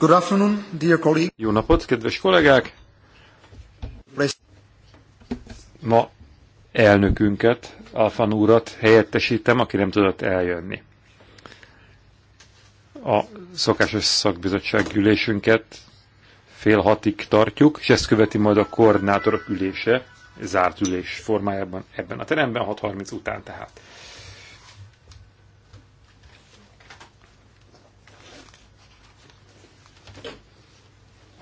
Good afternoon, dear colleague. Jó napot, kedves kollégák! Ma elnökünket, Alfan úrat helyettesítem, aki nem tudott eljönni. A szokásos szakbizottság ülésünket fél hatig tartjuk, és ezt követi majd a koordinátorok ülése, zárt ülés formájában ebben a teremben, 6.30 után tehát.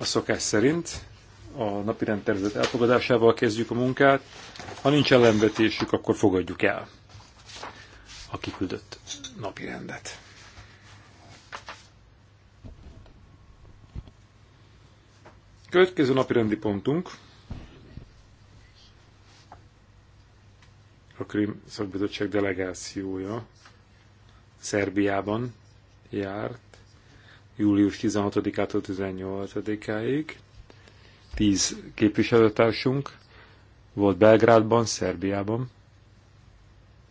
A szokás szerint a napi rendtervezet elfogadásával kezdjük a munkát. Ha nincs ellenvetésük, akkor fogadjuk el a kiküldött napi rendet. Következő napi rendi pontunk a krim szakbizottság delegációja Szerbiában járt július 16-ától 18 ig Tíz képviselőtársunk volt Belgrádban, Szerbiában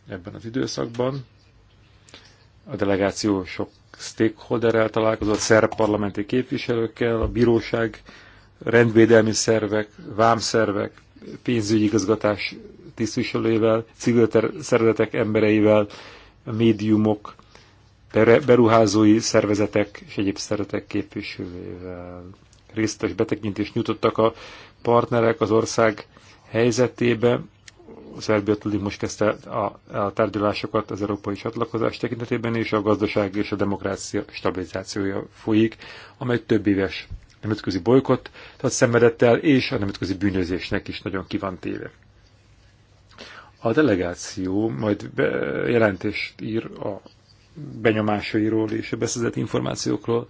ebben az időszakban. A delegáció sok stakeholderrel találkozott, szerb parlamenti képviselőkkel, a bíróság, rendvédelmi szervek, vámszervek, pénzügyi igazgatás tisztviselőivel, civil szervezetek embereivel, a médiumok, beruházói szervezetek és egyéb szervezetek képviselőivel. résztes betekintést nyújtottak a partnerek az ország helyzetébe. Szerbia tudjuk most kezdte a, a tárgyalásokat az európai csatlakozás tekintetében, és a gazdaság és a demokrácia stabilizációja folyik, amely több éves nemzetközi bolykot tehát szenvedett el, és a nemzetközi bűnözésnek is nagyon kívánt téve. A delegáció majd jelentést ír a benyomásairól és a beszedett információkról,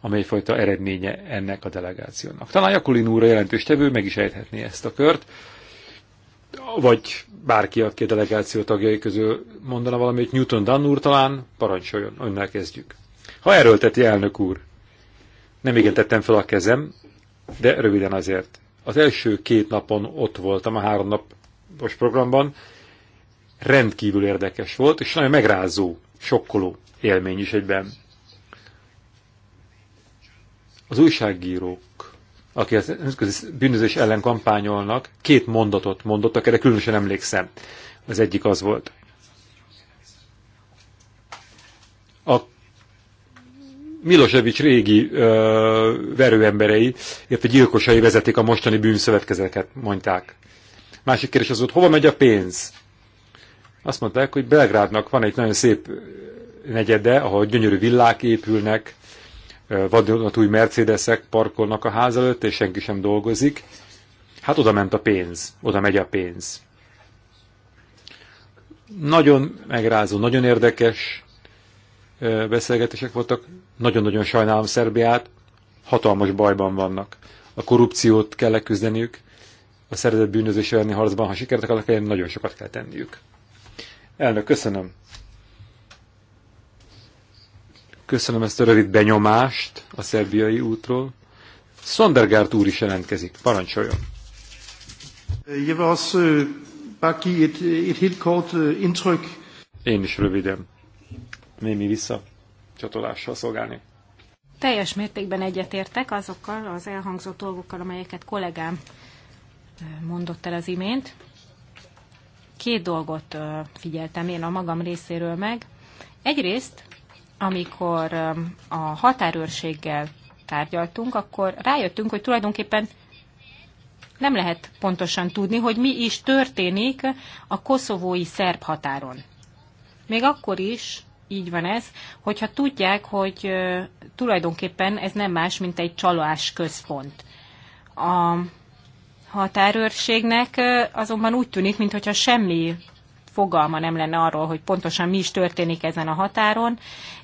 amely fajta eredménye ennek a delegációnak. Talán Jakulin úr a jelentős tevő meg is ejthetné ezt a kört, vagy bárki, aki a delegáció tagjai közül mondana valamit, Newton Dunn úr talán, parancsoljon, önnel kezdjük. Ha erőlteti elnök úr, nem igen tettem fel a kezem, de röviden azért. Az első két napon ott voltam a három napos programban, rendkívül érdekes volt, és nagyon megrázó sokkoló élmény is egyben. Az újságírók, akik az nemzetközi bűnözés ellen kampányolnak, két mondatot mondottak, erre különösen emlékszem. Az egyik az volt. A Milosevic régi ö, verőemberei, illetve gyilkosai vezetik a mostani bűnszövetkezeteket, mondták. Másik kérdés az volt, hova megy a pénz? Azt mondták, hogy Belgrádnak van egy nagyon szép negyede, ahol gyönyörű villák épülnek, vadonatúj mercedesek parkolnak a ház előtt, és senki sem dolgozik. Hát oda ment a pénz, oda megy a pénz. Nagyon megrázó, nagyon érdekes beszélgetések voltak. Nagyon-nagyon sajnálom Szerbiát, hatalmas bajban vannak. A korrupciót kell leküzdeniük, a szervezett bűnözés elleni harcban, ha sikert akarnak elérni, nagyon sokat kell tenniük. Elnök, köszönöm. Köszönöm ezt a rövid benyomást a szerbiai útról. Szondergárt úr is jelentkezik. Parancsoljon. Øh, øh, øh, Én is röviden. Némi vissza csatolással szolgálni. Teljes mértékben egyetértek azokkal az elhangzott dolgokkal, amelyeket kollégám mondott el az imént két dolgot figyeltem én a magam részéről meg. Egyrészt, amikor a határőrséggel tárgyaltunk, akkor rájöttünk, hogy tulajdonképpen nem lehet pontosan tudni, hogy mi is történik a koszovói szerb határon. Még akkor is így van ez, hogyha tudják, hogy tulajdonképpen ez nem más, mint egy csalás központ. A határőrségnek azonban úgy tűnik, mintha semmi fogalma nem lenne arról, hogy pontosan mi is történik ezen a határon,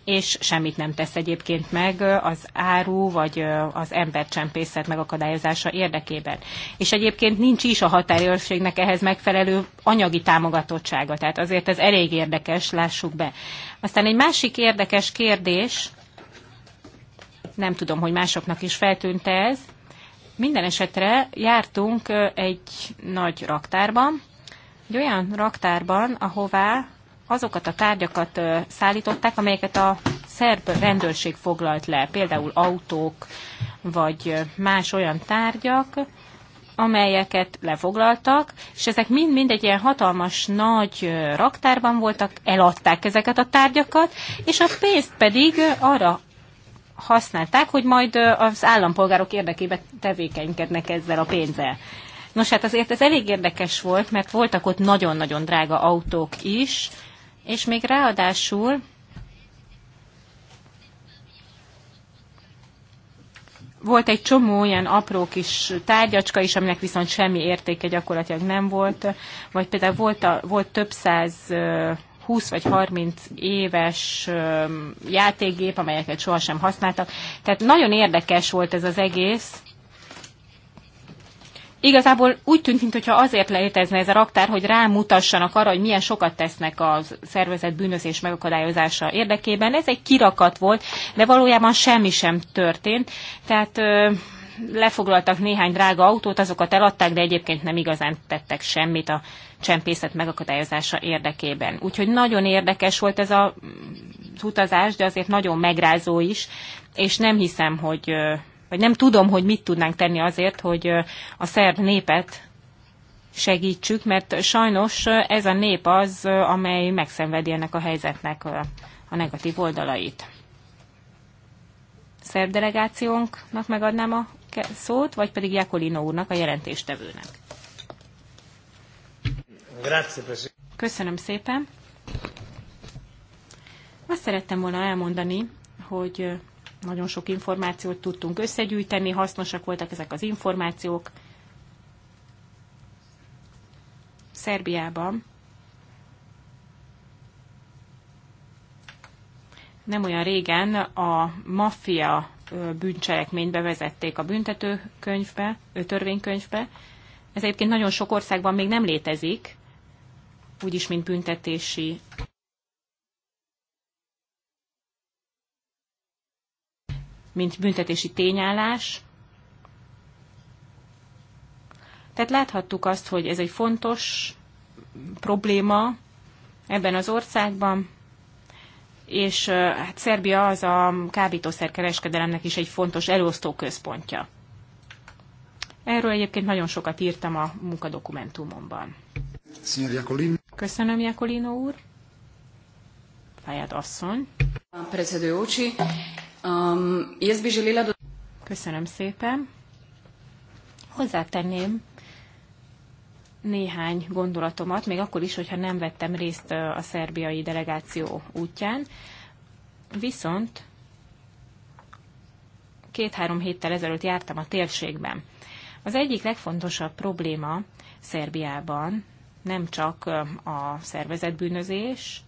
és semmit nem tesz egyébként meg az áru vagy az embercsempészet megakadályozása érdekében. És egyébként nincs is a határőrségnek ehhez megfelelő anyagi támogatottsága, tehát azért ez elég érdekes, lássuk be. Aztán egy másik érdekes kérdés, nem tudom, hogy másoknak is feltűnt ez, minden esetre jártunk egy nagy raktárban, egy olyan raktárban, ahová azokat a tárgyakat szállították, amelyeket a szerb rendőrség foglalt le, például autók, vagy más olyan tárgyak, amelyeket lefoglaltak, és ezek mind-mind egy ilyen hatalmas, nagy raktárban voltak, eladták ezeket a tárgyakat, és a pénzt pedig arra használták, hogy majd az állampolgárok érdekében tevékenykednek ezzel a pénzzel. Nos hát azért ez elég érdekes volt, mert voltak ott nagyon-nagyon drága autók is, és még ráadásul volt egy csomó olyan apró kis tárgyacska is, aminek viszont semmi értéke gyakorlatilag nem volt, vagy például volt, a, volt több száz 20 vagy 30 éves játékgép, amelyeket sohasem használtak. Tehát nagyon érdekes volt ez az egész. Igazából úgy tűnt, mintha azért létezne ez a raktár, hogy rámutassanak arra, hogy milyen sokat tesznek a szervezet bűnözés megakadályozása érdekében. Ez egy kirakat volt, de valójában semmi sem történt. Tehát ö, lefoglaltak néhány drága autót, azokat eladták, de egyébként nem igazán tettek semmit a csempészet megakadályozása érdekében. Úgyhogy nagyon érdekes volt ez a utazás, de azért nagyon megrázó is, és nem hiszem, hogy, vagy nem tudom, hogy mit tudnánk tenni azért, hogy a szerb népet segítsük, mert sajnos ez a nép az, amely megszenvedi ennek a helyzetnek a negatív oldalait. Szerb delegációnknak megadnám a szót, vagy pedig Jakolino úrnak, a jelentéstevőnek. Köszönöm szépen. Azt szerettem volna elmondani, hogy nagyon sok információt tudtunk összegyűjteni, hasznosak voltak ezek az információk. Szerbiában nem olyan régen a maffia bűncselekményt bevezették a büntetőkönyvbe, törvénykönyvbe. Ez egyébként nagyon sok országban még nem létezik, úgyis, mint büntetési mint büntetési tényállás. Tehát láthattuk azt, hogy ez egy fontos probléma ebben az országban, és hát Szerbia az a kábítószerkereskedelemnek is egy fontos elosztó központja. Erről egyébként nagyon sokat írtam a munkadokumentumomban. Köszönöm, Jakolino úr. Fáját asszony. Um, Köszönöm szépen. Hozzátenném néhány gondolatomat, még akkor is, hogyha nem vettem részt a szerbiai delegáció útján. Viszont két-három héttel ezelőtt jártam a térségben. Az egyik legfontosabb probléma Szerbiában nem csak a szervezetbűnözés,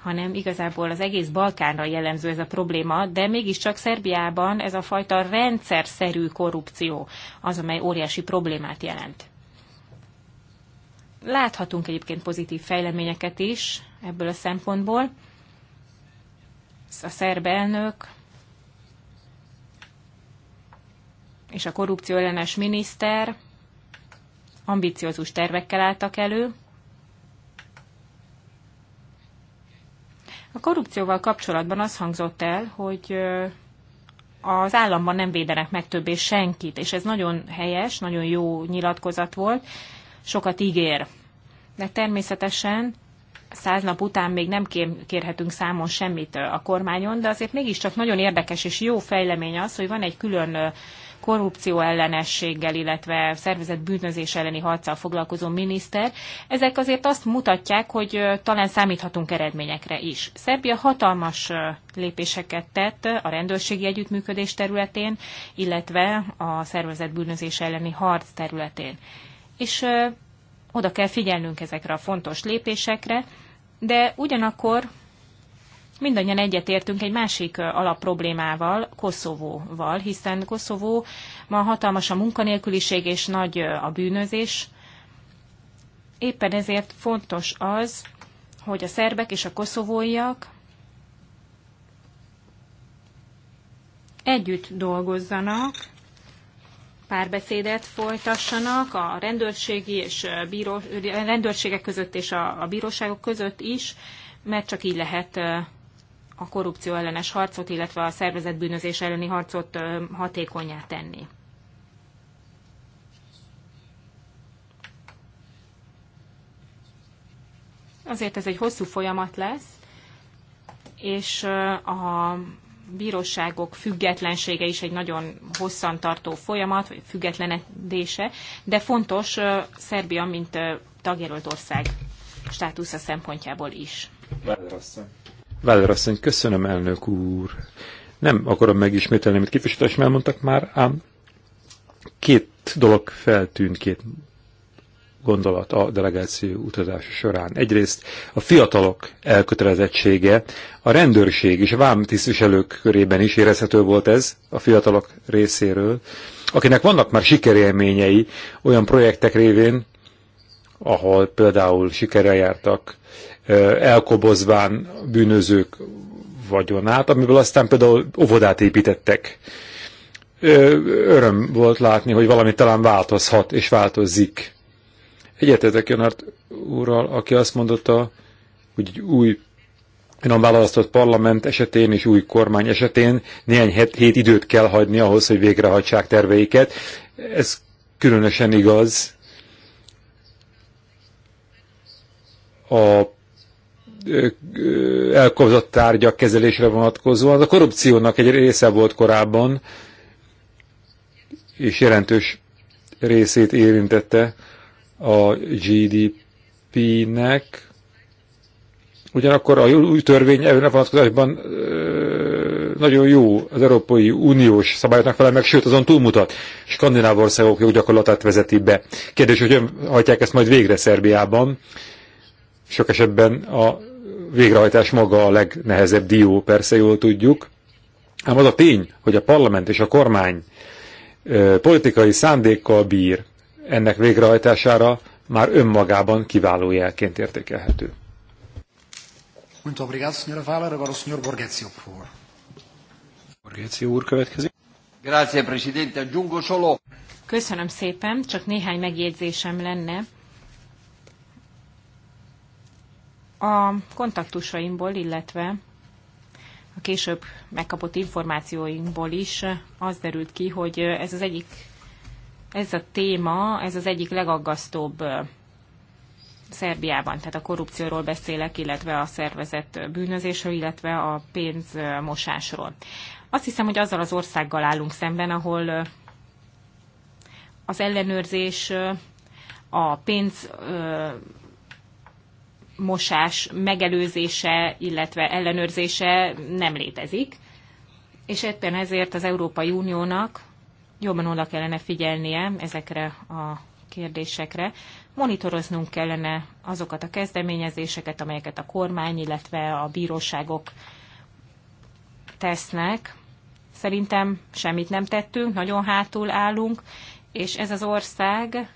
hanem igazából az egész Balkánra jellemző ez a probléma, de mégiscsak Szerbiában ez a fajta rendszerszerű korrupció az, amely óriási problémát jelent. Láthatunk egyébként pozitív fejleményeket is ebből a szempontból. A szerb elnök és a korrupció ellenes miniszter ambiciózus tervekkel álltak elő. A korrupcióval kapcsolatban az hangzott el, hogy az államban nem védenek meg többé senkit, és ez nagyon helyes, nagyon jó nyilatkozat volt, sokat ígér. De természetesen száz nap után még nem kérhetünk számon semmit a kormányon, de azért mégiscsak nagyon érdekes és jó fejlemény az, hogy van egy külön korrupció ellenességgel, illetve szervezett bűnözés elleni harccal foglalkozó miniszter, ezek azért azt mutatják, hogy talán számíthatunk eredményekre is. Szerbia hatalmas lépéseket tett a rendőrségi együttműködés területén, illetve a szervezett bűnözés elleni harc területén. És oda kell figyelnünk ezekre a fontos lépésekre, de ugyanakkor mindannyian egyetértünk egy másik alapproblémával, Koszovóval, hiszen Koszovó ma hatalmas a munkanélküliség és nagy a bűnözés. Éppen ezért fontos az, hogy a szerbek és a koszovóiak együtt dolgozzanak, párbeszédet folytassanak a rendőrségi és bíró, rendőrségek között és a, a bíróságok között is, mert csak így lehet a korrupció ellenes harcot, illetve a szervezetbűnözés elleni harcot hatékonyá tenni. Azért ez egy hosszú folyamat lesz, és a bíróságok függetlensége is egy nagyon hosszan tartó folyamat, vagy függetlenedése, de fontos Szerbia, mint tagjelölt ország státusza szempontjából is. Válaszol. Váller asszony, köszönöm, elnök úr. Nem akarom megismételni, amit képviselőtársak elmondtak már, ám két dolog feltűnt, két gondolat a delegáció utazása során. Egyrészt a fiatalok elkötelezettsége, a rendőrség és a vámtisztviselők körében is érezhető volt ez a fiatalok részéről, akinek vannak már sikerélményei olyan projektek révén, ahol például sikerrel jártak elkobozván bűnözők vagyonát, amiből aztán például óvodát építettek. Öröm volt látni, hogy valami talán változhat és változik. Egyetetek Jonart úrral, aki azt mondotta, hogy egy új nem választott parlament esetén és új kormány esetén néhány hét, hét időt kell hagyni ahhoz, hogy végrehajtsák terveiket. Ez különösen igaz a elkozott tárgyak kezelésre vonatkozóan. A korrupciónak egy része volt korábban, és jelentős részét érintette a GDP-nek. Ugyanakkor a új törvény ebben a vonatkozásban nagyon jó az Európai Uniós szabályoknak felel meg, sőt azon túlmutat. Skandináv országok joggyakorlatát vezeti be. Kérdés, hogy hajtják ezt majd végre Szerbiában. Sok esetben a végrehajtás maga a legnehezebb dió, persze jól tudjuk. Ám az a tény, hogy a parlament és a kormány politikai szándékkal bír ennek végrehajtására, már önmagában kiváló jelként értékelhető. Muito obrigado, Sra. Váler. Agora o Sr. Borghezio, por favor. Borghezio úr következik. Grazie, Presidente. Aggiungo solo. Köszönöm szépen, csak néhány megjegyzésem lenne A kontaktusaimból, illetve a később megkapott információinkból is az derült ki, hogy ez az egyik, ez a téma, ez az egyik legaggasztóbb Szerbiában, tehát a korrupcióról beszélek, illetve a szervezett bűnözésről, illetve a pénzmosásról. Azt hiszem, hogy azzal az országgal állunk szemben, ahol az ellenőrzés, a pénz mosás megelőzése, illetve ellenőrzése nem létezik, és éppen ezért az Európai Uniónak jobban oda kellene figyelnie ezekre a kérdésekre. Monitoroznunk kellene azokat a kezdeményezéseket, amelyeket a kormány, illetve a bíróságok tesznek. Szerintem semmit nem tettünk, nagyon hátul állunk, és ez az ország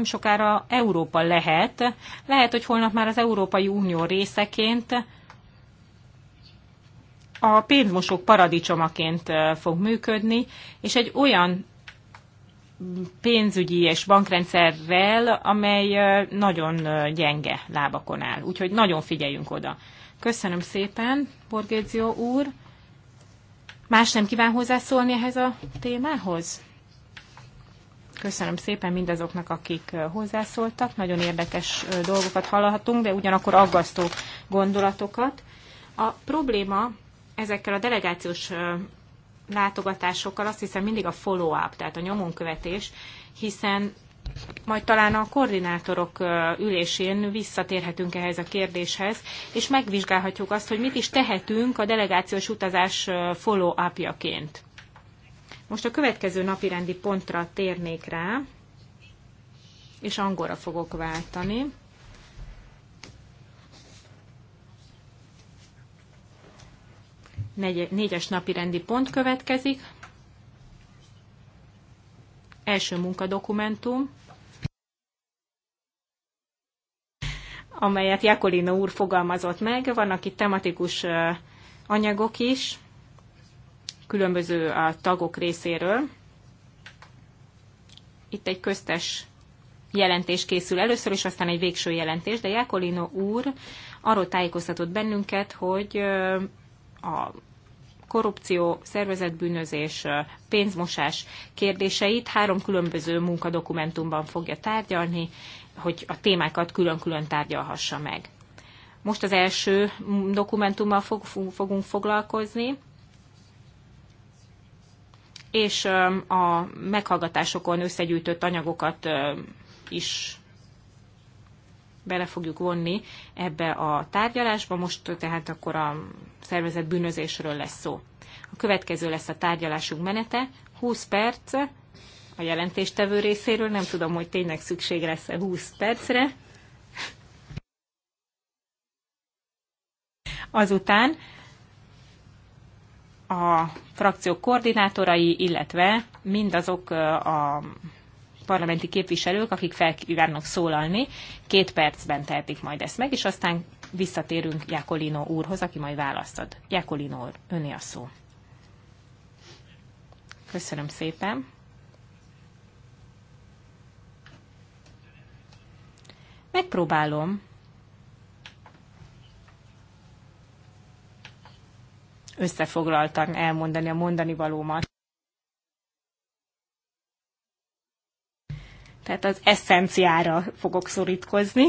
nem sokára Európa lehet. Lehet, hogy holnap már az Európai Unió részeként a pénzmosók paradicsomaként fog működni, és egy olyan pénzügyi és bankrendszerrel, amely nagyon gyenge lábakon áll. Úgyhogy nagyon figyeljünk oda. Köszönöm szépen, Borgézió úr. Más nem kíván hozzászólni ehhez a témához? Köszönöm szépen mindazoknak, akik hozzászóltak. Nagyon érdekes dolgokat hallhatunk, de ugyanakkor aggasztó gondolatokat. A probléma ezekkel a delegációs látogatásokkal azt hiszem mindig a follow-up, tehát a nyomonkövetés, hiszen majd talán a koordinátorok ülésén visszatérhetünk ehhez a kérdéshez, és megvizsgálhatjuk azt, hogy mit is tehetünk a delegációs utazás follow-upjaként. Most a következő napirendi pontra térnék rá, és angolra fogok váltani. négyes napi rendi pont következik. Első munkadokumentum, amelyet Jakolina úr fogalmazott meg. Vannak itt tematikus anyagok is, különböző a tagok részéről. Itt egy köztes jelentés készül először, és aztán egy végső jelentés, de Jákolino úr arról tájékoztatott bennünket, hogy a korrupció, szervezetbűnözés, pénzmosás kérdéseit három különböző munkadokumentumban fogja tárgyalni, hogy a témákat külön-külön tárgyalhassa meg. Most az első dokumentummal fog, fogunk foglalkozni, és a meghallgatásokon összegyűjtött anyagokat is bele fogjuk vonni ebbe a tárgyalásba. Most tehát akkor a szervezet bűnözésről lesz szó. A következő lesz a tárgyalásunk menete, 20 perc a jelentéstevő részéről, nem tudom, hogy tényleg szükség lesz-e 20 percre. Azután a frakciók koordinátorai, illetve mindazok a parlamenti képviselők, akik felkívánnak szólalni, két percben tehetik majd ezt meg, és aztán visszatérünk Jákolino úrhoz, aki majd választ ad. Jákolino úr, öné a szó. Köszönöm szépen. Megpróbálom összefoglaltan elmondani a mondani valómat. Tehát az eszenciára fogok szorítkozni.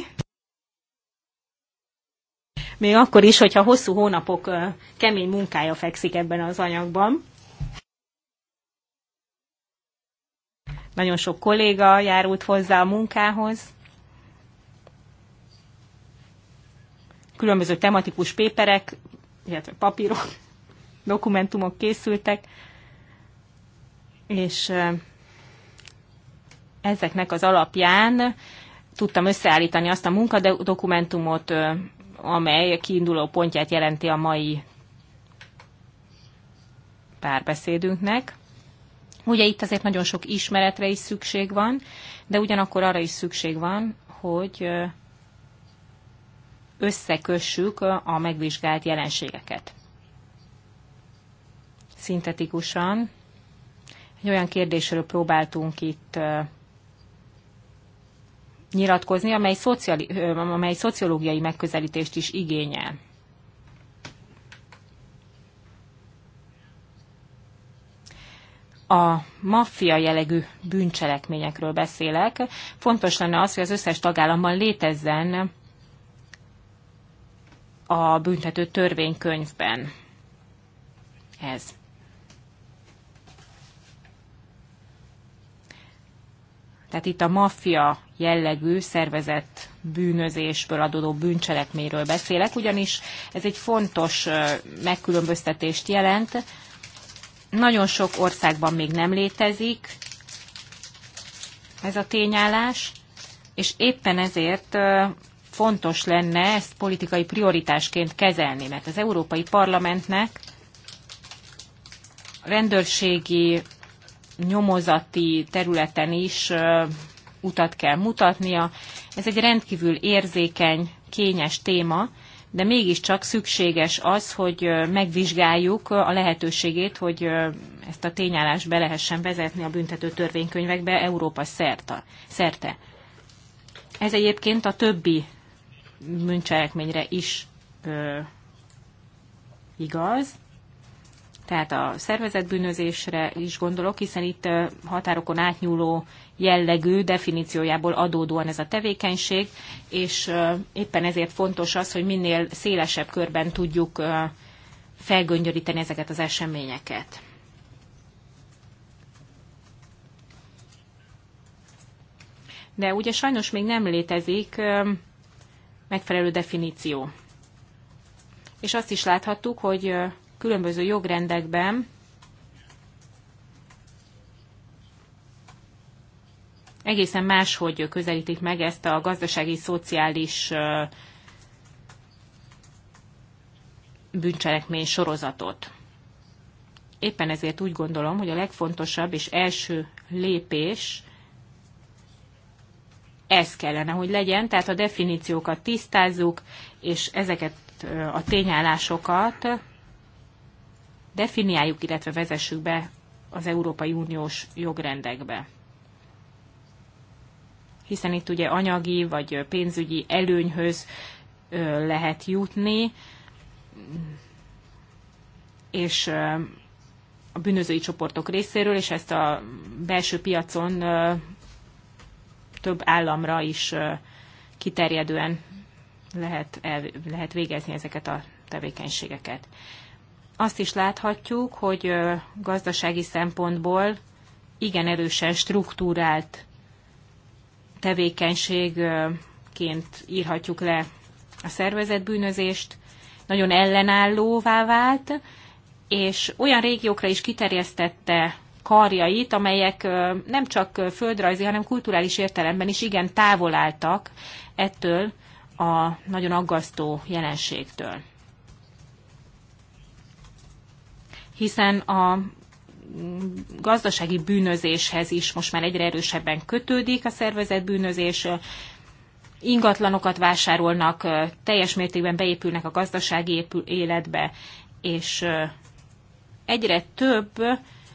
Még akkor is, hogyha hosszú hónapok kemény munkája fekszik ebben az anyagban. Nagyon sok kolléga járult hozzá a munkához. Különböző tematikus péperek, illetve papírok dokumentumok készültek, és ezeknek az alapján tudtam összeállítani azt a munkadokumentumot, amely kiinduló pontját jelenti a mai párbeszédünknek. Ugye itt azért nagyon sok ismeretre is szükség van, de ugyanakkor arra is szükség van, hogy összekössük a megvizsgált jelenségeket szintetikusan. Egy olyan kérdésről próbáltunk itt nyilatkozni, amely, szociali, amely szociológiai megközelítést is igényel. A maffia jellegű bűncselekményekről beszélek. Fontos lenne az, hogy az összes tagállamban létezzen a büntető törvénykönyvben ez. Tehát itt a maffia jellegű szervezett bűnözésből adódó bűncselekményről beszélek, ugyanis ez egy fontos megkülönböztetést jelent. Nagyon sok országban még nem létezik ez a tényállás, és éppen ezért fontos lenne ezt politikai prioritásként kezelni, mert az Európai Parlamentnek rendőrségi nyomozati területen is utat kell mutatnia. Ez egy rendkívül érzékeny, kényes téma, de mégiscsak szükséges az, hogy megvizsgáljuk a lehetőségét, hogy ezt a tényállást be lehessen vezetni a büntető törvénykönyvekbe Európa szerte. szerte. Ez egyébként a többi bűncselekményre is ö, igaz tehát a szervezetbűnözésre is gondolok, hiszen itt határokon átnyúló jellegű definíciójából adódóan ez a tevékenység, és éppen ezért fontos az, hogy minél szélesebb körben tudjuk felgöngyöríteni ezeket az eseményeket. De ugye sajnos még nem létezik megfelelő definíció. És azt is láthattuk, hogy különböző jogrendekben egészen máshogy közelítik meg ezt a gazdasági, szociális bűncselekmény sorozatot. Éppen ezért úgy gondolom, hogy a legfontosabb és első lépés ez kellene, hogy legyen, tehát a definíciókat tisztázzuk, és ezeket a tényállásokat definiáljuk, illetve vezessük be az Európai Uniós jogrendekbe. Hiszen itt ugye anyagi vagy pénzügyi előnyhöz lehet jutni, és a bűnözői csoportok részéről, és ezt a belső piacon több államra is kiterjedően lehet, el, lehet végezni ezeket a tevékenységeket azt is láthatjuk, hogy gazdasági szempontból igen erősen struktúrált tevékenységként írhatjuk le a szervezetbűnözést, nagyon ellenállóvá vált, és olyan régiókra is kiterjesztette karjait, amelyek nem csak földrajzi, hanem kulturális értelemben is igen távol álltak ettől a nagyon aggasztó jelenségtől. hiszen a gazdasági bűnözéshez is most már egyre erősebben kötődik a szervezet bűnözés, ingatlanokat vásárolnak, teljes mértékben beépülnek a gazdasági életbe, és egyre több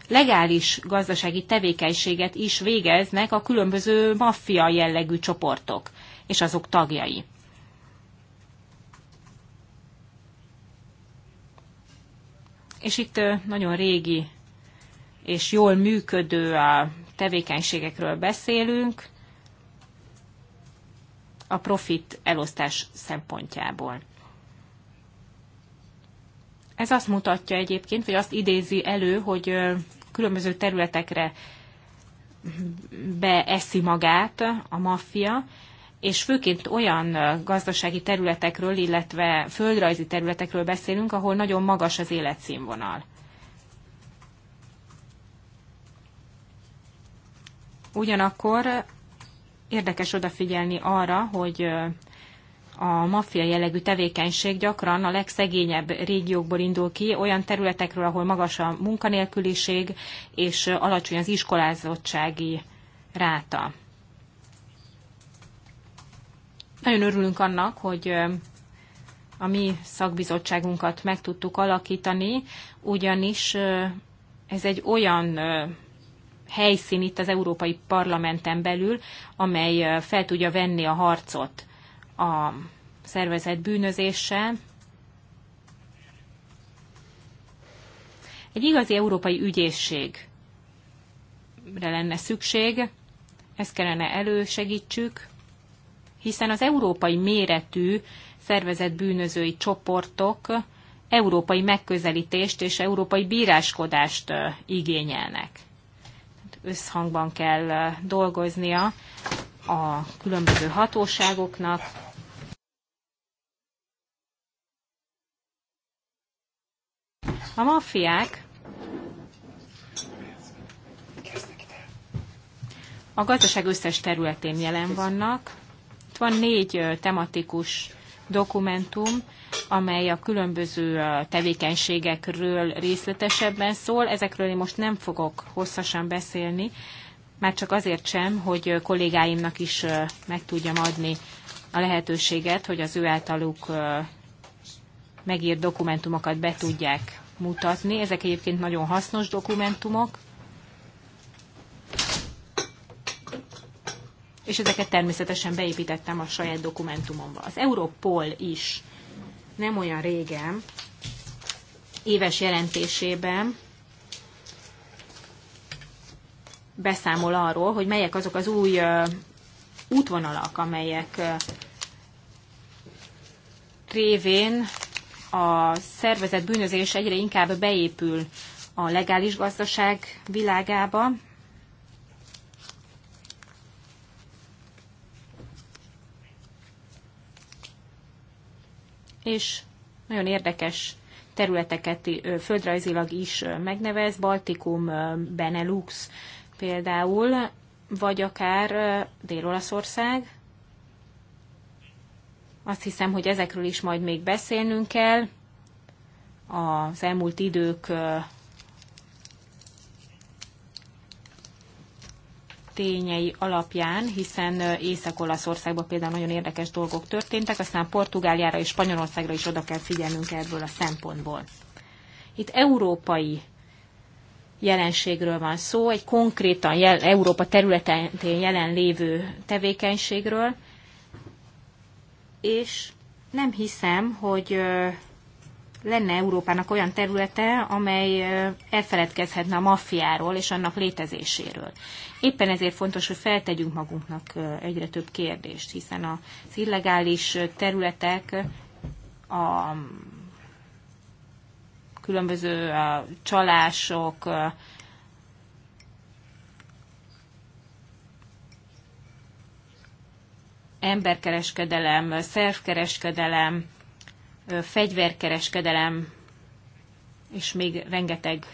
legális gazdasági tevékenységet is végeznek a különböző maffia jellegű csoportok és azok tagjai. és itt nagyon régi és jól működő a tevékenységekről beszélünk a profit elosztás szempontjából. Ez azt mutatja egyébként, vagy azt idézi elő, hogy különböző területekre beeszi magát a maffia, és főként olyan gazdasági területekről, illetve földrajzi területekről beszélünk, ahol nagyon magas az életszínvonal. Ugyanakkor érdekes odafigyelni arra, hogy a maffia jellegű tevékenység gyakran a legszegényebb régiókból indul ki, olyan területekről, ahol magas a munkanélküliség és alacsony az iskolázottsági ráta. Nagyon örülünk annak, hogy a mi szakbizottságunkat meg tudtuk alakítani, ugyanis ez egy olyan helyszín itt az Európai Parlamenten belül, amely fel tudja venni a harcot a szervezet bűnözéssel. Egy igazi európai ügyészségre lenne szükség, ezt kellene elősegítsük, hiszen az európai méretű szervezett bűnözői csoportok európai megközelítést és európai bíráskodást igényelnek. Összhangban kell dolgoznia a különböző hatóságoknak, A maffiák a gazdaság összes területén jelen vannak, itt van négy tematikus dokumentum, amely a különböző tevékenységekről részletesebben szól. Ezekről én most nem fogok hosszasan beszélni, már csak azért sem, hogy kollégáimnak is meg tudjam adni a lehetőséget, hogy az ő általuk megírt dokumentumokat be tudják mutatni. Ezek egyébként nagyon hasznos dokumentumok, és ezeket természetesen beépítettem a saját dokumentumomba. Az Europol is nem olyan régen éves jelentésében beszámol arról, hogy melyek azok az új útvonalak, amelyek révén a szervezet bűnözés egyre inkább beépül a legális gazdaság világába, és nagyon érdekes területeket földrajzilag is megnevez, Baltikum, Benelux például, vagy akár Dél-Olaszország. Azt hiszem, hogy ezekről is majd még beszélnünk kell. Az elmúlt idők tényei alapján, hiszen Észak-Olaszországban például nagyon érdekes dolgok történtek, aztán Portugáliára és Spanyolországra is oda kell figyelnünk ebből a szempontból. Itt európai jelenségről van szó, egy konkrétan jel, Európa területén jelenlévő tevékenységről, és nem hiszem, hogy lenne Európának olyan területe, amely elfeledkezhetne a maffiáról és annak létezéséről. Éppen ezért fontos, hogy feltegyünk magunknak egyre több kérdést, hiszen az illegális területek a különböző csalások, emberkereskedelem, szervkereskedelem, fegyverkereskedelem, és még rengeteg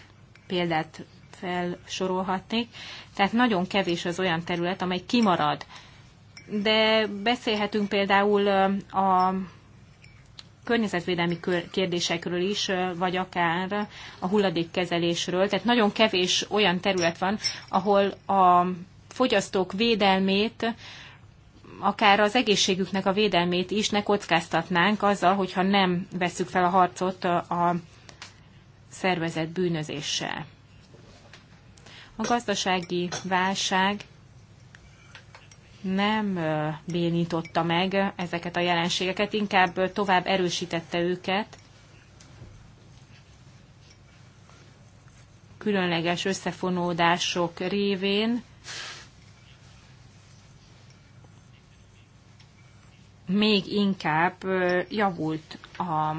példát felsorolhatnék. Tehát nagyon kevés az olyan terület, amely kimarad. De beszélhetünk például a környezetvédelmi kérdésekről is, vagy akár a hulladékkezelésről. Tehát nagyon kevés olyan terület van, ahol a fogyasztók védelmét akár az egészségüknek a védelmét is ne kockáztatnánk azzal, hogyha nem vesszük fel a harcot a szervezett bűnözéssel. A gazdasági válság nem bénította meg ezeket a jelenségeket, inkább tovább erősítette őket. Különleges összefonódások révén még inkább javult a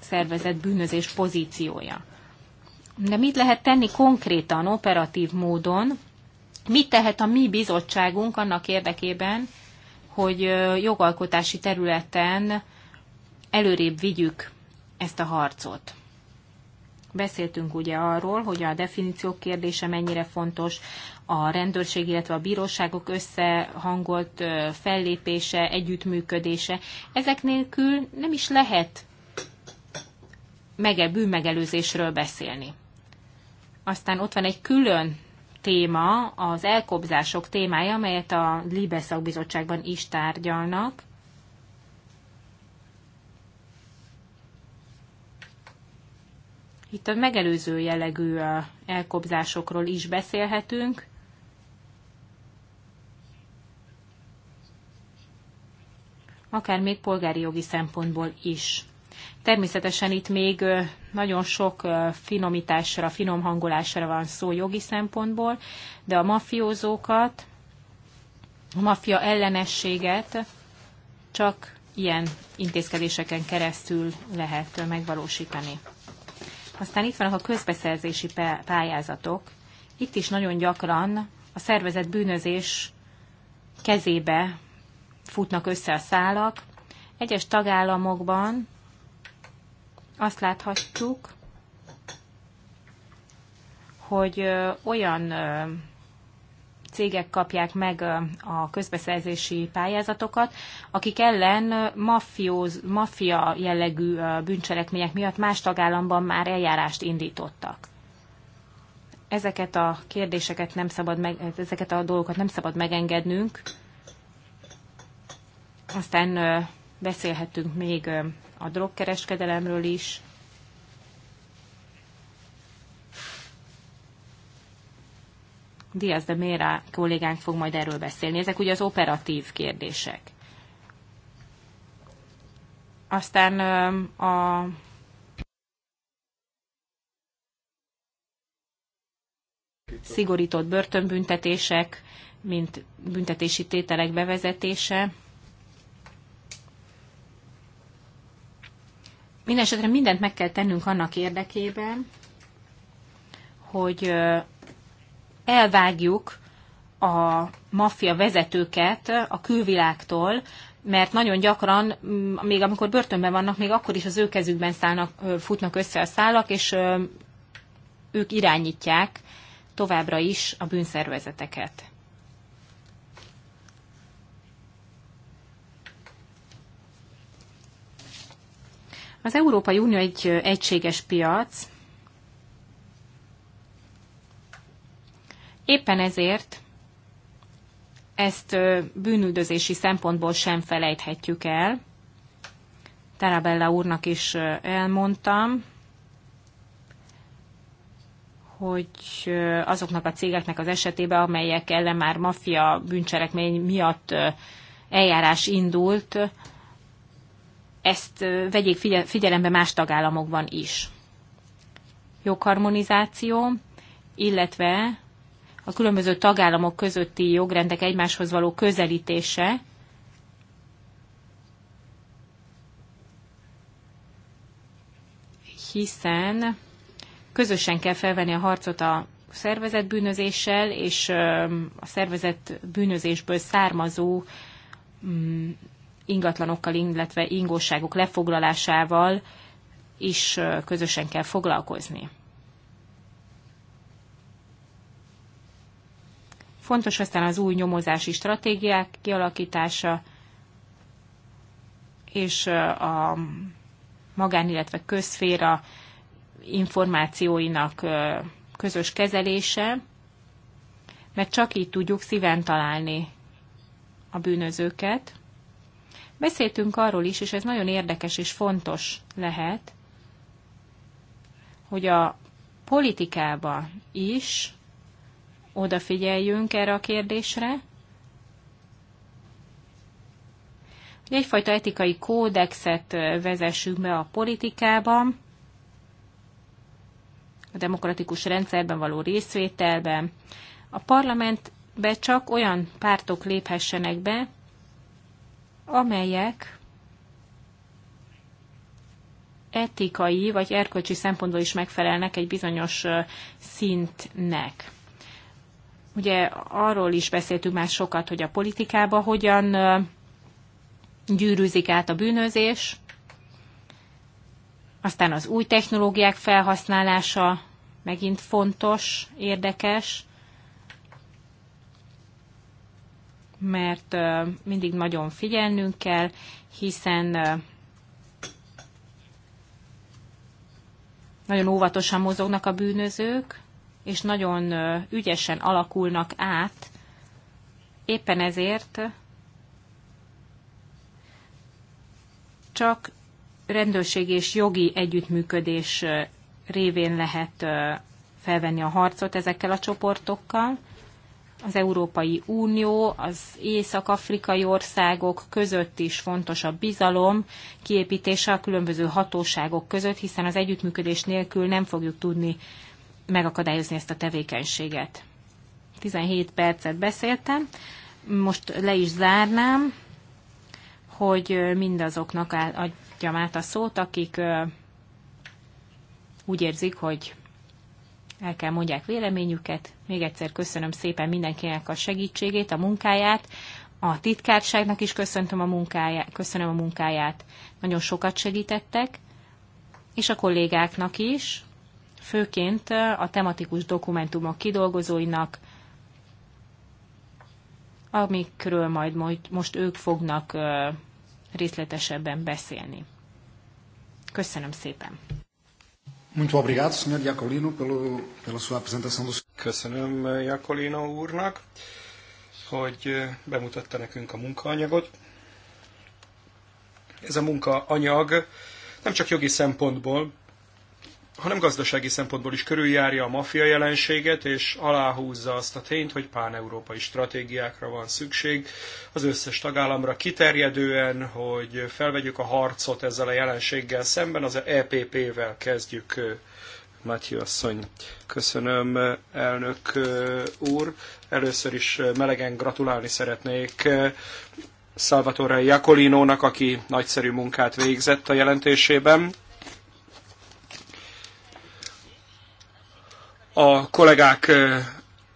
szervezet bűnözés pozíciója. De mit lehet tenni konkrétan, operatív módon? Mit tehet a mi bizottságunk annak érdekében, hogy jogalkotási területen előrébb vigyük ezt a harcot? Beszéltünk ugye arról, hogy a definíciók kérdése mennyire fontos, a rendőrség, illetve a bíróságok összehangolt fellépése, együttműködése. Ezek nélkül nem is lehet mege bűnmegelőzésről beszélni. Aztán ott van egy külön téma, az elkobzások témája, amelyet a Libe bizottságban is tárgyalnak. Itt a megelőző jellegű elkobzásokról is beszélhetünk. Akár még polgári jogi szempontból is. Természetesen itt még nagyon sok finomításra, finom hangolásra van szó jogi szempontból, de a mafiózókat, a maffia ellenességet csak ilyen intézkedéseken keresztül lehet megvalósítani. Aztán itt vannak a közbeszerzési pályázatok. Itt is nagyon gyakran a szervezet bűnözés kezébe futnak össze a szálak. Egyes tagállamokban azt láthatjuk, hogy olyan cégek kapják meg a közbeszerzési pályázatokat, akik ellen maffióz, maffia jellegű bűncselekmények miatt más tagállamban már eljárást indítottak. Ezeket a kérdéseket nem szabad meg, ezeket a dolgokat nem szabad megengednünk. Aztán beszélhetünk még a drogkereskedelemről is. Diaz de Mera kollégánk fog majd erről beszélni. Ezek ugye az operatív kérdések. Aztán a szigorított börtönbüntetések, mint büntetési tételek bevezetése. Mindenesetre mindent meg kell tennünk annak érdekében, hogy elvágjuk a maffia vezetőket a külvilágtól, mert nagyon gyakran, mm, még amikor börtönben vannak, még akkor is az ő kezükben szállnak, futnak össze a szálak, és ők irányítják továbbra is a bűnszervezeteket. Az Európai Unió egy egységes piac, Éppen ezért ezt bűnüldözési szempontból sem felejthetjük el. Tarabella úrnak is elmondtam, hogy azoknak a cégeknek az esetében, amelyek ellen már maffia bűncselekmény miatt eljárás indult, ezt vegyék figyelembe más tagállamokban is. Jogharmonizáció, illetve a különböző tagállamok közötti jogrendek egymáshoz való közelítése, hiszen közösen kell felvenni a harcot a szervezett bűnözéssel és a szervezett bűnözésből származó mm, ingatlanokkal, illetve ingóságok lefoglalásával is közösen kell foglalkozni. Fontos aztán az új nyomozási stratégiák kialakítása, és a magán, illetve közféra információinak közös kezelése, mert csak így tudjuk szíven találni a bűnözőket. Beszéltünk arról is, és ez nagyon érdekes és fontos lehet, hogy a politikába is odafigyeljünk erre a kérdésre, hogy egyfajta etikai kódexet vezessünk be a politikában, a demokratikus rendszerben való részvételben. A parlamentbe csak olyan pártok léphessenek be, amelyek etikai vagy erkölcsi szempontból is megfelelnek egy bizonyos szintnek. Ugye arról is beszéltünk már sokat, hogy a politikába hogyan gyűrűzik át a bűnözés, aztán az új technológiák felhasználása megint fontos, érdekes, mert mindig nagyon figyelnünk kell, hiszen nagyon óvatosan mozognak a bűnözők, és nagyon ügyesen alakulnak át. Éppen ezért csak rendőrség és jogi együttműködés révén lehet felvenni a harcot ezekkel a csoportokkal. Az Európai Unió, az észak-afrikai országok között is fontos a bizalom kiépítése a különböző hatóságok között, hiszen az együttműködés nélkül nem fogjuk tudni megakadályozni ezt a tevékenységet. 17 percet beszéltem, most le is zárnám, hogy mindazoknak adjam át a szót, akik úgy érzik, hogy el kell mondják véleményüket. Még egyszer köszönöm szépen mindenkinek a segítségét, a munkáját. A titkárságnak is köszöntöm a munkáját, köszönöm a munkáját. Nagyon sokat segítettek, és a kollégáknak is, főként a tematikus dokumentumok kidolgozóinak, amikről majd, most ők fognak részletesebben beszélni. Köszönöm szépen! Muito obrigado, Sr. Iacolino, pelo, pela sua apresentação do... Köszönöm Iacolino úrnak, hogy bemutatta nekünk a munkaanyagot. Ez a munkaanyag nem csak jogi szempontból, hanem gazdasági szempontból is körüljárja a maffia jelenséget, és aláhúzza azt a tényt, hogy európai stratégiákra van szükség az összes tagállamra kiterjedően, hogy felvegyük a harcot ezzel a jelenséggel szemben, az EPP-vel kezdjük Matyi asszony. Köszönöm, elnök úr. Először is melegen gratulálni szeretnék Salvatore Jacolinónak, aki nagyszerű munkát végzett a jelentésében A kollégák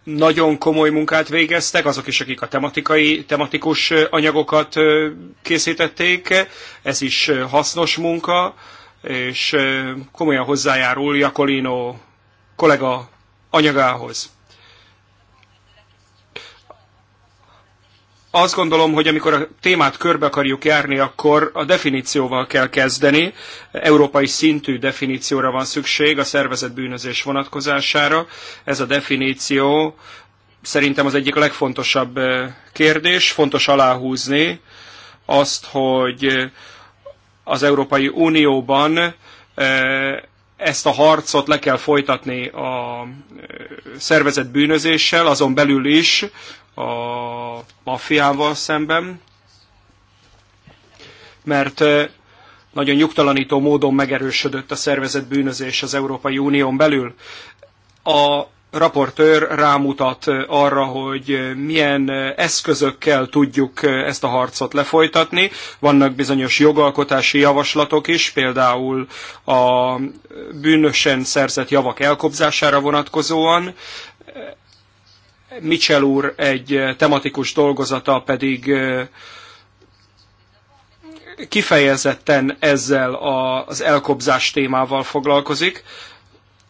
nagyon komoly munkát végeztek, azok is, akik a tematikai, tematikus anyagokat készítették. Ez is hasznos munka, és komolyan hozzájárul Jakolino kollega anyagához. azt gondolom, hogy amikor a témát körbe akarjuk járni, akkor a definícióval kell kezdeni. Európai szintű definícióra van szükség a szervezet bűnözés vonatkozására. Ez a definíció szerintem az egyik legfontosabb eh, kérdés. Fontos aláhúzni azt, hogy az Európai Unióban eh, ezt a harcot le kell folytatni a eh, szervezet bűnözéssel, azon belül is a maffiával szemben, mert nagyon nyugtalanító módon megerősödött a szervezett bűnözés az Európai Unión belül. A raportőr rámutat arra, hogy milyen eszközökkel tudjuk ezt a harcot lefolytatni. Vannak bizonyos jogalkotási javaslatok is, például a bűnösen szerzett javak elkobzására vonatkozóan, Mitchell úr egy eh, tematikus dolgozata pedig eh, kifejezetten ezzel az elkobzás témával foglalkozik.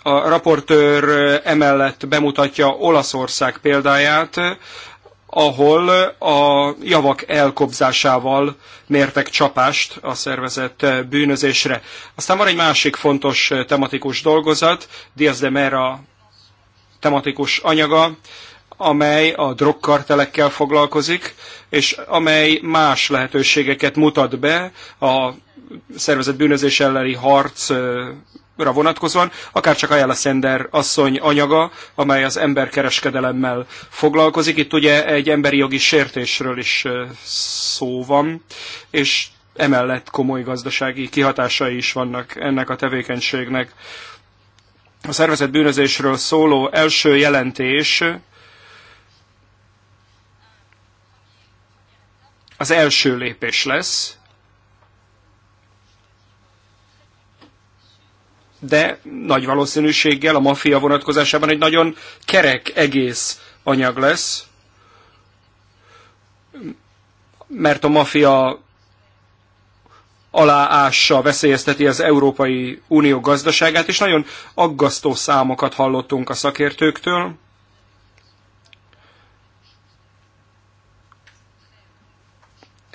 A raportőr eh, emellett bemutatja Olaszország példáját, ahol a javak elkobzásával mértek csapást a szervezett bűnözésre. Aztán van egy másik fontos tematikus dolgozat, Diaz de Mera tematikus anyaga, amely a drogkartelekkel foglalkozik, és amely más lehetőségeket mutat be a szervezet bűnözés elleni harc vonatkozóan, akár csak Ayala Sender asszony anyaga, amely az emberkereskedelemmel foglalkozik. Itt ugye egy emberi jogi sértésről is szó van, és emellett komoly gazdasági kihatásai is vannak ennek a tevékenységnek. A szervezet bűnözésről szóló első jelentés az első lépés lesz, de nagy valószínűséggel a maffia vonatkozásában egy nagyon kerek egész anyag lesz, mert a maffia aláássa, veszélyezteti az Európai Unió gazdaságát, és nagyon aggasztó számokat hallottunk a szakértőktől.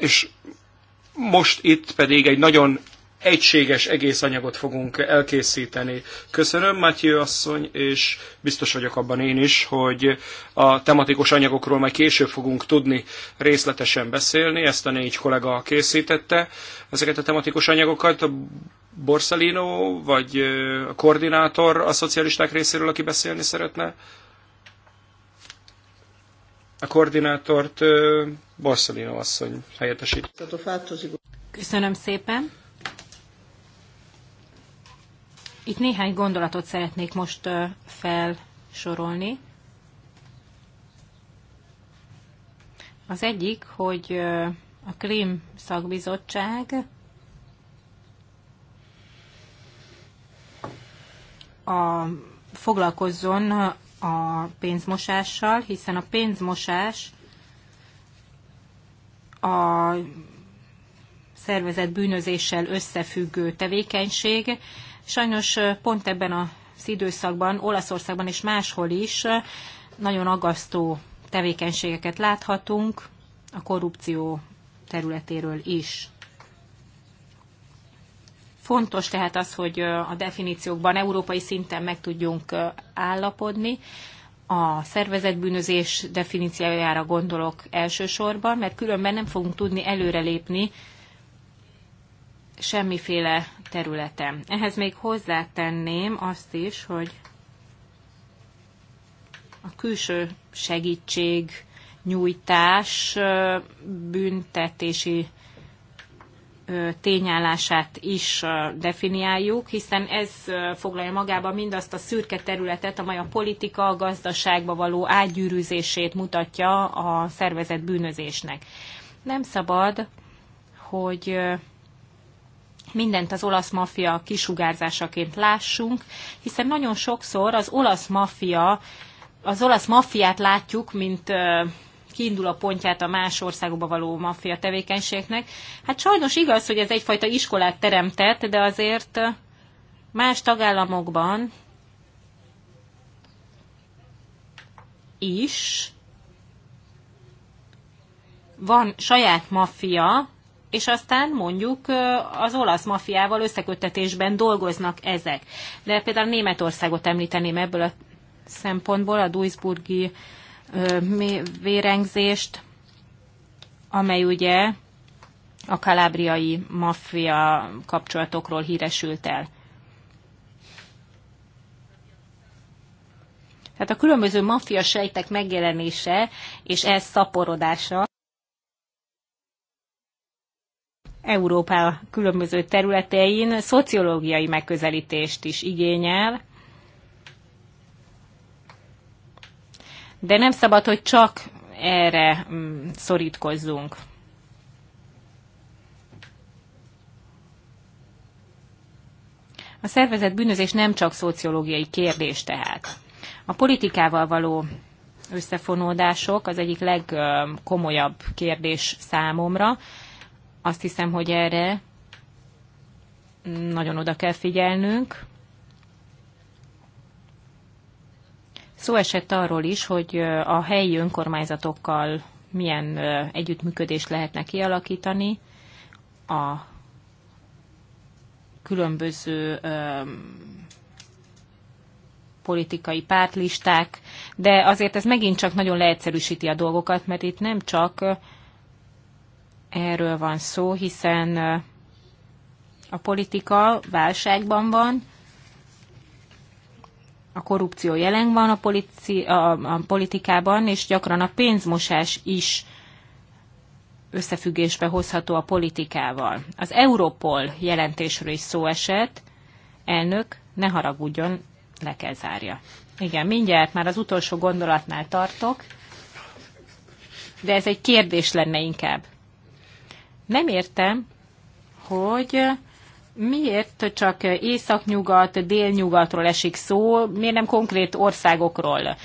és most itt pedig egy nagyon egységes egész anyagot fogunk elkészíteni. Köszönöm, Matyő asszony, és biztos vagyok abban én is, hogy a tematikus anyagokról majd később fogunk tudni részletesen beszélni. Ezt a négy kollega készítette ezeket a tematikus anyagokat. Borsalino, vagy a koordinátor a szocialisták részéről, aki beszélni szeretne? A koordinátort Borszalino asszony helyettesít. Köszönöm szépen. Itt néhány gondolatot szeretnék most felsorolni. Az egyik, hogy a Krim szakbizottság a, foglalkozzon a pénzmosással, hiszen a pénzmosás a szervezett bűnözéssel összefüggő tevékenység. Sajnos pont ebben az időszakban, Olaszországban és máshol is nagyon agasztó tevékenységeket láthatunk a korrupció területéről is. Fontos tehát az, hogy a definíciókban európai szinten meg tudjunk állapodni. A szervezetbűnözés definíciójára gondolok elsősorban, mert különben nem fogunk tudni előrelépni semmiféle területen. Ehhez még hozzátenném azt is, hogy a külső segítség nyújtás büntetési tényállását is definiáljuk, hiszen ez foglalja magába mindazt a szürke területet, amely a politika, a gazdaságba való átgyűrűzését mutatja a szervezet bűnözésnek. Nem szabad, hogy mindent az olasz mafia kisugárzásaként lássunk, hiszen nagyon sokszor az olasz mafia az olasz maffiát látjuk, mint kiindul a pontját a más országokba való maffia tevékenységnek. Hát sajnos igaz, hogy ez egyfajta iskolát teremtett, de azért más tagállamokban is van saját maffia, és aztán mondjuk az olasz maffiával összeköttetésben dolgoznak ezek. De például Németországot említeném ebből a szempontból, a Duisburgi vérengzést, amely ugye a kalábriai maffia kapcsolatokról híresült el. Tehát a különböző maffia sejtek megjelenése és ez szaporodása Európa különböző területein szociológiai megközelítést is igényel, de nem szabad, hogy csak erre mm, szorítkozzunk. A szervezet bűnözés nem csak szociológiai kérdés tehát. A politikával való összefonódások az egyik legkomolyabb kérdés számomra. Azt hiszem, hogy erre nagyon oda kell figyelnünk. Szó esett arról is, hogy a helyi önkormányzatokkal milyen együttműködést lehetne kialakítani a különböző politikai pártlisták, de azért ez megint csak nagyon leegyszerűsíti a dolgokat, mert itt nem csak erről van szó, hiszen a politika válságban van, a korrupció jelen van a, politi- a, a politikában, és gyakran a pénzmosás is összefüggésbe hozható a politikával. Az Europol jelentésről is szó esett. Elnök, ne haragudjon, le kell zárja. Igen, mindjárt már az utolsó gondolatnál tartok, de ez egy kérdés lenne inkább. Nem értem, hogy miért csak északnyugat, délnyugatról esik szó, miért nem konkrét országokról?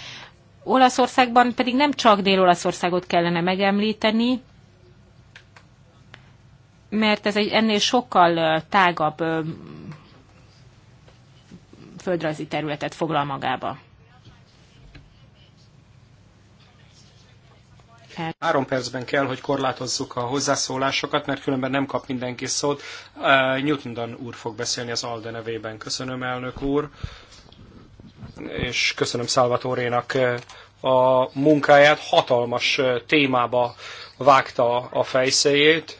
Olaszországban pedig nem csak Dél-Olaszországot kellene megemlíteni, mert ez egy ennél sokkal tágabb földrajzi területet foglal magába. Három percben kell, hogy korlátozzuk a hozzászólásokat, mert különben nem kap mindenki szót. Uh, Newton úr fog beszélni az ALDE nevében. Köszönöm, elnök úr, és köszönöm Szalvatórénak a munkáját. Hatalmas témába vágta a fejszéjét.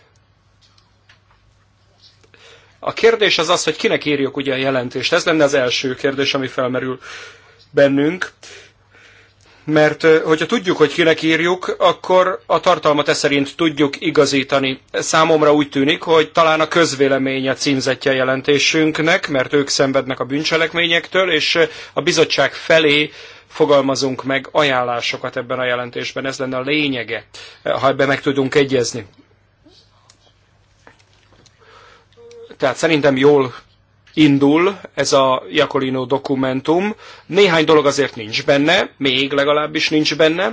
A kérdés az az, hogy kinek írjuk ugye a jelentést. Ez lenne az első kérdés, ami felmerül bennünk. Uh, mert hogyha tudjuk, hogy kinek írjuk, akkor a tartalmat szerint tudjuk igazítani. Számomra úgy tűnik, hogy talán a közvélemény a címzetje jelentésünknek, mert ők szenvednek a bűncselekményektől, és a bizottság felé fogalmazunk meg ajánlásokat ebben a jelentésben. Ez lenne a lényege, ha ebben meg tudunk egyezni. Tehát szerintem jól indul ez a Jakolino dokumentum. Néhány dolog azért nincs benne, még legalábbis nincs benne.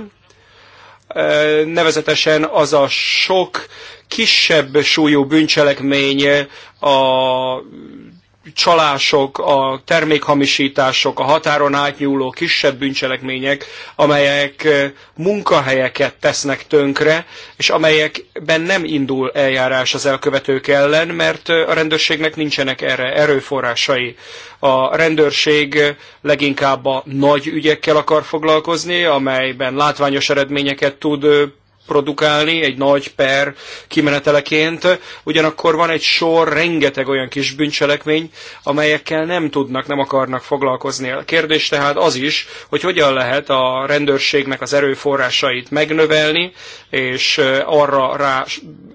Nevezetesen az a sok kisebb súlyú bűncselekmény a csalások, a termékhamisítások, a határon átnyúló kisebb bűncselekmények, amelyek munkahelyeket tesznek tönkre, és amelyekben nem indul eljárás az elkövetők ellen, mert a rendőrségnek nincsenek erre erőforrásai. A rendőrség leginkább a nagy ügyekkel akar foglalkozni, amelyben látványos eredményeket tud produkálni egy nagy per kimeneteleként, ugyanakkor van egy sor, rengeteg olyan kis bűncselekmény, amelyekkel nem tudnak, nem akarnak foglalkozni. A kérdés tehát az is, hogy hogyan lehet a rendőrségnek az erőforrásait megnövelni, és arra rá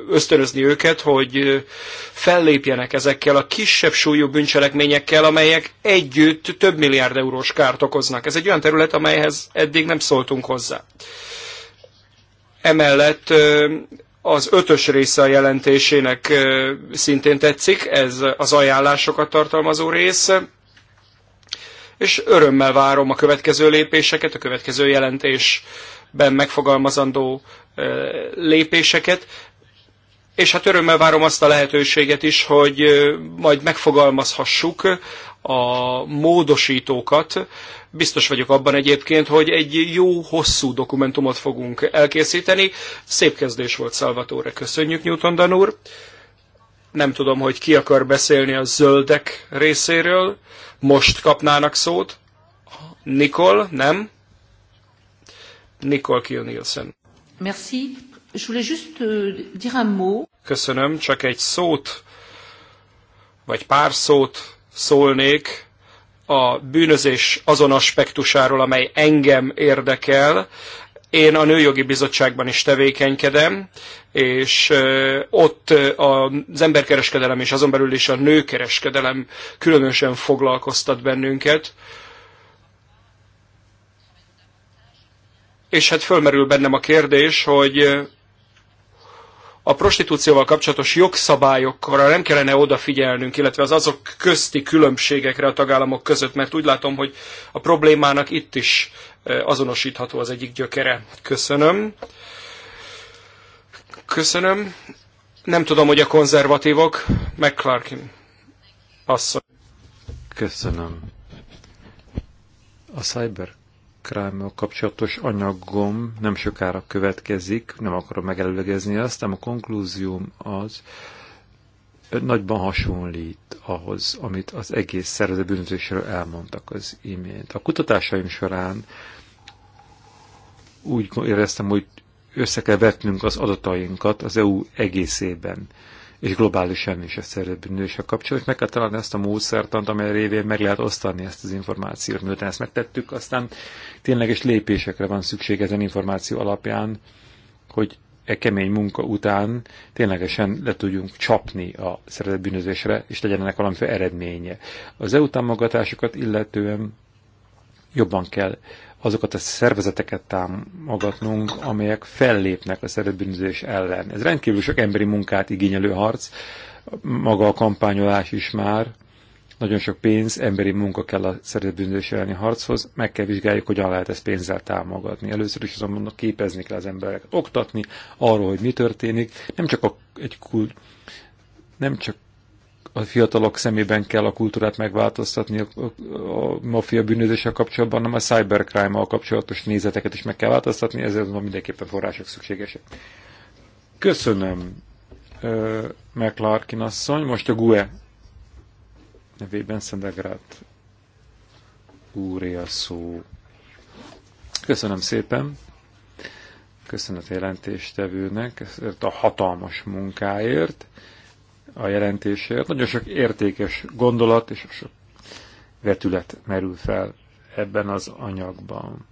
ösztönözni őket, hogy fellépjenek ezekkel a kisebb súlyú bűncselekményekkel, amelyek együtt több milliárd eurós kárt okoznak. Ez egy olyan terület, amelyhez eddig nem szóltunk hozzá. Emellett az ötös része a jelentésének szintén tetszik, ez az ajánlásokat tartalmazó rész, és örömmel várom a következő lépéseket, a következő jelentésben megfogalmazandó lépéseket, és hát örömmel várom azt a lehetőséget is, hogy majd megfogalmazhassuk a módosítókat. Biztos vagyok abban egyébként, hogy egy jó, hosszú dokumentumot fogunk elkészíteni. Szép kezdés volt Szalvatóra, köszönjük Newton Dan úr. Nem tudom, hogy ki akar beszélni a zöldek részéről. Most kapnának szót. Nikol, nem? Nikol Kiel Nielsen. Merci. Je voulais juste euh, dire un mot. Köszönöm, csak egy szót, vagy pár szót szólnék a bűnözés azon aspektusáról, amely engem érdekel. Én a Nőjogi Bizottságban is tevékenykedem, és ott az emberkereskedelem és azon belül is a nőkereskedelem különösen foglalkoztat bennünket. És hát fölmerül bennem a kérdés, hogy a prostitúcióval kapcsolatos jogszabályokra nem kellene odafigyelnünk, illetve az azok közti különbségekre a tagállamok között, mert úgy látom, hogy a problémának itt is azonosítható az egyik gyökere. Köszönöm. Köszönöm. Nem tudom, hogy a konzervatívok. McClarkin asszony. Köszönöm. A cyber krámmal kapcsolatos anyagom nem sokára következik, nem akarom megelőlegezni azt, ám a konklúzióm az nagyban hasonlít ahhoz, amit az egész szervezetbűnözésről elmondtak az imént. A kutatásaim során úgy éreztem, hogy össze kell vetnünk az adatainkat az EU egészében és globálisan is ezt bűnös a kapcsolat, és meg kell találni ezt a módszertant, amely révén meg lehet osztani ezt az információt. Miután ezt megtettük, aztán tényleges lépésekre van szükség ezen információ alapján, hogy e kemény munka után ténylegesen le tudjunk csapni a szervezetbűnözésre, és legyen ennek valamiféle eredménye. Az EU támogatásokat illetően jobban kell azokat a szervezeteket támogatnunk, amelyek fellépnek a szerepbűnözés ellen. Ez rendkívül sok emberi munkát igényelő harc, maga a kampányolás is már, nagyon sok pénz, emberi munka kell a szervezetbűnözés elleni harchoz, meg kell vizsgáljuk, hogyan lehet ezt pénzzel támogatni. Először is azonban képezni kell az embereket, oktatni arról, hogy mi történik, nem csak a, egy kult, nem csak a fiatalok szemében kell a kultúrát megváltoztatni a, a maffia bűnözéssel kapcsolatban, hanem a cybercrime-mal kapcsolatos nézeteket is meg kell változtatni, ezért azonban mindenképpen források szükségesek. Köszönöm, uh, McLarkin asszony. Most a GUE nevében Szendegrát úré a szó. Köszönöm szépen. Köszönet jelentéstevőnek ezért a hatalmas munkáért a jelentésért. Nagyon sok értékes gondolat és sok vetület merül fel ebben az anyagban.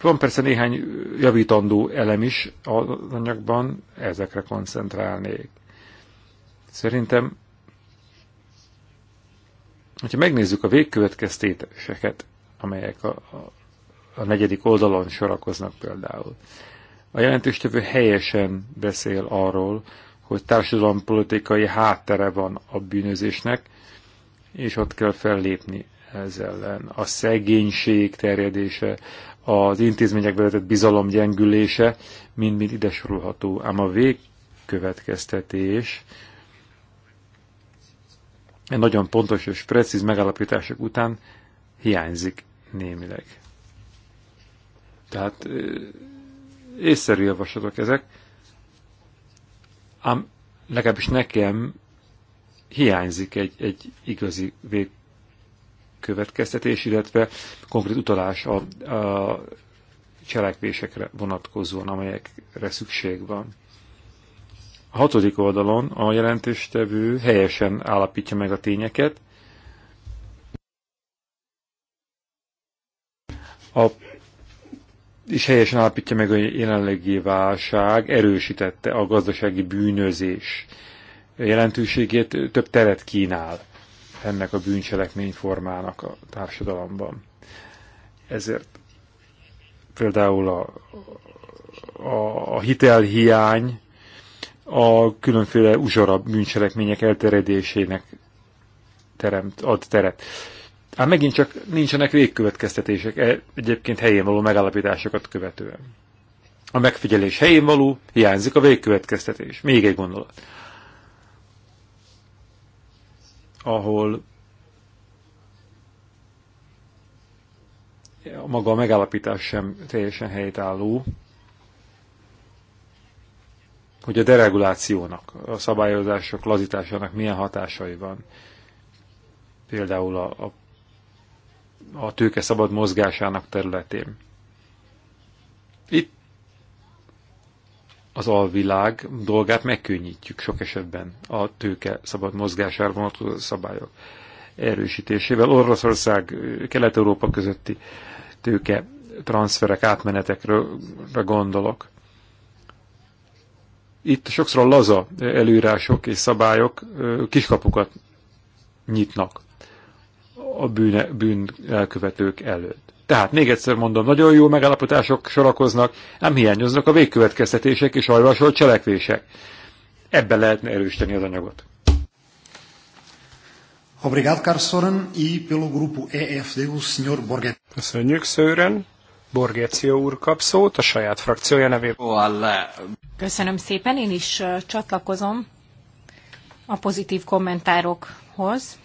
Van persze néhány javítandó elem is az anyagban, ezekre koncentrálnék. Szerintem, hogyha megnézzük a végkövetkeztéseket, amelyek a, a, a negyedik oldalon sorakoznak például, a jelentéstevő helyesen beszél arról, hogy társadalompolitikai háttere van a bűnözésnek, és ott kell fellépni ez ellen. A szegénység terjedése, az intézmények vezetett bizalom gyengülése mind-mind ide sorolható. Ám a végkövetkeztetés nagyon pontos és precíz megállapítások után hiányzik némileg. Tehát észszerű javaslatok ezek, ám legalábbis nekem hiányzik egy, egy igazi végkövetkeztetés, illetve konkrét utalás a, a cselekvésekre vonatkozóan, amelyekre szükség van. A hatodik oldalon a jelentéstevő helyesen állapítja meg a tényeket. A is helyesen állapítja meg, hogy a jelenlegi válság erősítette a gazdasági bűnözés jelentőségét, több teret kínál ennek a bűncselekmény formának a társadalomban. Ezért például a, a, a hitelhiány a különféle uzsora bűncselekmények elterjedésének teremt, ad teret. Ám megint csak nincsenek végkövetkeztetések, e, egyébként helyén való megállapításokat követően. A megfigyelés helyén való, hiányzik a végkövetkeztetés. Még egy gondolat. Ahol maga a megállapítás sem teljesen helytálló, hogy a deregulációnak, a szabályozások lazításának milyen hatásai van. Például a, a a tőke szabad mozgásának területén. Itt az alvilág dolgát megkönnyítjük sok esetben a tőke szabad mozgására vonatkozó szabályok erősítésével. Oroszország, Kelet-Európa közötti tőke transferek, átmenetekre gondolok. Itt sokszor a laza előírások és szabályok kiskapukat nyitnak a bűne, bűn elkövetők előtt. Tehát még egyszer mondom, nagyon jó megállapotások sorakoznak, nem hiányoznak a végkövetkeztetések és ajvasolt cselekvések. Ebben lehetne erősíteni az anyagot. Obrigado, Carlos Soren, e pelo grupo EFD, o Sr. Borget. Köszönjük, Sören. Borgecio úr kap szót a saját frakciója nevében. Köszönöm szépen, én is csatlakozom a pozitív kommentárokhoz.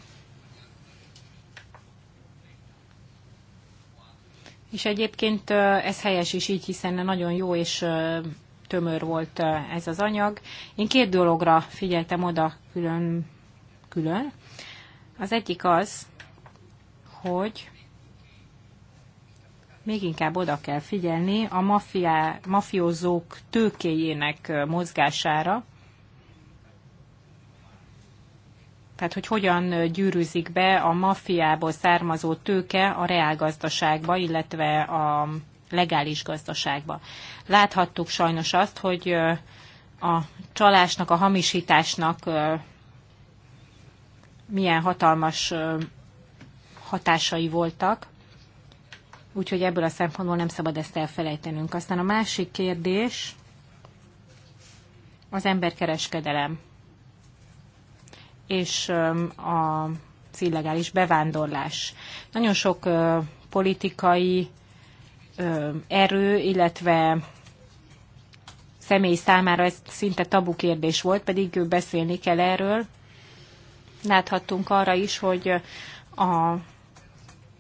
És egyébként ez helyes is így, hiszen nagyon jó és tömör volt ez az anyag. Én két dologra figyeltem oda külön. külön. Az egyik az, hogy még inkább oda kell figyelni a mafiá, mafiózók tőkéjének mozgására, tehát hogy hogyan gyűrűzik be a maffiából származó tőke a reálgazdaságba, illetve a legális gazdaságba. Láthattuk sajnos azt, hogy a csalásnak, a hamisításnak milyen hatalmas hatásai voltak, úgyhogy ebből a szempontból nem szabad ezt elfelejtenünk. Aztán a másik kérdés az emberkereskedelem és a illegális bevándorlás. Nagyon sok politikai erő, illetve személy számára ez szinte tabu kérdés volt, pedig beszélni kell erről. Láthattunk arra is, hogy a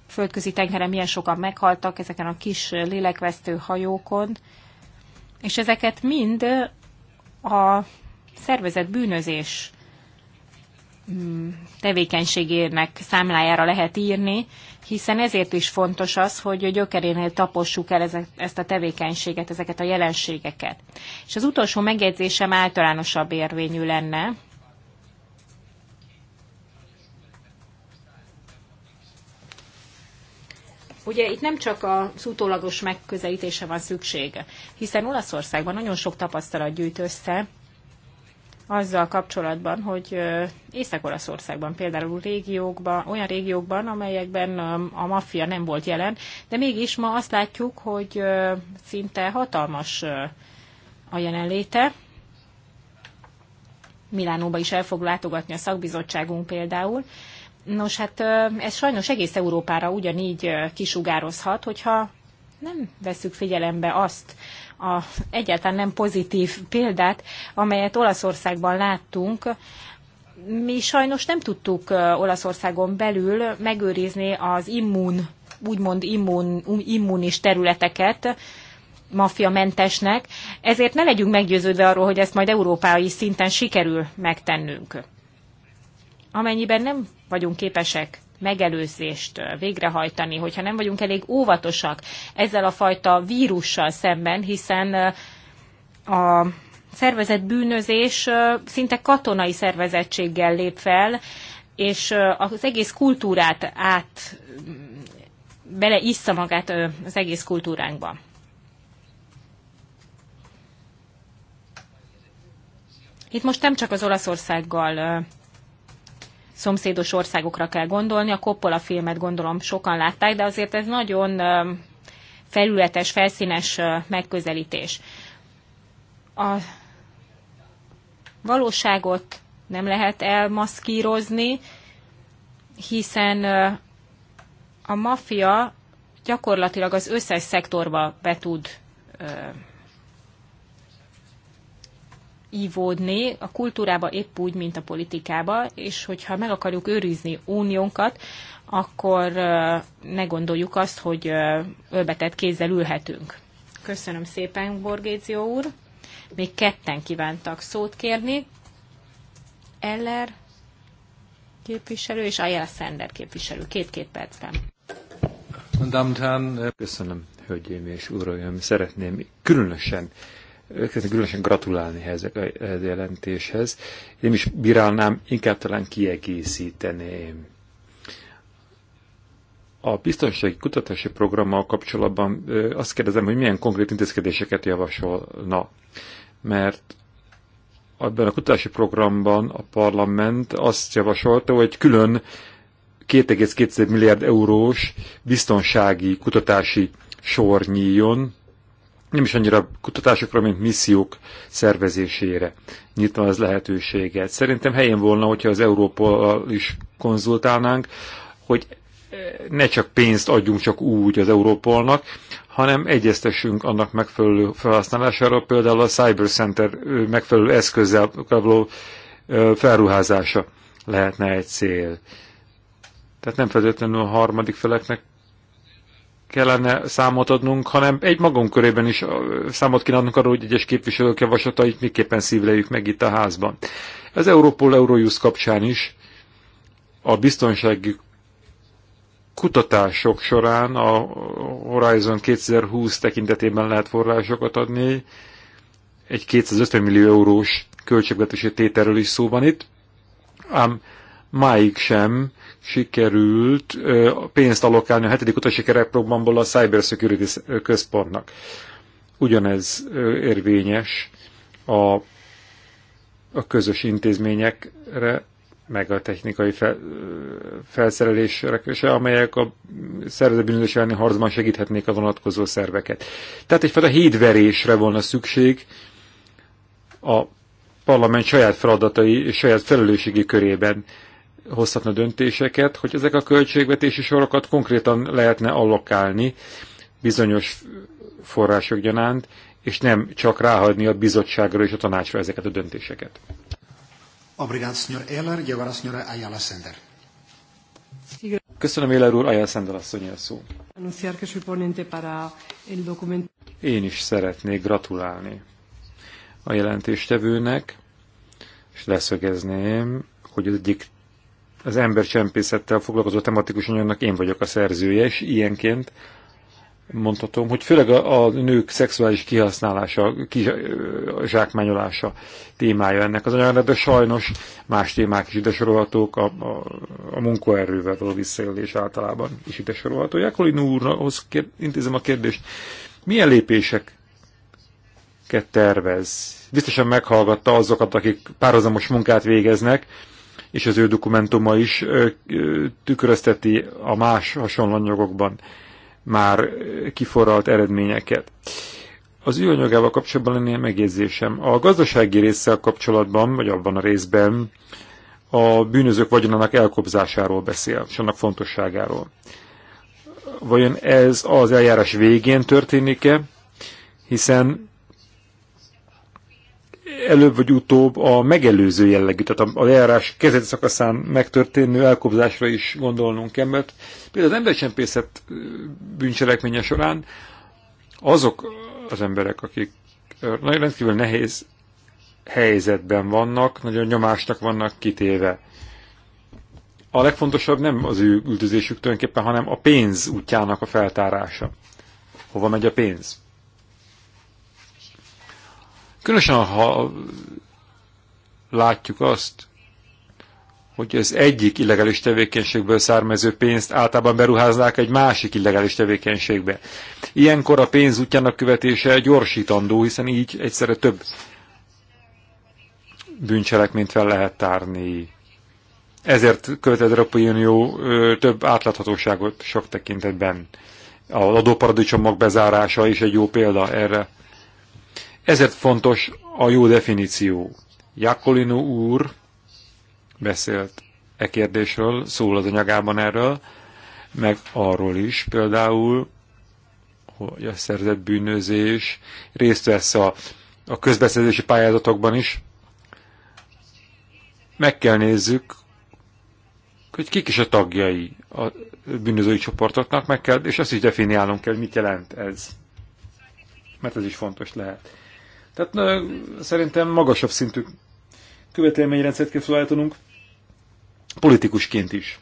földközi tengeren milyen sokan meghaltak ezeken a kis lélekvesztő hajókon, és ezeket mind a szervezet bűnözés Mm, tevékenységének számlájára lehet írni, hiszen ezért is fontos az, hogy gyökerénél tapossuk el ezt a tevékenységet, ezeket a jelenségeket. És az utolsó megjegyzésem általánosabb érvényű lenne. Ugye itt nem csak az utólagos megközelítése van szüksége, hiszen Olaszországban nagyon sok tapasztalat gyűjt össze, azzal kapcsolatban, hogy Észak-Olaszországban például régiókban, olyan régiókban, amelyekben a maffia nem volt jelen, de mégis ma azt látjuk, hogy szinte hatalmas a jelenléte. Milánóba is el fog látogatni a szakbizottságunk például. Nos, hát ez sajnos egész Európára ugyanígy kisugározhat, hogyha nem veszük figyelembe azt, a egyáltalán nem pozitív példát, amelyet Olaszországban láttunk, mi sajnos nem tudtuk Olaszországon belül megőrizni az immun, úgymond immun, um, immunis területeket, maffiamentesnek, ezért ne legyünk meggyőződve arról, hogy ezt majd európai szinten sikerül megtennünk. Amennyiben nem vagyunk képesek megelőzést végrehajtani, hogyha nem vagyunk elég óvatosak ezzel a fajta vírussal szemben, hiszen a szervezetbűnözés bűnözés szinte katonai szervezettséggel lép fel, és az egész kultúrát át beleissza magát az egész kultúránkba. Itt most nem csak az Olaszországgal szomszédos országokra kell gondolni. A Coppola filmet gondolom sokan látták, de azért ez nagyon felületes, felszínes megközelítés. A valóságot nem lehet elmaszkírozni, hiszen a maffia gyakorlatilag az összes szektorba be tud ívódni a kultúrába épp úgy, mint a politikába, és hogyha meg akarjuk őrizni uniónkat, akkor ne gondoljuk azt, hogy ölbetett kézzel ülhetünk. Köszönöm szépen, Borgézió úr. Még ketten kívántak szót kérni. Eller képviselő és Ayala Sender képviselő. Két-két percben. Köszönöm, hölgyeim és uraim. Szeretném különösen őket különösen gratulálni ehhez a jelentéshez. Én is bírálnám, inkább talán kiegészíteném. A biztonsági kutatási programmal kapcsolatban azt kérdezem, hogy milyen konkrét intézkedéseket javasolna. Mert ebben a kutatási programban a parlament azt javasolta, hogy külön 2,2 milliárd eurós biztonsági kutatási sor nyíljon, nem is annyira kutatásokra, mint missziók szervezésére nyitva az lehetőséget. Szerintem helyén volna, hogyha az Európol is konzultálnánk, hogy eh, ne csak pénzt adjunk csak úgy az Európolnak, hanem egyeztessünk annak megfelelő felhasználására, például a Cyber Center eh, megfelelő eszközzel való eh, felruházása lehetne egy cél. Tehát nem feltétlenül a harmadik feleknek kellene számot adnunk, hanem egy magunk körében is számot kéne adnunk arról, hogy egyes képviselők javaslatait miképpen szívlejük meg itt a házban. Ez Európol Eurojust kapcsán is a biztonsági kutatások során a Horizon 2020 tekintetében lehet forrásokat adni. Egy 250 millió eurós költségvetési tételről is szó van itt. Ám máig sem sikerült pénzt alokálni a hetedik utasi kerekprogramból a Cybersecurity központnak. Ugyanez érvényes a, a közös intézményekre, meg a technikai fel, felszerelésre, amelyek a szervezetbűnözés elleni harcban segíthetnék a vonatkozó szerveket. Tehát egyfajta hídverésre volna szükség a parlament saját feladatai és saját felelősségi körében hozhatna döntéseket, hogy ezek a költségvetési sorokat konkrétan lehetne allokálni bizonyos források gyanánt, és nem csak ráhagyni a bizottságra és a tanácsra ezeket a döntéseket. Obrigado, Sr. Eller, e agora Ayala Sender. Köszönöm, Éler úr, Ayala Sender asszony a szó. Én is szeretnék gratulálni a jelentéstevőnek, és leszögezném, hogy az egyik az embercsempészettel foglalkozó tematikus anyagnak én vagyok a szerzője, és ilyenként mondhatom, hogy főleg a, a nők szexuális kihasználása, kizsákmányolása témája ennek az anyagnak, de sajnos más témák is ide sorolhatók, a, a, a munkaerővel való visszaélés általában is ide sorolható. Jakolin úrhoz kér, intézem a kérdést, milyen lépések tervez? Biztosan meghallgatta azokat, akik párhuzamos munkát végeznek, és az ő dokumentuma is tükrözteti a más hasonló anyagokban már kiforralt eredményeket. Az ő anyagával kapcsolatban lenne megjegyzésem. A gazdasági résszel kapcsolatban, vagy abban a részben a bűnözők vagyonának elkobzásáról beszél, és annak fontosságáról. Vajon ez az eljárás végén történik-e, hiszen előbb vagy utóbb a megelőző jellegű, tehát a lejárás kezdeti szakaszán megtörténő elkobzásra is gondolnunk kell, mert például az embercsempészet bűncselekménye során azok az emberek, akik nagyon rendkívül nehéz helyzetben vannak, nagyon nyomásnak vannak kitéve. A legfontosabb nem az ő üldözésük tulajdonképpen, hanem a pénz útjának a feltárása. Hova megy a pénz? Különösen, ha látjuk azt, hogy az egyik illegális tevékenységből származó pénzt általában beruháznák egy másik illegális tevékenységbe. Ilyenkor a pénz útjának követése gyorsítandó, hiszen így egyszerre több bűncselekményt fel lehet tárni. Ezért követed az Európai Unió több átláthatóságot sok tekintetben. a adóparadicsomok bezárása is egy jó példa erre. Ezért fontos a jó definíció. Jakolino úr beszélt e kérdésről, szól az anyagában erről, meg arról is például, hogy a szerzett bűnözés részt vesz a, a közbeszerzési pályázatokban is. Meg kell nézzük, hogy kik is a tagjai a bűnözői csoportoknak, meg kell, és azt is definiálnunk kell, mit jelent ez. Mert ez is fontos lehet. Tehát szerintem magasabb szintű követelményrendszert kell felállítanunk, politikusként is.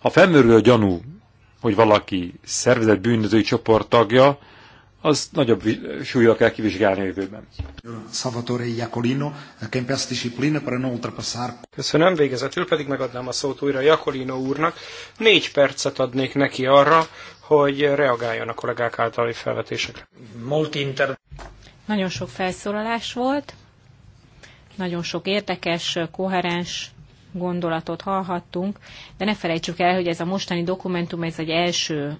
Ha felmerül a gyanú, hogy valaki szervezett bűnözői csoport tagja, az nagyobb súlya kell kivizsgálni a jövőben. Salvatore Iacolino, Kempes Disciplina para non ultrapassar. Köszönöm, végezetül pedig megadnám a szót újra Iacolino úrnak. Négy percet adnék neki arra, hogy reagáljon a kollégák általi felvetésekre. Multi inter... Nagyon sok felszólalás volt, nagyon sok érdekes, koherens gondolatot hallhattunk, de ne felejtsük el, hogy ez a mostani dokumentum, ez egy első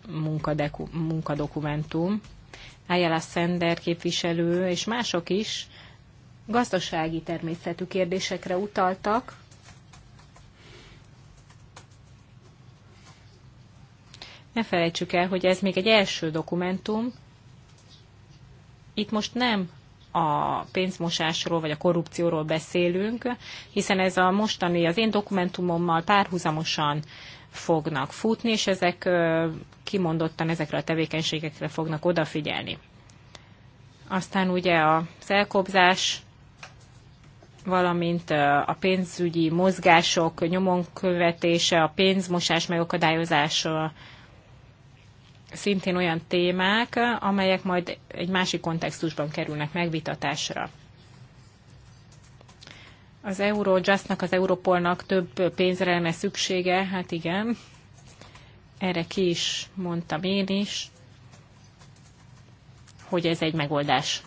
munkadokumentum. Ayala Sender képviselő és mások is gazdasági természetű kérdésekre utaltak. Ne felejtsük el, hogy ez még egy első dokumentum, itt most nem a pénzmosásról vagy a korrupcióról beszélünk, hiszen ez a mostani az én dokumentumommal párhuzamosan fognak futni, és ezek kimondottan ezekre a tevékenységekre fognak odafigyelni. Aztán ugye a elkobzás, valamint a pénzügyi mozgások nyomon követése, a pénzmosás megakadályozása, szintén olyan témák, amelyek majd egy másik kontextusban kerülnek megvitatásra. Az Eurojustnak, az Europolnak több pénzre lenne szüksége, hát igen, erre ki is mondtam én is, hogy ez egy megoldás.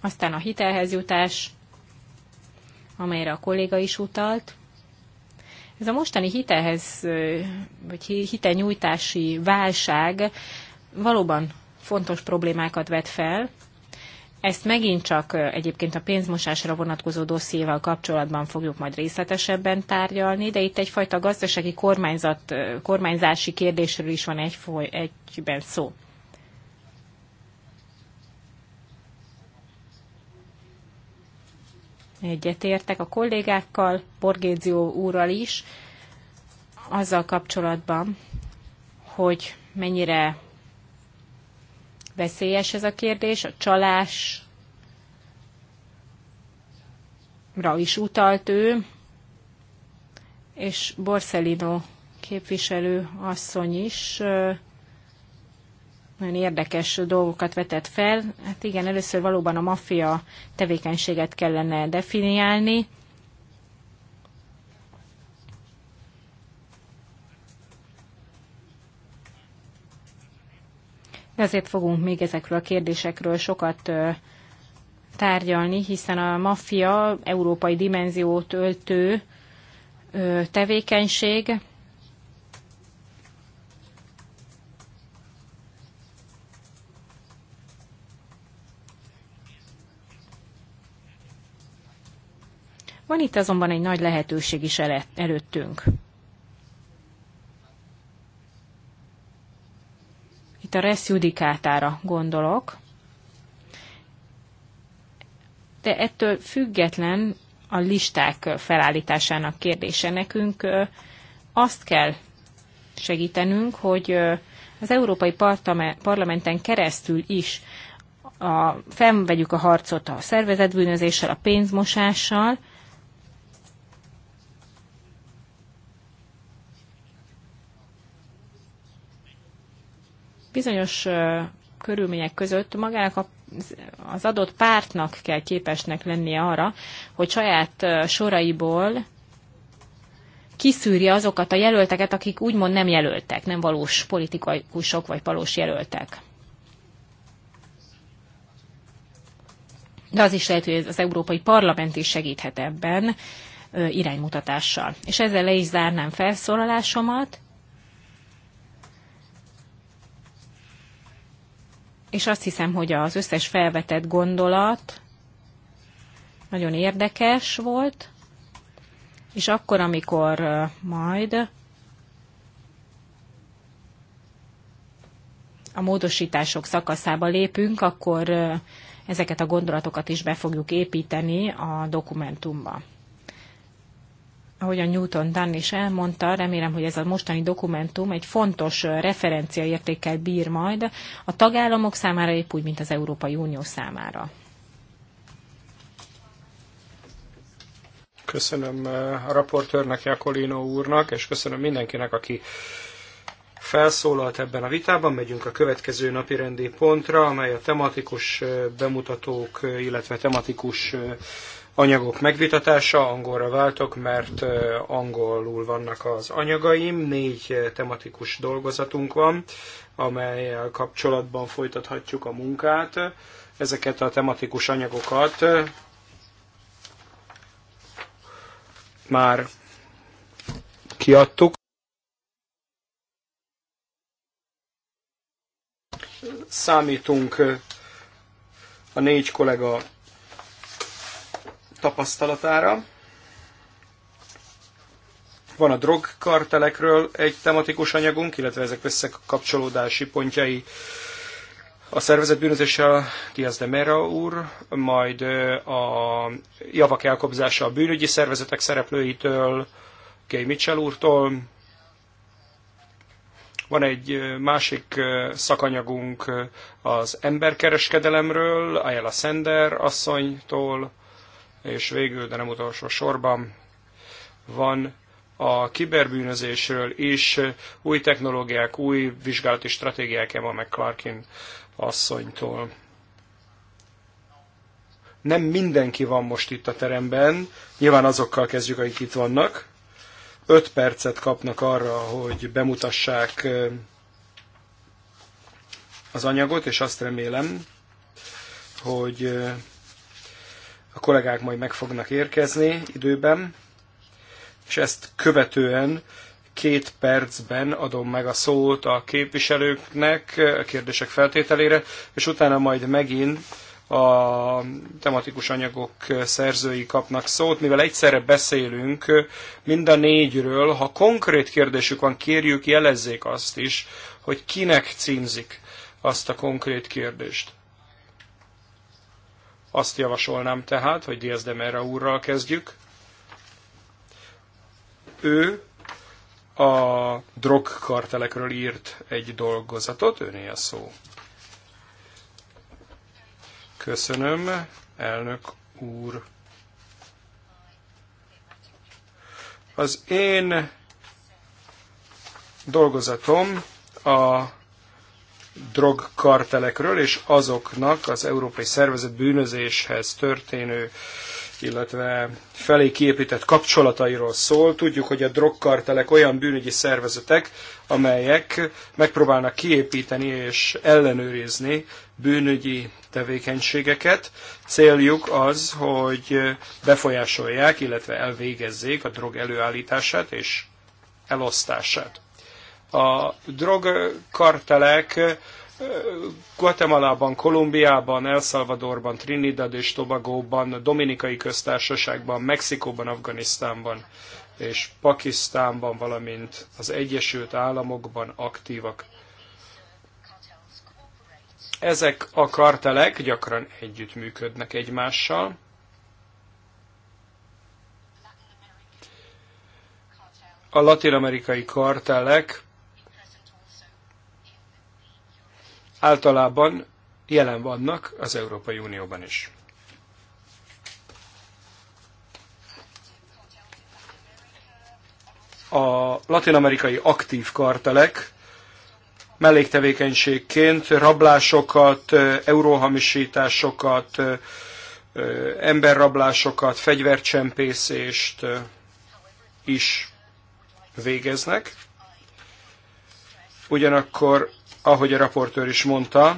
Aztán a hitelhez jutás, amelyre a kolléga is utalt, ez a mostani hitehez, vagy nyújtási válság valóban fontos problémákat vet fel. Ezt megint csak egyébként a pénzmosásra vonatkozó dossziéval kapcsolatban fogjuk majd részletesebben tárgyalni, de itt egyfajta gazdasági kormányzat, kormányzási kérdésről is van egy, egyben szó. egyetértek a kollégákkal, Borgézió úrral is, azzal kapcsolatban, hogy mennyire veszélyes ez a kérdés, a csalás is utalt ő, és Borszelino képviselő asszony is nagyon érdekes dolgokat vetett fel. Hát igen, először valóban a maffia tevékenységet kellene definiálni. De azért fogunk még ezekről a kérdésekről sokat tárgyalni, hiszen a maffia európai dimenziót öltő tevékenység, Van itt azonban egy nagy lehetőség is előttünk. Itt a resz judikátára gondolok, de ettől független a listák felállításának kérdése nekünk azt kell segítenünk, hogy az Európai Parlamenten keresztül is a, fennvegyük a harcot a szervezetbűnözéssel, a pénzmosással, bizonyos körülmények között magának a, az adott pártnak kell képesnek lennie arra, hogy saját soraiból kiszűrje azokat a jelölteket, akik úgymond nem jelöltek, nem valós politikusok vagy valós jelöltek. De az is lehet, hogy az Európai Parlament is segíthet ebben iránymutatással. És ezzel le is zárnám felszólalásomat. és azt hiszem, hogy az összes felvetett gondolat nagyon érdekes volt, és akkor, amikor majd a módosítások szakaszába lépünk, akkor ezeket a gondolatokat is be fogjuk építeni a dokumentumba a Newton Dunn is elmondta, remélem, hogy ez a mostani dokumentum egy fontos referenciaértékkel bír majd a tagállamok számára, épp úgy, mint az Európai Unió számára. Köszönöm a raportőrnek, Jakolino úrnak, és köszönöm mindenkinek, aki felszólalt ebben a vitában. Megyünk a következő napi rendi pontra, amely a tematikus bemutatók, illetve tematikus anyagok megvitatása, angolra váltok, mert angolul vannak az anyagaim, négy tematikus dolgozatunk van, amelyel kapcsolatban folytathatjuk a munkát. Ezeket a tematikus anyagokat már kiadtuk. Számítunk a négy kollega tapasztalatára. Van a drogkartelekről egy tematikus anyagunk, illetve ezek összekapcsolódási pontjai a szervezetbűnözéssel Diaz de Mera úr, majd a javak elkobzása a bűnügyi szervezetek szereplőitől, Gay Mitchell úrtól. Van egy másik szakanyagunk az emberkereskedelemről, Ayala Sender asszonytól, és végül, de nem utolsó sorban van a kiberbűnözésről is új technológiák, új vizsgálati stratégiák meg Clarkin asszonytól. Nem mindenki van most itt a teremben, nyilván azokkal kezdjük, akik itt vannak. Öt percet kapnak arra, hogy bemutassák az anyagot, és azt remélem, hogy kollégák majd meg fognak érkezni időben, és ezt követően két percben adom meg a szót a képviselőknek a kérdések feltételére, és utána majd megint a tematikus anyagok szerzői kapnak szót, mivel egyszerre beszélünk mind a négyről. Ha konkrét kérdésük van, kérjük jelezzék azt is, hogy kinek címzik azt a konkrét kérdést. Azt javasolnám tehát, hogy Diaz de Mera úrral kezdjük. Ő a drogkartelekről írt egy dolgozatot, őné a szó. Köszönöm, elnök úr. Az én dolgozatom a drogkartelekről és azoknak az európai szervezet bűnözéshez történő illetve felé kiépített kapcsolatairól szól. Tudjuk, hogy a drogkartelek olyan bűnügyi szervezetek, amelyek megpróbálnak kiépíteni és ellenőrizni bűnügyi tevékenységeket. Céljuk az, hogy befolyásolják, illetve elvégezzék a drog előállítását és elosztását. A drogkartelek Guatemalában, Kolumbiában, El Salvadorban, Trinidad és Tobagóban, Dominikai Köztársaságban, Mexikóban, Afganisztánban és Pakisztánban, valamint az Egyesült Államokban aktívak. Ezek a kartelek gyakran együttműködnek egymással. A latinamerikai kartelek általában jelen vannak az Európai Unióban is. A latinamerikai aktív kartelek melléktevékenységként rablásokat, euróhamisításokat, emberrablásokat, fegyvercsempészést is végeznek. Ugyanakkor ahogy a raportőr is mondta,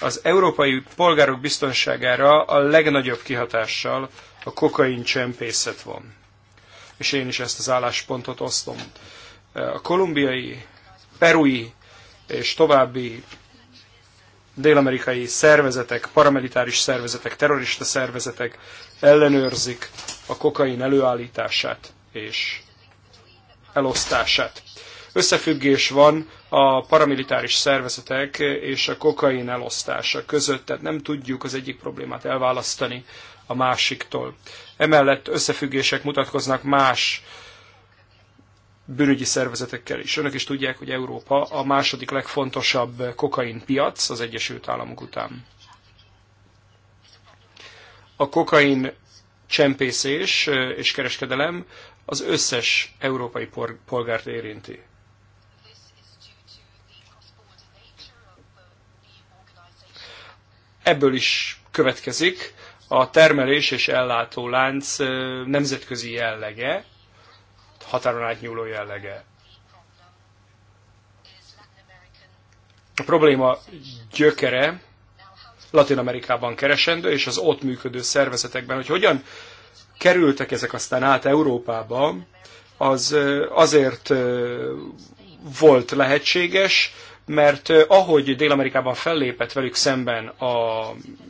az európai polgárok biztonságára a legnagyobb kihatással a kokain csempészet van. És én is ezt az álláspontot osztom. A kolumbiai, perui és további dél-amerikai szervezetek, paramilitáris szervezetek, terrorista szervezetek ellenőrzik a kokain előállítását és elosztását összefüggés van a paramilitáris szervezetek és a kokain elosztása között, tehát nem tudjuk az egyik problémát elválasztani a másiktól. Emellett összefüggések mutatkoznak más bűnügyi szervezetekkel is. Önök is tudják, hogy Európa a második legfontosabb kokainpiac az Egyesült Államok után. A kokain csempészés és kereskedelem az összes európai polgárt érinti. Ebből is következik a termelés és ellátó lánc nemzetközi jellege, határon átnyúló jellege. A probléma gyökere Latin Amerikában keresendő, és az ott működő szervezetekben, hogy hogyan kerültek ezek aztán át Európába, az azért volt lehetséges, mert ahogy Dél-Amerikában fellépett velük szemben a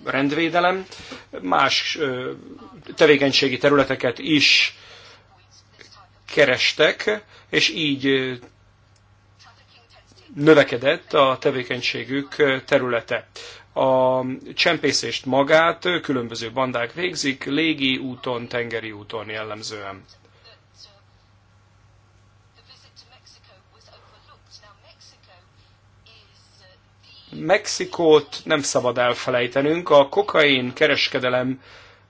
rendvédelem, más tevékenységi területeket is kerestek, és így növekedett a tevékenységük területe. A csempészést magát különböző bandák végzik, légi úton, tengeri úton jellemzően. Mexikót nem szabad elfelejtenünk, a kokain kereskedelem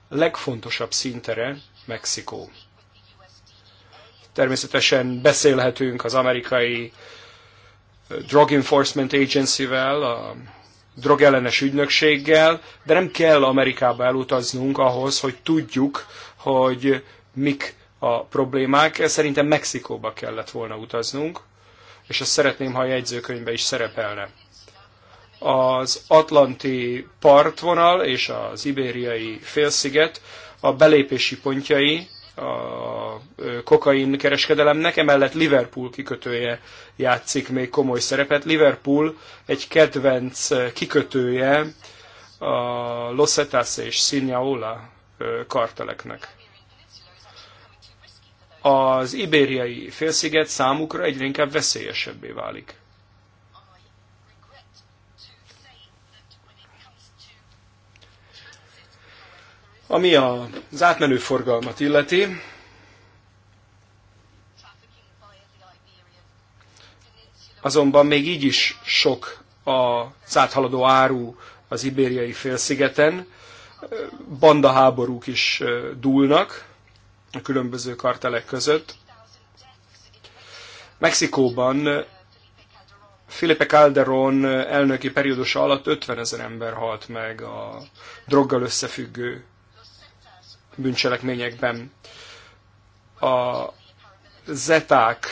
legfontosabb szintere Mexikó. Természetesen beszélhetünk az amerikai Drug Enforcement Agency-vel, a drogellenes ügynökséggel, de nem kell Amerikába elutaznunk ahhoz, hogy tudjuk, hogy mik a problémák. Szerintem Mexikóba kellett volna utaznunk, és ezt szeretném, ha a jegyzőkönyvbe is szerepelne az Atlanti partvonal és az Ibériai félsziget a belépési pontjai a kokain kereskedelemnek, emellett Liverpool kikötője játszik még komoly szerepet. Liverpool egy kedvenc kikötője a Losetas és Sinjaola karteleknek. Az ibériai félsziget számukra egyre inkább veszélyesebbé válik. Ami az átmenő forgalmat illeti, azonban még így is sok az áthaladó áru az ibériai félszigeten, bandaháborúk is dúlnak a különböző kartelek között. Mexikóban Felipe Calderón elnöki periódusa alatt 50 ezer ember halt meg a droggal összefüggő bűncselekményekben. A zeták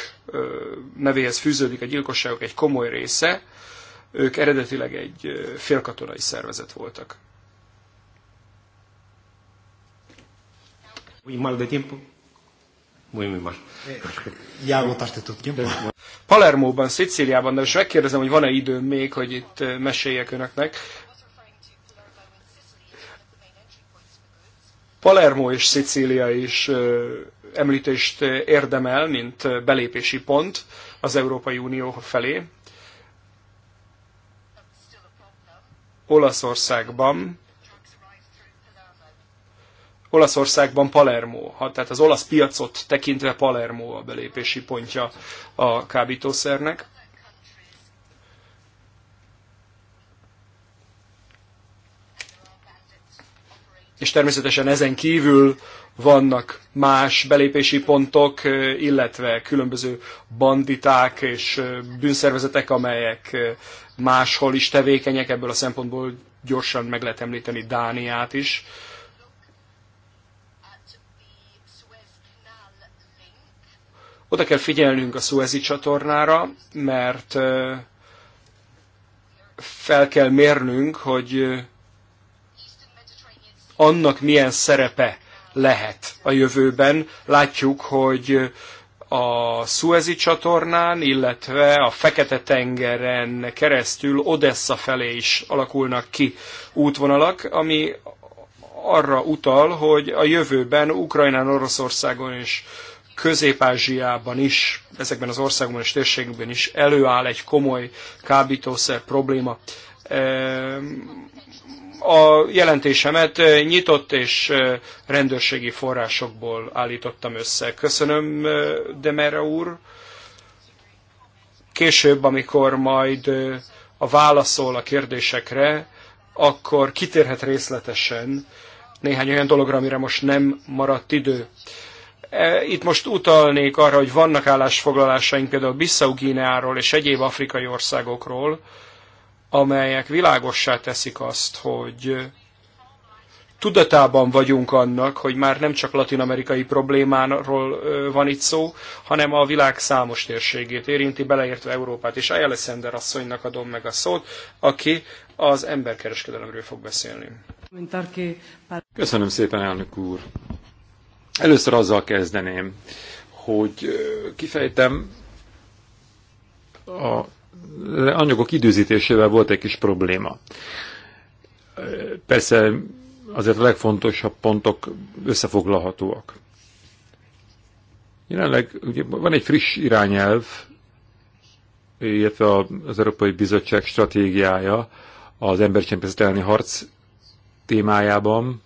nevéhez fűződik a gyilkosságok egy komoly része, ők eredetileg egy félkatonai szervezet voltak. de eh, tiempo. Palermóban, Szicíliában, de most megkérdezem, hogy van-e időm még, hogy itt meséljek önöknek. Palermo és Szicília is említést érdemel, mint belépési pont az Európai Unió felé. Olaszországban Olaszországban Palermo, ha, tehát az olasz piacot tekintve Palermo a belépési pontja a kábítószernek. és természetesen ezen kívül vannak más belépési pontok, illetve különböző banditák és bűnszervezetek, amelyek máshol is tevékenyek, ebből a szempontból gyorsan meg lehet említeni Dániát is. Oda kell figyelnünk a Suezi csatornára, mert fel kell mérnünk, hogy annak milyen szerepe lehet a jövőben. Látjuk, hogy a Suezi csatornán, illetve a Fekete-tengeren keresztül Odessa felé is alakulnak ki útvonalak, ami arra utal, hogy a jövőben Ukrajnán, Oroszországon és Közép-Ázsiában is, ezekben az országokban és térségekben is előáll egy komoly kábítószer probléma. Ehm, a jelentésemet nyitott és rendőrségi forrásokból állítottam össze. Köszönöm, Demere úr. Később, amikor majd a válaszol a kérdésekre, akkor kitérhet részletesen néhány olyan dologra, amire most nem maradt idő. E, itt most utalnék arra, hogy vannak állásfoglalásaink például Bissau Gíneáról és egyéb afrikai országokról, amelyek világossá teszik azt, hogy tudatában vagyunk annak, hogy már nem csak latinamerikai problémáról van itt szó, hanem a világ számos térségét érinti, beleértve Európát. És Ayala Sender asszonynak adom meg a szót, aki az emberkereskedelemről fog beszélni. Köszönöm szépen, elnök úr. Először azzal kezdeném, hogy kifejtem a anyagok időzítésével volt egy kis probléma. Persze azért a legfontosabb pontok összefoglalhatóak. Jelenleg ugye van egy friss irányelv, illetve az Európai Bizottság stratégiája az embercsempészet elleni harc témájában.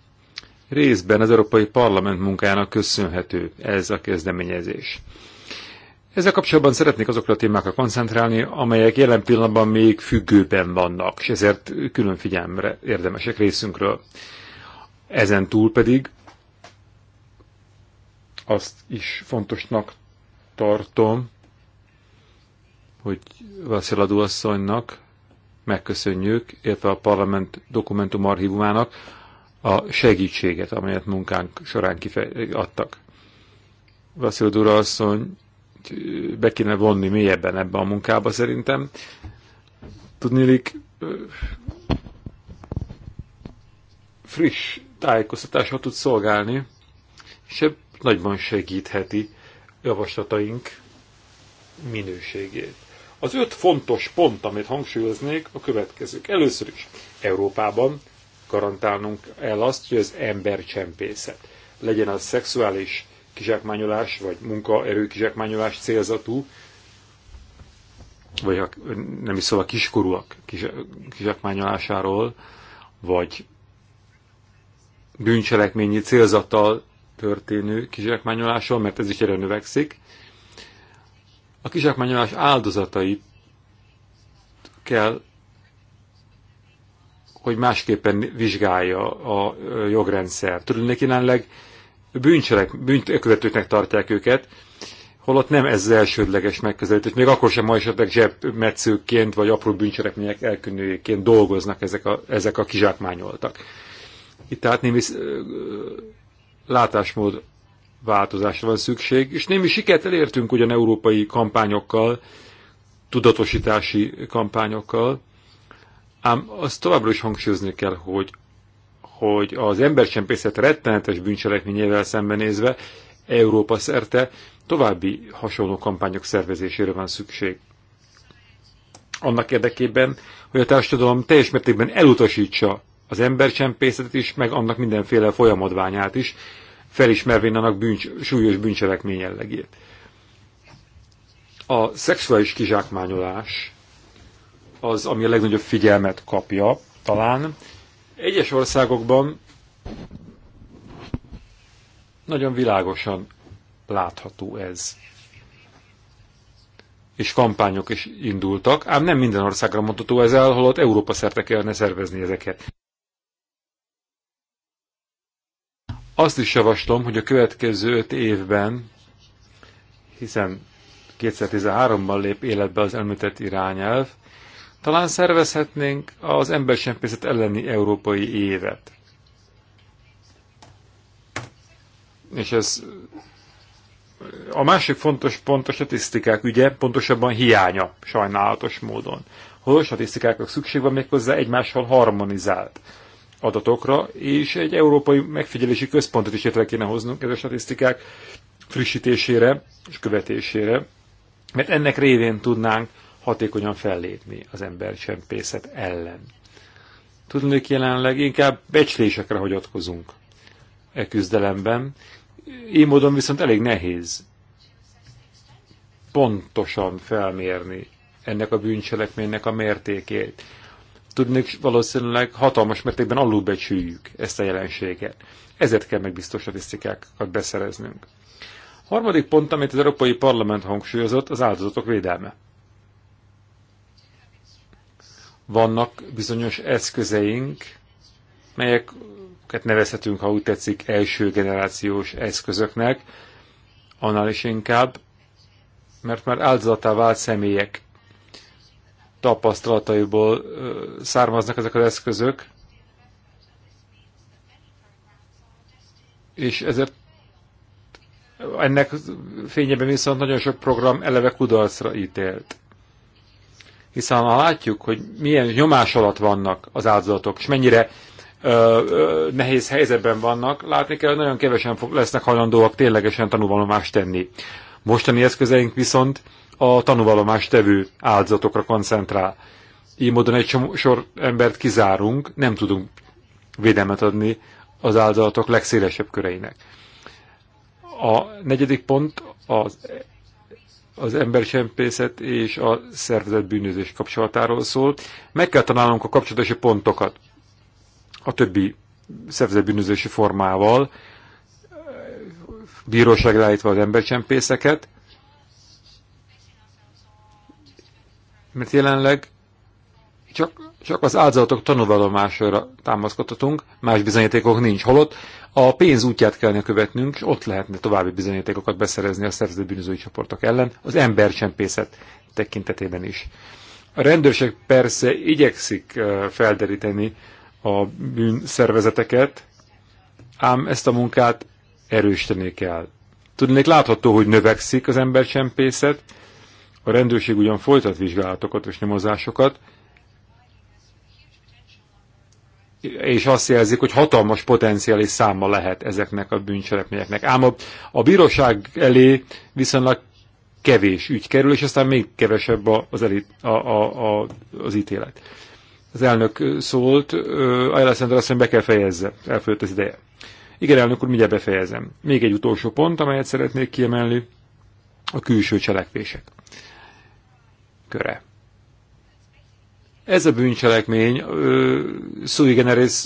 Részben az Európai Parlament munkájának köszönhető ez a kezdeményezés. Ezzel kapcsolatban szeretnék azokra a témákra koncentrálni, amelyek jelen pillanatban még függőben vannak, és ezért külön figyelmre érdemesek részünkről. Ezen túl pedig azt is fontosnak tartom, hogy Vassziladó asszonynak megköszönjük, illetve a parlament dokumentum archívumának a segítséget, amelyet munkánk során kifej... adtak. Vassziladó asszony be kéne vonni mélyebben ebbe a munkába szerintem. Tudnélik, friss tájékoztatásra tud szolgálni, és ebb nagyban segítheti javaslataink minőségét. Az öt fontos pont, amit hangsúlyoznék, a következők. Először is Európában garantálnunk el azt, hogy az embercsempészet legyen az szexuális kizsákmányolás, vagy munkaerő kizsákmányolás célzatú, vagy a, nem is szóval kiskorúak kizsákmányolásáról, vagy bűncselekményi célzattal történő kizsákmányolásról, mert ez is erre növekszik. A kizsákmányolás áldozatait kell, hogy másképpen vizsgálja a jogrendszer. Tulajdonképpen bűncselek, bűnkövetőknek tartják őket, holott nem ez az elsődleges megközelítés. Még akkor sem ma esetleg zsebmetszőként vagy apró bűncselekmények elkönnőjéként dolgoznak ezek a, ezek a kizsákmányoltak. Itt tehát némi látásmód változásra van szükség, és némi sikert elértünk ugyan európai kampányokkal, tudatosítási kampányokkal, ám azt továbbra is hangsúlyozni kell, hogy hogy az embercsempészet rettenetes bűncselekményével szembenézve Európa szerte további hasonló kampányok szervezésére van szükség. Annak érdekében, hogy a társadalom teljes mértékben elutasítsa az embercsempészetet is, meg annak mindenféle folyamadványát is, felismervén annak bűncs, súlyos bűncselekmény jellegét. A szexuális kizsákmányolás az, ami a legnagyobb figyelmet kapja, talán egyes országokban nagyon világosan látható ez. És kampányok is indultak, ám nem minden országra mondható ez el, holott Európa szerte kellene szervezni ezeket. Azt is javaslom, hogy a következő öt évben, hiszen 2013-ban lép életbe az említett irányelv, talán szervezhetnénk az embercsempészet elleni európai évet. És ez a másik fontos pont a statisztikák ügye, pontosabban hiánya, sajnálatos módon. Hol a statisztikáknak szükség van méghozzá egymással harmonizált adatokra, és egy európai megfigyelési központot is létre kéne hoznunk ez a statisztikák frissítésére és követésére, mert ennek révén tudnánk hatékonyan fellépni az embercsempészet ellen. Tudnék jelenleg inkább becslésekre hagyatkozunk e küzdelemben, én módon viszont elég nehéz pontosan felmérni ennek a bűncselekménynek a mértékét. Tudnék valószínűleg hatalmas mértékben alulbecsüljük ezt a jelenséget. Ezért kell megbiztos statisztikákat beszereznünk. Harmadik pont, amit az Európai Parlament hangsúlyozott, az áldozatok védelme vannak bizonyos eszközeink, melyeket nevezhetünk, ha úgy tetszik, első generációs eszközöknek, annál is inkább, mert már áldozatá vált személyek tapasztalataiból származnak ezek az eszközök, és ezért ennek fényében viszont nagyon sok program eleve kudarcra ítélt. Hiszen ha látjuk, hogy milyen nyomás alatt vannak az áldozatok, és mennyire ö, ö, nehéz helyzetben vannak, látni kell, hogy nagyon kevesen lesznek hajlandóak ténylegesen tanulvallomást tenni. Mostani eszközeink viszont a tanulvallomást tevő áldozatokra koncentrál. Így módon egy sor embert kizárunk, nem tudunk védelmet adni az áldozatok legszélesebb köreinek. A negyedik pont az az embercsempészet és a szervezet bűnözés kapcsolatáról szól. Meg kell találnunk a kapcsolatosi pontokat a többi szervezet bűnözési formával, bíróság állítva az embercsempészeket, mert jelenleg csak, csak az áldozatok tanúvallomására támaszkodhatunk, más bizonyítékok nincs. Holott a pénz útját kellene követnünk, és ott lehetne további bizonyítékokat beszerezni a szervezett bűnözői csoportok ellen, az embercsempészet tekintetében is. A rendőrség persze igyekszik eh, felderíteni a bűnszervezeteket, ám ezt a munkát erősíteni kell. Tudnék látható, hogy növekszik az embercsempészet, a rendőrség ugyan folytat vizsgálatokat és nyomozásokat, és azt jelzik, hogy hatalmas potenciális száma lehet ezeknek a bűncselekményeknek. Ám a, a bíróság elé viszonylag kevés ügy kerül, és aztán még kevesebb az, elit, a, a, a, az ítélet. Az elnök szólt, a Szenter azt mondja, be kell fejezze, elfogyott az ideje. Igen, elnök úr, mindjárt befejezem. Még egy utolsó pont, amelyet szeretnék kiemelni, a külső cselekvések köre. Ez a bűncselekmény ö, sui generis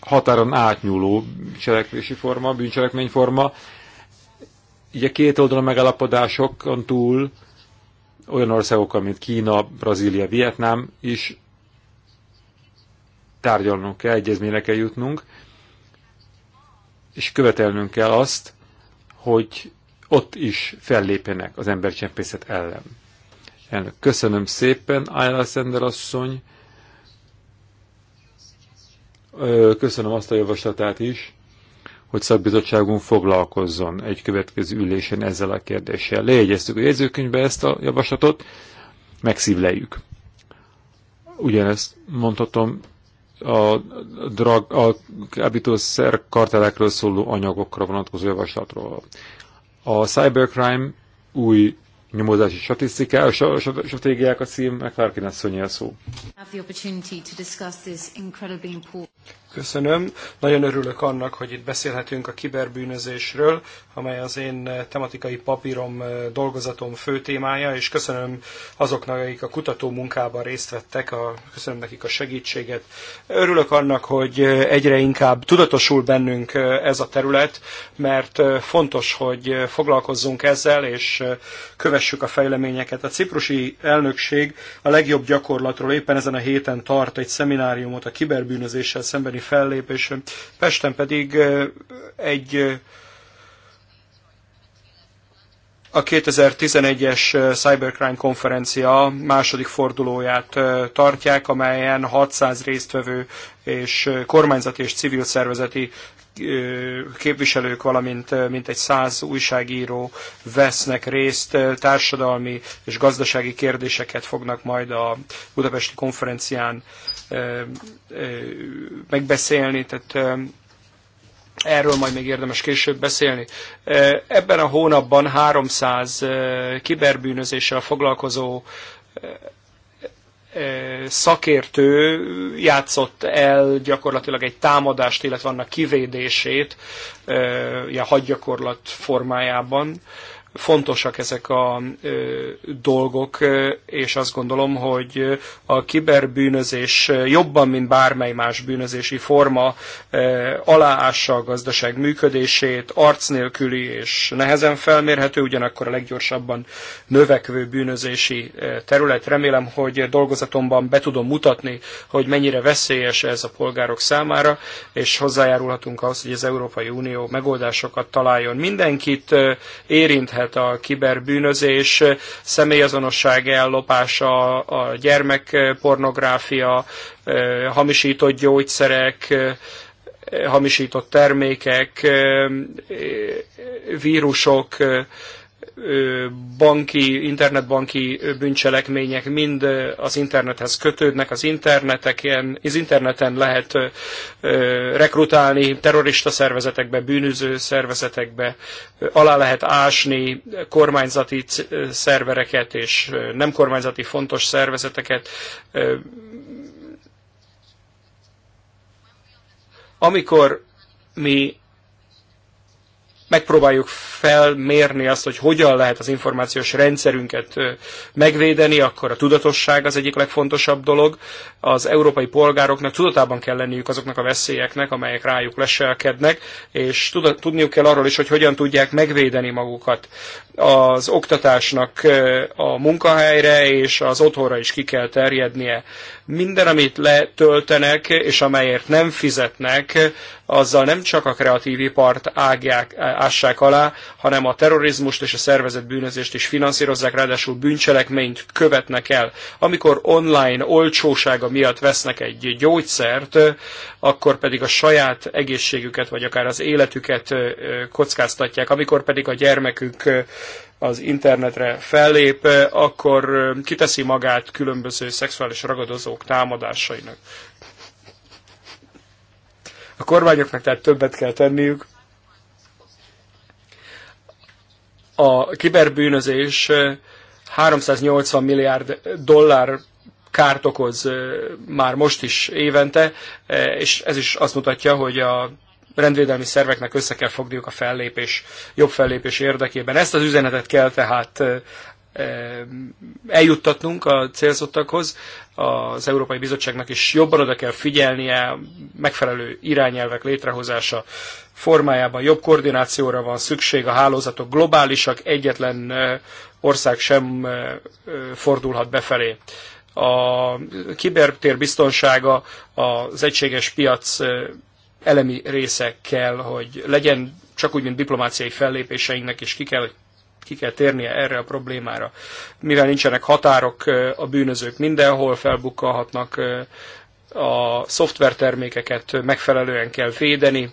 határon átnyúló cselekvési forma, forma. Ugye két oldalon megállapodásokon túl olyan országok, mint Kína, Brazília, Vietnám is tárgyalnunk kell, egyezményre kell jutnunk, és követelnünk kell azt, hogy ott is fellépjenek az embercsempészet ellen. Elnök, köszönöm szépen, Ayla Szender asszony. Köszönöm azt a javaslatát is, hogy szakbizottságunk foglalkozzon egy következő ülésen ezzel a kérdéssel. Lejegyeztük a jegyzőkönyvbe ezt a javaslatot, megszívleljük. Ugyanezt mondhatom a, drag, a kábítószer kartelekről szóló anyagokra vonatkozó javaslatról. A cybercrime új nyomozási statisztikák, stratégiák a cím, McClarkin asszonyi a szó. Köszönöm. Nagyon örülök annak, hogy itt beszélhetünk a kiberbűnözésről, amely az én tematikai papírom, dolgozatom fő témája, és köszönöm azoknak, akik a kutató munkában részt vettek, a, köszönöm nekik a segítséget. Örülök annak, hogy egyre inkább tudatosul bennünk ez a terület, mert fontos, hogy foglalkozzunk ezzel, és kövessük a fejleményeket. A ciprusi elnökség a legjobb gyakorlatról éppen ezen a héten tart egy szemináriumot a kiberbűnözéssel szembeni fellépésen, Pesten pedig egy a 2011-es Cybercrime konferencia második fordulóját tartják, amelyen 600 résztvevő és kormányzati és civil szervezeti képviselők, valamint mintegy száz újságíró vesznek részt, társadalmi és gazdasági kérdéseket fognak majd a budapesti konferencián megbeszélni, tehát erről majd még érdemes később beszélni. Ebben a hónapban 300 kiberbűnözéssel foglalkozó szakértő játszott el gyakorlatilag egy támadást, illetve annak kivédését, ilyen hadgyakorlat formájában fontosak ezek a dolgok, és azt gondolom, hogy a kiberbűnözés jobban, mint bármely más bűnözési forma aláássa a gazdaság működését, arc nélküli és nehezen felmérhető, ugyanakkor a leggyorsabban növekvő bűnözési terület. Remélem, hogy dolgozatomban be tudom mutatni, hogy mennyire veszélyes ez a polgárok számára, és hozzájárulhatunk ahhoz, hogy az Európai Unió megoldásokat találjon. Mindenkit érinthet volt a kiberbűnözés, személyazonosság ellopása, a gyermekpornográfia, hamisított gyógyszerek, hamisított termékek, vírusok, banki, internetbanki bűncselekmények mind az internethez kötődnek, az interneteken, az interneten lehet rekrutálni terrorista szervezetekbe, bűnöző szervezetekbe, alá lehet ásni kormányzati szervereket és nem kormányzati fontos szervezeteket. Amikor mi megpróbáljuk felmérni azt, hogy hogyan lehet az információs rendszerünket megvédeni, akkor a tudatosság az egyik legfontosabb dolog. Az európai polgároknak tudatában kell lenniük azoknak a veszélyeknek, amelyek rájuk leselkednek, és tudniuk kell arról is, hogy hogyan tudják megvédeni magukat. Az oktatásnak a munkahelyre és az otthonra is ki kell terjednie. Minden, amit letöltenek, és amelyért nem fizetnek, azzal nem csak a kreatív ipart ágják, ássák alá, hanem a terrorizmust és a szervezett bűnözést is finanszírozzák, ráadásul bűncselekményt követnek el. Amikor online olcsósága miatt vesznek egy gyógyszert, akkor pedig a saját egészségüket, vagy akár az életüket kockáztatják. Amikor pedig a gyermekük az internetre fellép, eh, akkor eh, kiteszi magát különböző szexuális ragadozók támadásainak. A kormányoknak tehát többet kell tenniük. A kiberbűnözés 380 eh, milliárd dollár kárt okoz már most is évente, és ez is azt mutatja, hogy a rendvédelmi szerveknek össze kell fogniuk a fellépés, jobb fellépés érdekében. Ezt az üzenetet kell tehát eljuttatnunk a célzottakhoz. Az Európai Bizottságnak is jobban oda kell figyelnie, megfelelő irányelvek létrehozása formájában jobb koordinációra van szükség, a hálózatok globálisak, egyetlen ország sem fordulhat befelé. A kibertér biztonsága, az egységes piac elemi része kell, hogy legyen csak úgy, mint diplomáciai fellépéseinknek, és ki kell, ki kell térnie erre a problémára. Mivel nincsenek határok, a bűnözők mindenhol felbukkalhatnak, a szoftvertermékeket megfelelően kell védeni,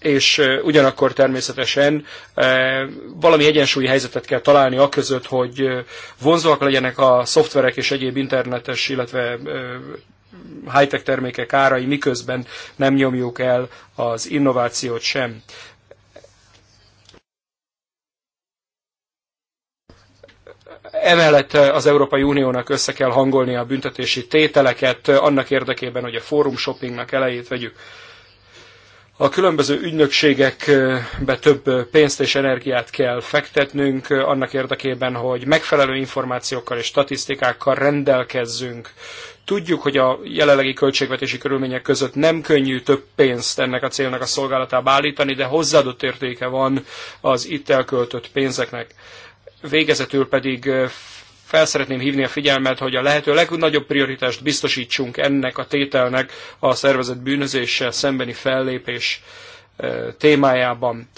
és ugyanakkor természetesen valami egyensúlyi helyzetet kell találni a között, hogy vonzóak legyenek a szoftverek és egyéb internetes, illetve high-tech termékek árai, miközben nem nyomjuk el az innovációt sem. Emellett az Európai Uniónak össze kell hangolni a büntetési tételeket annak érdekében, hogy a fórum shoppingnak elejét vegyük. A különböző ügynökségekbe több pénzt és energiát kell fektetnünk annak érdekében, hogy megfelelő információkkal és statisztikákkal rendelkezzünk. Tudjuk, hogy a jelenlegi költségvetési körülmények között nem könnyű több pénzt ennek a célnak a szolgálatába állítani, de hozzáadott értéke van az itt elköltött pénzeknek. Végezetül pedig fel szeretném hívni a figyelmet, hogy a lehető legnagyobb prioritást biztosítsunk ennek a tételnek a szervezett bűnözéssel szembeni fellépés témájában.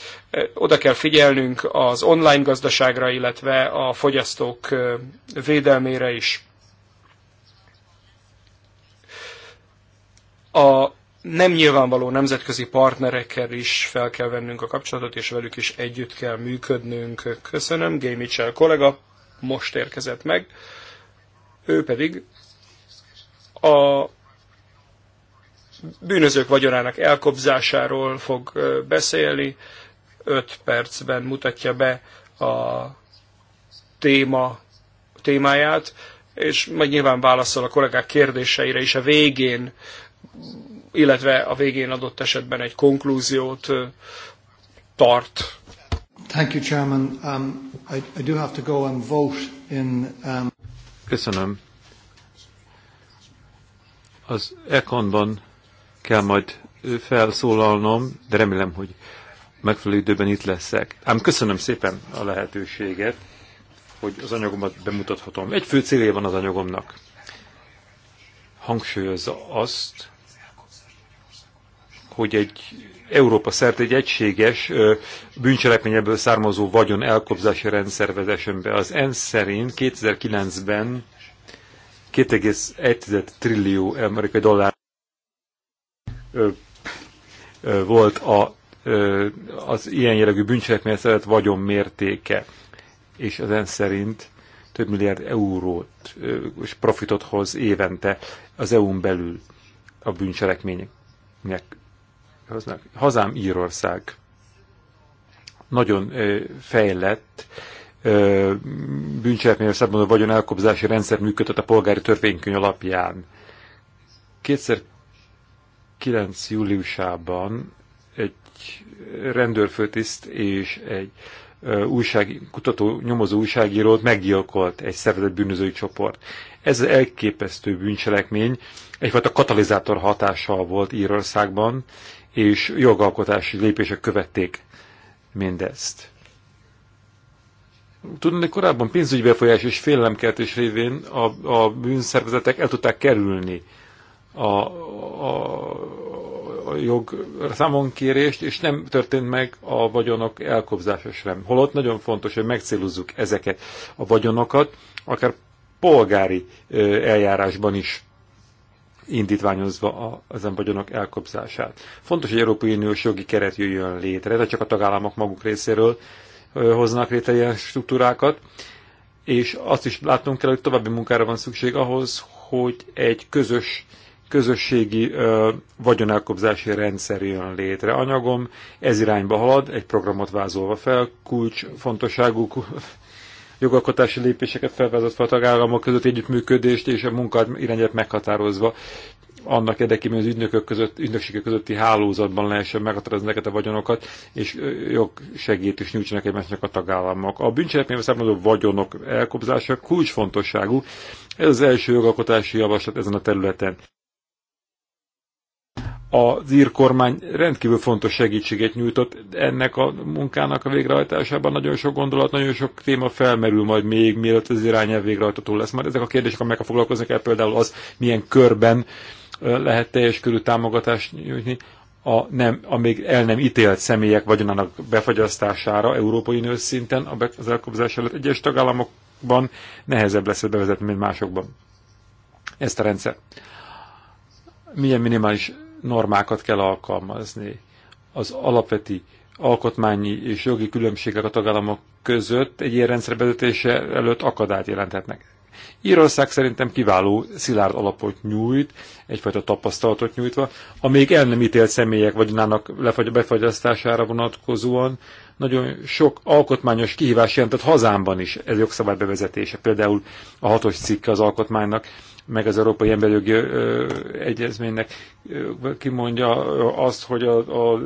Oda kell figyelnünk az online gazdaságra, illetve a fogyasztók védelmére is. A nem nyilvánvaló nemzetközi partnerekkel is fel kell vennünk a kapcsolatot, és velük is együtt kell működnünk. Köszönöm, Gay Mitchell kollega most érkezett meg. Ő pedig a bűnözők vagyonának elkobzásáról fog beszélni. 5 percben mutatja be a téma, témáját, és majd nyilván válaszol a kollégák kérdéseire is a végén, illetve a végén adott esetben egy konklúziót tart Thank you, Chairman. Um, I, I do have to go and vote in... Um... Köszönöm. Az Econban kell majd felszólalnom, de remélem, hogy megfelelő időben itt leszek. Ám köszönöm szépen a lehetőséget, hogy az anyagomat bemutathatom. Egy fő célja van az anyagomnak. Hangsúlyozza azt, hogy egy Európa szerte egy egységes bűncselekményebből származó vagyon elkobzási rendszer vezessen be. Az ENSZ szerint 2009-ben 2,1 trillió amerikai dollár volt a, az ilyen jellegű bűncselekmények szeret vagyon mértéke, és az ENSZ szerint több milliárd eurót és profitot hoz évente az EU-n belül a bűncselekmények Hazám Írország nagyon fejlett bűncselekményes szabadon vagyon elkobzási rendszer működött a polgári törvénykönyv alapján. 2009. júliusában egy rendőrfőtiszt és egy újság, kutató, nyomozó újságírót meggyilkolt egy szervezett bűnözői csoport. Ez az elképesztő bűncselekmény egyfajta katalizátor hatással volt Írországban, és jogalkotási lépések követték mindezt. Tudom, hogy korábban pénzügyi befolyás és félelemkeltés révén a, a bűnszervezetek el tudták kerülni a, a, a jog számonkérést, és nem történt meg a vagyonok elkobzása sem. Holott nagyon fontos, hogy megcélozzuk ezeket a vagyonokat, akár polgári eljárásban is indítványozva az vagyonok elkobzását. Fontos, hogy Európai Uniós jogi keret jöjjön létre, de csak a tagállamok maguk részéről hoznak létre ilyen struktúrákat, és azt is látnunk kell, hogy további munkára van szükség ahhoz, hogy egy közös közösségi ö, vagyonelkobzási rendszer jön létre. Anyagom ez irányba halad, egy programot vázolva fel, kulcs fontosságú jogalkotási lépéseket felvezetve a tagállamok között együttműködést és a munkát irányát meghatározva annak érdekében, hogy az ügynökök között, ügynökségek közötti hálózatban lehessen meghatározni ezeket a vagyonokat, és jogsegít is nyújtsanak egymásnak a tagállamok. A bűncselekményben származó vagyonok elkobzása kulcsfontosságú. Ez az első jogalkotási javaslat ezen a területen az ír kormány rendkívül fontos segítséget nyújtott ennek a munkának a végrehajtásában. Nagyon sok gondolat, nagyon sok téma felmerül majd még, mielőtt az irányelv végrehajtató lesz. Már ezek a kérdések, amelyek foglalkoznak el, például az, milyen körben lehet teljes körű támogatást nyújtni a, nem, a még el nem ítélt személyek vagyonának befagyasztására Európai Unió szinten az elkobzás előtt egyes tagállamokban nehezebb lesz bevezetni, mint másokban ezt a rendszer milyen minimális normákat kell alkalmazni. Az alapveti alkotmányi és jogi különbségek a tagállamok között egy ilyen rendszer bevezetése előtt akadályt jelenthetnek. Írország szerintem kiváló szilárd alapot nyújt, egyfajta tapasztalatot nyújtva, a még el nem ítélt személyek vagyonának befagyasztására vonatkozóan nagyon sok alkotmányos kihívás jelentett hazámban is ez jogszabály bevezetése, például a hatos cikke az alkotmánynak, meg az Európai Emberjogi Egyezménynek kimondja azt, hogy a, a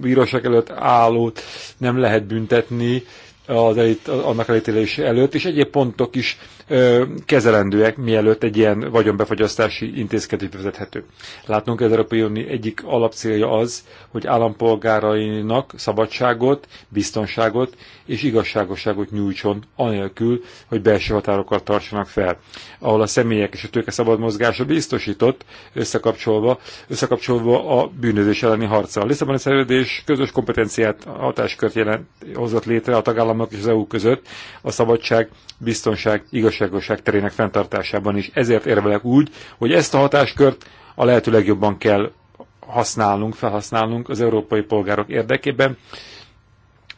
bíróság előtt állót nem lehet büntetni az elít, annak elítélés előtt, és egyéb pontok is kezelendőek, mielőtt egy ilyen vagyonbefagyasztási intézkedés vezethető. Látnunk az Európai Unió egyik alapcélja az, hogy állampolgárainak szabadságot, biztonságot és igazságosságot nyújtson, anélkül, hogy belső határokat tartsanak fel, ahol a személyek és a tőke szabad mozgása biztosított, összekapcsolva, összekapcsolva a bűnözés elleni harca. A Lisszaboni szerződés közös kompetenciát, hatáskört jelent, hozott létre a tagállamok és az EU között a szabadság, biztonság, igazságosság terének fenntartásában is. Ezért érvelek úgy, hogy ezt a hatáskört a lehető legjobban kell használnunk, felhasználnunk az európai polgárok érdekében,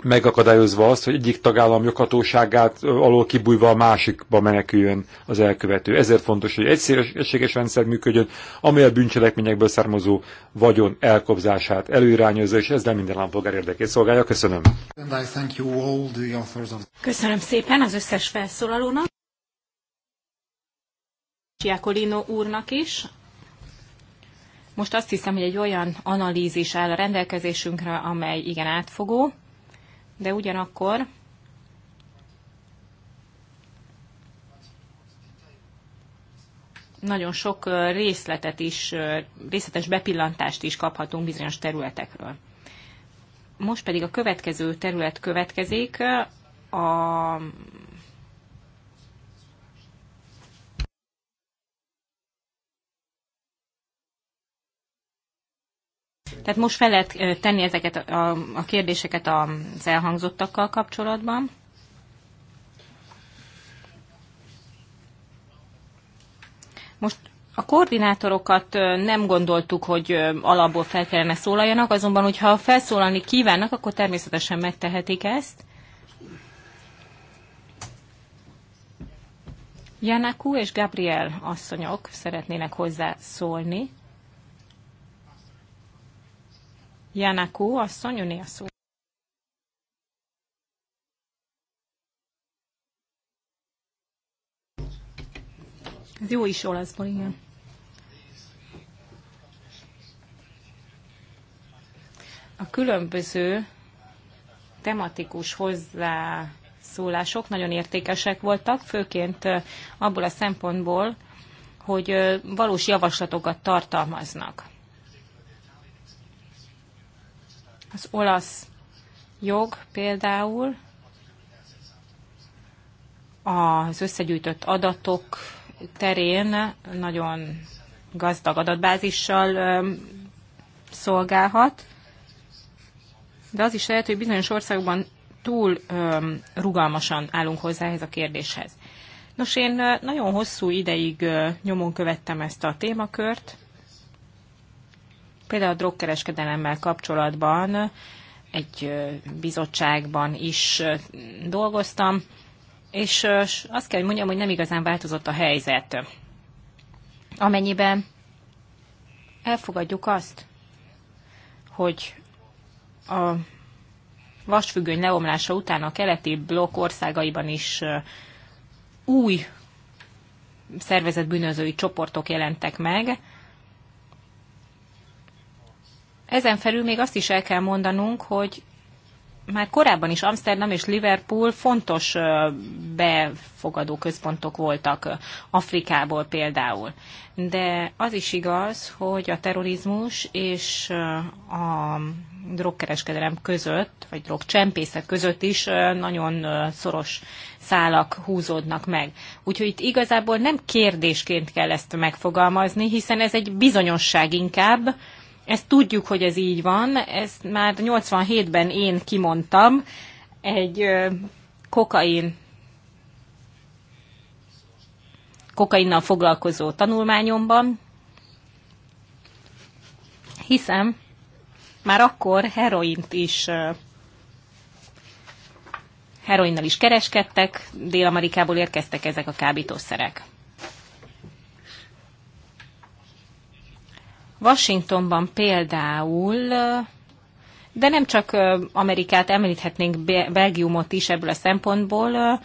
megakadályozva azt, hogy egyik tagállam joghatóságát alól kibújva a másikba meneküljön az elkövető. Ezért fontos, hogy egy egységes rendszer működjön, amely a bűncselekményekből származó vagyon elkobzását előirányozza, és ez nem minden állampolgár érdekét szolgálja. Köszönöm. Köszönöm szépen az összes felszólalónak. Giacolino úrnak is. Most azt hiszem, hogy egy olyan analízis áll a rendelkezésünkre, amely igen átfogó, de ugyanakkor nagyon sok részletet is, részletes bepillantást is kaphatunk bizonyos területekről. Most pedig a következő terület következik, a Tehát most fel lehet tenni ezeket a, a kérdéseket az elhangzottakkal kapcsolatban. Most a koordinátorokat nem gondoltuk, hogy alapból fel kellene szólaljanak, azonban, hogyha felszólalni kívánnak, akkor természetesen megtehetik ezt. Janaku és Gabriel asszonyok szeretnének hozzászólni. Janakó asszony, a szó. Ez jó is olaszból, igen. A különböző tematikus hozzászólások nagyon értékesek voltak, főként abból a szempontból, hogy valós javaslatokat tartalmaznak. Az olasz jog például az összegyűjtött adatok terén nagyon gazdag adatbázissal szolgálhat, de az is lehet, hogy bizonyos országokban túl rugalmasan állunk hozzá ehhez a kérdéshez. Nos, én nagyon hosszú ideig nyomon követtem ezt a témakört, Például a drogkereskedelemmel kapcsolatban egy bizottságban is dolgoztam, és azt kell, hogy mondjam, hogy nem igazán változott a helyzet. Amennyiben elfogadjuk azt, hogy a vasfüggöny leomlása után a keleti blokk országaiban is új szervezetbűnözői csoportok jelentek meg, ezen felül még azt is el kell mondanunk, hogy már korábban is Amsterdam és Liverpool fontos befogadó központok voltak Afrikából például. De az is igaz, hogy a terrorizmus és a drogkereskedelem között, vagy drogcsempészet között is nagyon szoros szálak húzódnak meg. Úgyhogy itt igazából nem kérdésként kell ezt megfogalmazni, hiszen ez egy bizonyosság inkább, ezt tudjuk, hogy ez így van. Ezt már 87-ben én kimondtam egy kokain kokainnal foglalkozó tanulmányomban. Hiszem, már akkor heroint is heroinnal is kereskedtek, Dél-Amerikából érkeztek ezek a kábítószerek. Washingtonban például, de nem csak Amerikát, említhetnénk Belgiumot is ebből a szempontból,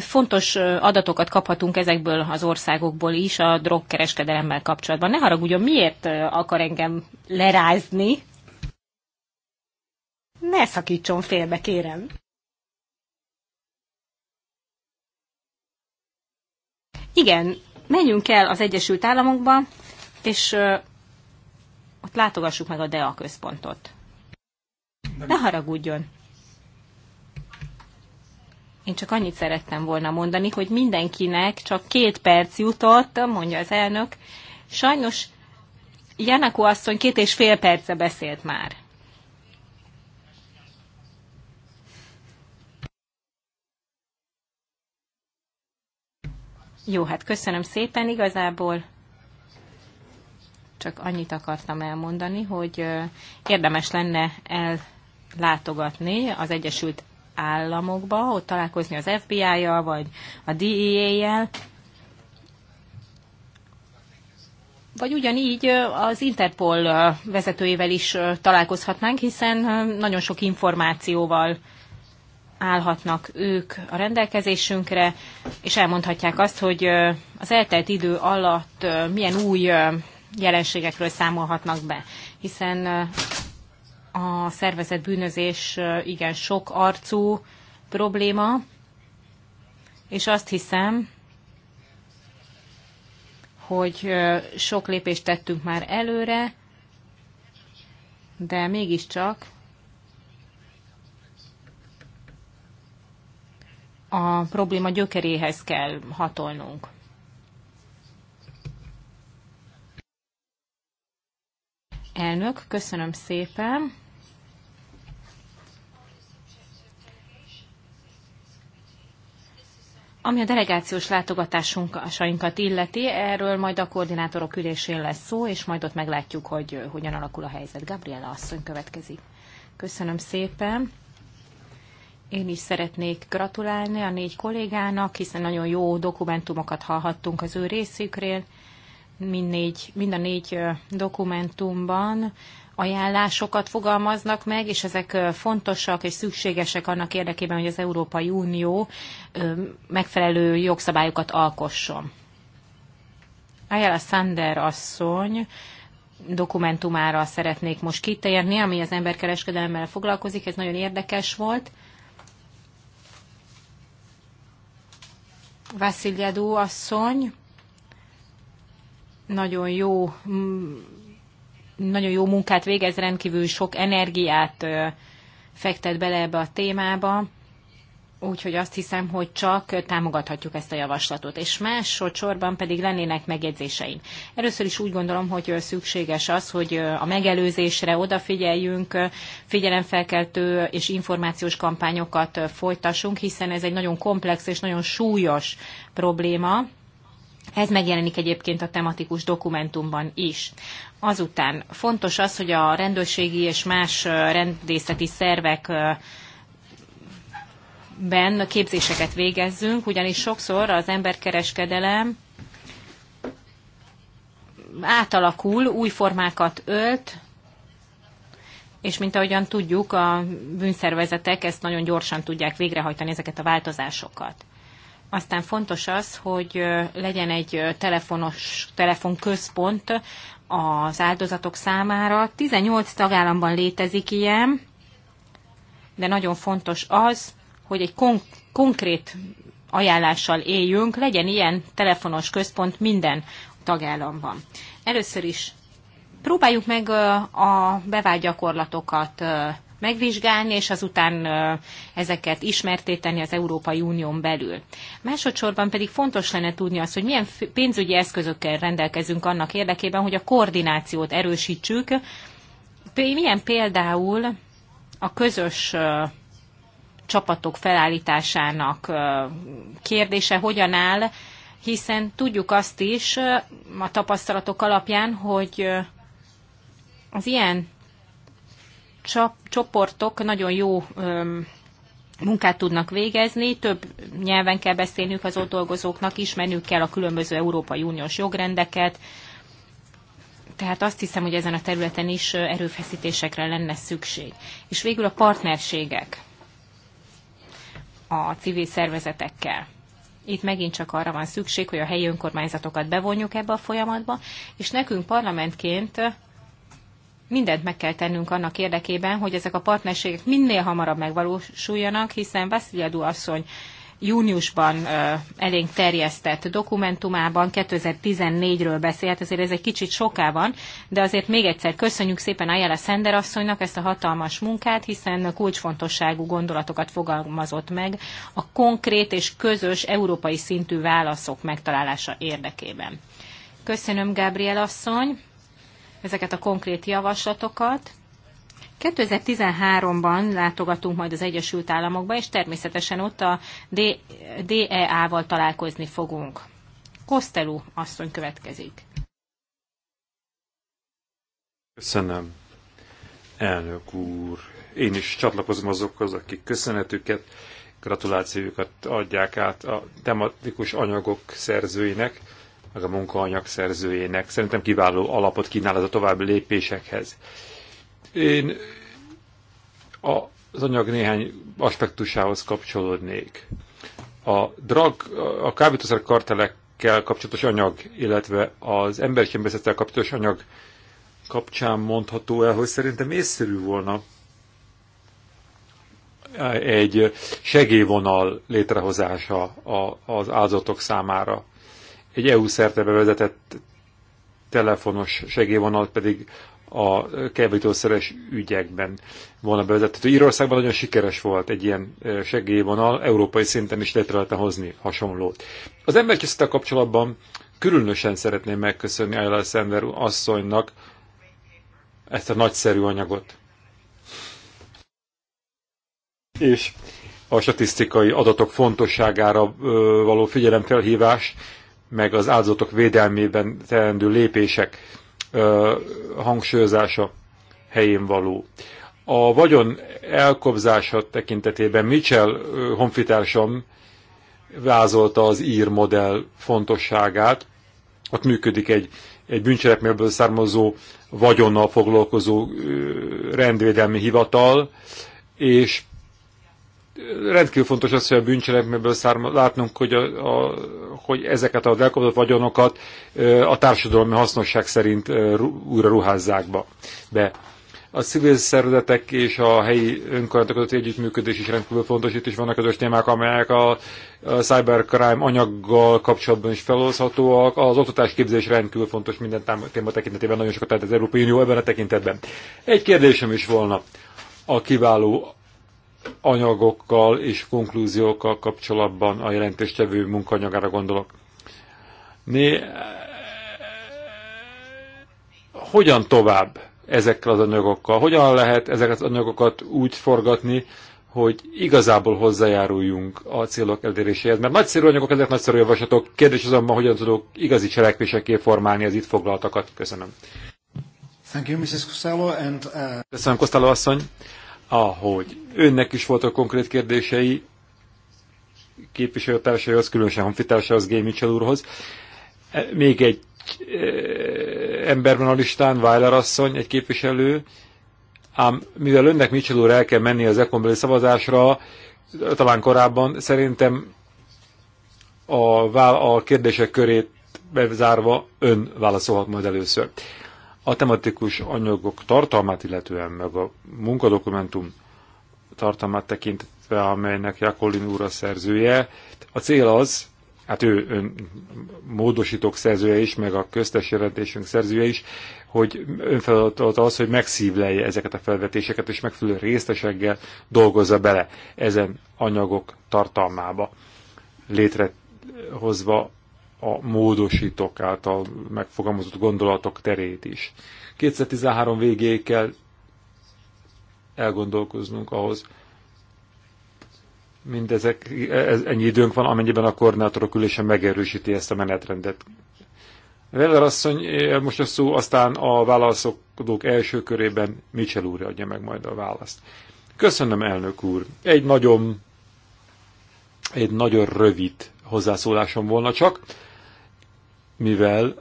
fontos adatokat kaphatunk ezekből az országokból is a drogkereskedelemmel kapcsolatban. Ne haragudjon, miért akar engem lerázni? Ne szakítson félbe, kérem! Igen, menjünk el az Egyesült Államokba, és ott látogassuk meg a DEA központot. Ne haragudjon! Én csak annyit szerettem volna mondani, hogy mindenkinek csak két perc jutott, mondja az elnök. Sajnos Janakó asszony két és fél perce beszélt már. Jó, hát köszönöm szépen igazából. Csak annyit akartam elmondani, hogy érdemes lenne ellátogatni az Egyesült Államokba, ott találkozni az FBI-jal, vagy a DEA-jel, Vagy ugyanígy az Interpol vezetőjével is találkozhatnánk, hiszen nagyon sok információval állhatnak ők a rendelkezésünkre, és elmondhatják azt, hogy az eltelt idő alatt milyen új jelenségekről számolhatnak be, hiszen a szervezett bűnözés igen sok arcú probléma, és azt hiszem, hogy sok lépést tettünk már előre, de mégiscsak a probléma gyökeréhez kell hatolnunk. Elnök, köszönöm szépen. Ami a delegációs látogatásunkat illeti, erről majd a koordinátorok ülésén lesz szó, és majd ott meglátjuk, hogy hogyan alakul a helyzet. Gabriela asszony következik. Köszönöm szépen. Én is szeretnék gratulálni a négy kollégának, hiszen nagyon jó dokumentumokat hallhattunk az ő részükről mind, négy, mind a négy dokumentumban ajánlásokat fogalmaznak meg, és ezek fontosak és szükségesek annak érdekében, hogy az Európai Unió megfelelő jogszabályokat alkosson. Ayala Sander asszony dokumentumára szeretnék most kitérni, ami az emberkereskedelemmel foglalkozik, ez nagyon érdekes volt. Vassiliadó asszony nagyon jó, mm, nagyon jó munkát végez, rendkívül sok energiát fektet bele ebbe a témába, úgyhogy azt hiszem, hogy csak támogathatjuk ezt a javaslatot. És másodszorban pedig lennének megjegyzéseim. Először is úgy gondolom, hogy szükséges az, hogy a megelőzésre odafigyeljünk, figyelemfelkeltő és információs kampányokat folytassunk, hiszen ez egy nagyon komplex és nagyon súlyos probléma, ez megjelenik egyébként a tematikus dokumentumban is. Azután fontos az, hogy a rendőrségi és más rendészeti szervek ben képzéseket végezzünk, ugyanis sokszor az emberkereskedelem átalakul, új formákat ölt, és mint ahogyan tudjuk, a bűnszervezetek ezt nagyon gyorsan tudják végrehajtani ezeket a változásokat. Aztán fontos az, hogy legyen egy telefonos, telefonközpont az áldozatok számára. 18 tagállamban létezik ilyen, de nagyon fontos az, hogy egy kon- konkrét ajánlással éljünk, legyen ilyen telefonos központ minden tagállamban. Először is próbáljuk meg a bevált gyakorlatokat megvizsgálni, és azután ezeket ismertéteni az Európai Unión belül. Másodszorban pedig fontos lenne tudni azt, hogy milyen pénzügyi eszközökkel rendelkezünk annak érdekében, hogy a koordinációt erősítsük. Milyen például a közös csapatok felállításának kérdése hogyan áll, hiszen tudjuk azt is a tapasztalatok alapján, hogy az ilyen csoportok nagyon jó munkát tudnak végezni, több nyelven kell beszélnünk az ott dolgozóknak, ismernünk kell a különböző Európai Uniós jogrendeket, tehát azt hiszem, hogy ezen a területen is erőfeszítésekre lenne szükség. És végül a partnerségek a civil szervezetekkel. Itt megint csak arra van szükség, hogy a helyi önkormányzatokat bevonjuk ebbe a folyamatba, és nekünk parlamentként mindent meg kell tennünk annak érdekében, hogy ezek a partnerségek minél hamarabb megvalósuljanak, hiszen Vasziliadú asszony júniusban elénk terjesztett dokumentumában 2014-ről beszélt, ezért ez egy kicsit soká van, de azért még egyszer köszönjük szépen Ayala Szender asszonynak ezt a hatalmas munkát, hiszen kulcsfontosságú gondolatokat fogalmazott meg a konkrét és közös európai szintű válaszok megtalálása érdekében. Köszönöm, Gabriel asszony! ezeket a konkrét javaslatokat. 2013-ban látogatunk majd az Egyesült Államokba, és természetesen ott a DEA-val találkozni fogunk. Kosztelú asszony következik. Köszönöm, elnök úr. Én is csatlakozom azokhoz, akik köszönetüket, gratulációkat adják át a tematikus anyagok szerzőinek meg a munkaanyag szerzőjének. Szerintem kiváló alapot kínál ez a további lépésekhez. Én a, az anyag néhány aspektusához kapcsolódnék. A drag, a kábítószer kartelekkel kapcsolatos anyag, illetve az emberkémbeszettel kapcsolatos anyag kapcsán mondható el, hogy szerintem észszerű volna egy segélyvonal létrehozása az áldozatok számára egy EU szerte bevezetett telefonos segélyvonal pedig a kábítószeres ügyekben volna bevezethető. Írországban nagyon sikeres volt egy ilyen segélyvonal, európai szinten is létre lehetne hozni hasonlót. Az emberkészítettel kapcsolatban különösen szeretném megköszönni Ayla Sender asszonynak ezt a nagyszerű anyagot. És a statisztikai adatok fontosságára való figyelemfelhívás meg az áldozatok védelmében teendő lépések ö, hangsúlyozása helyén való. A vagyon elkobzása tekintetében Mitchell honfitársam vázolta az ír modell fontosságát. Ott működik egy, egy bűncselekményből származó vagyonnal foglalkozó rendvédelmi hivatal, és rendkívül fontos az, hogy a bűncselekményből látnunk, hogy, a, a, hogy ezeket az elkapott vagyonokat a társadalmi hasznosság szerint újra ruházzák be. A civil szervezetek és a helyi önkormányzatok közötti együttműködés is rendkívül fontos. Itt is vannak közös témák, amelyek a, a cybercrime anyaggal kapcsolatban is felhozhatóak. Az oktatás képzés rendkívül fontos minden téma tekintetében, nagyon sokat tehet az Európai Unió ebben a tekintetben. Egy kérdésem is volna a kiváló anyagokkal és konklúziókkal kapcsolatban a jelentéstevő munkanyagára gondolok. Né, eh, hogyan tovább ezekkel az anyagokkal? Hogyan lehet ezeket az anyagokat úgy forgatni, hogy igazából hozzájáruljunk a célok eléréséhez? Mert nagyszerű anyagok, ezek nagyszerű javaslatok. Kérdés azonban, hogyan tudok igazi cselekvéseké formálni az itt foglaltakat? Köszönöm. Thank you, Mrs. Costello, and, uh... Köszönöm, Costello asszony ahogy önnek is voltak konkrét kérdései, képviselőtársaihoz, különösen honfitársaihoz, Gay úrhoz. E, még egy e, ember van a listán, Weiler asszony, egy képviselő, ám mivel önnek Mitchell úr el kell menni az ekonbeli szavazásra, talán korábban, szerintem a, a kérdések körét bezárva ön válaszolhat majd először a tematikus anyagok tartalmát illetően, meg a munkadokumentum tartalmát tekintve, amelynek Jakolin úr a szerzője. A cél az, hát ő ön módosítók szerzője is, meg a köztes jelentésünk szerzője is, hogy önfeladat az, hogy megszívlelje ezeket a felvetéseket, és megfelelő részteseggel dolgozza bele ezen anyagok tartalmába, létrehozva a módosítók által megfogalmazott gondolatok terét is. 2013 végéig kell elgondolkoznunk ahhoz, mindezek, ez, ennyi időnk van, amennyiben a koordinátorok ülése megerősíti ezt a menetrendet. Veller asszony, most a szó, aztán a válaszokodók első körében Michel úr adja meg majd a választ. Köszönöm, elnök úr. Egy nagyon, egy nagyon rövid hozzászólásom volna csak mivel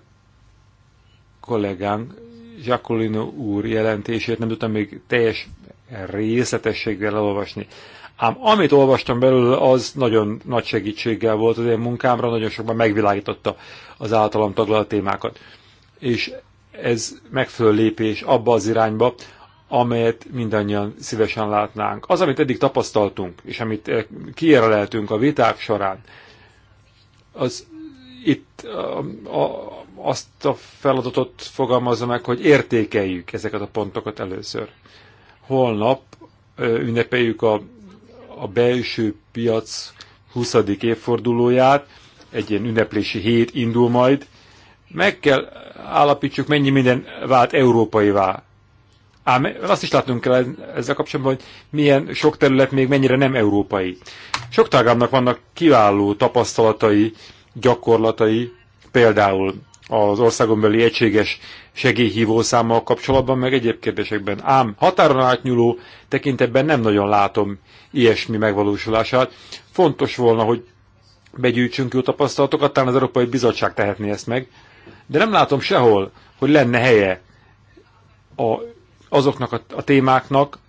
kollégám Jacqueline úr jelentését nem tudtam még teljes részletességgel elolvasni. Ám amit olvastam belőle, az nagyon nagy segítséggel volt az én munkámra, nagyon sokban megvilágította az általam taglalt témákat. És ez megfelelő lépés abba az irányba, amelyet mindannyian szívesen látnánk. Az, amit eddig tapasztaltunk, és amit eh, kiéreleltünk a viták során, az itt a, a, azt a feladatot fogalmazza meg, hogy értékeljük ezeket a pontokat először. Holnap ünnepeljük a, a belső piac 20. évfordulóját, egy ilyen ünneplési hét indul majd. Meg kell állapítsuk, mennyi minden vált európaivá. Ám azt is látnunk kell ezzel kapcsolatban, hogy milyen sok terület még mennyire nem európai. Sok tagállamnak vannak kiváló tapasztalatai, gyakorlatai, például az országon belüli egységes segélyhívó számmal kapcsolatban, meg egyéb kérdésekben. Ám határon átnyúló tekintetben nem nagyon látom ilyesmi megvalósulását. Fontos volna, hogy begyűjtsünk jó tapasztalatokat, talán az Európai Bizottság tehetné ezt meg, de nem látom sehol, hogy lenne helye a, azoknak a, a témáknak,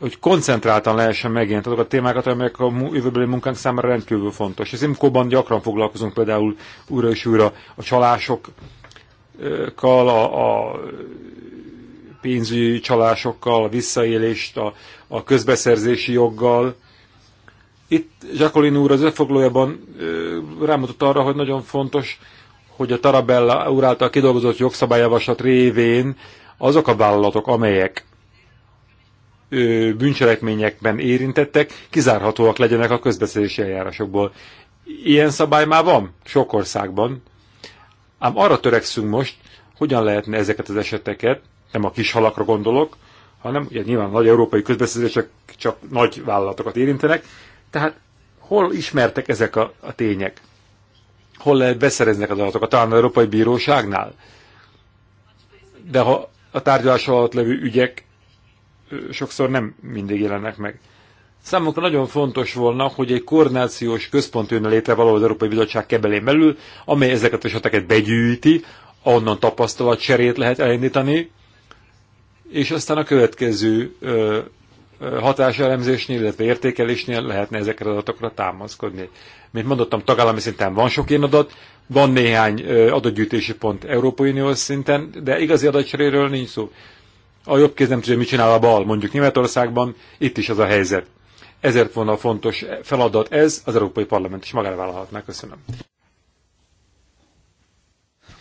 hogy koncentráltan lehessen megjelent azok a témákat, amelyek a jövőbeli munkánk számára rendkívül fontos. Az IMCO-ban gyakran foglalkozunk például újra és újra a csalásokkal, a, a pénzügyi csalásokkal, a visszaélést, a, a közbeszerzési joggal. Itt Jacqueline úr az összefoglalójában rámutat arra, hogy nagyon fontos, hogy a Tarabella úr által kidolgozott jogszabályjavaslat révén azok a vállalatok, amelyek bűncselekményekben érintettek kizárhatóak legyenek a közbeszélési eljárásokból. Ilyen szabály már van sok országban, ám arra törekszünk most, hogyan lehetne ezeket az eseteket, nem a kis halakra gondolok, hanem ugye nyilván nagy európai közbeszélések csak nagy vállalatokat érintenek, tehát hol ismertek ezek a, a tények? Hol lehet beszerezni az adatokat? Talán az Európai Bíróságnál? De ha a tárgyalás alatt levő ügyek sokszor nem mindig jelennek meg. Számunkra nagyon fontos volna, hogy egy koordinációs központ jönne létre való az Európai Bizottság kebelén belül, amely ezeket a eseteket begyűjti, onnan cserét lehet elindítani, és aztán a következő ö, hatáselemzésnél, illetve értékelésnél lehetne ezekre az adatokra támaszkodni. Mint mondottam, tagállami szinten van sok ilyen adat, van néhány adatgyűjtési pont Európai Unió szinten, de igazi adatcseréről nincs szó. A jobb kéz nem tudja, mit csinál a bal, mondjuk Németországban, itt is az a helyzet. Ezért volna a fontos feladat ez, az Európai Parlament is magára vállalhatná. Köszönöm.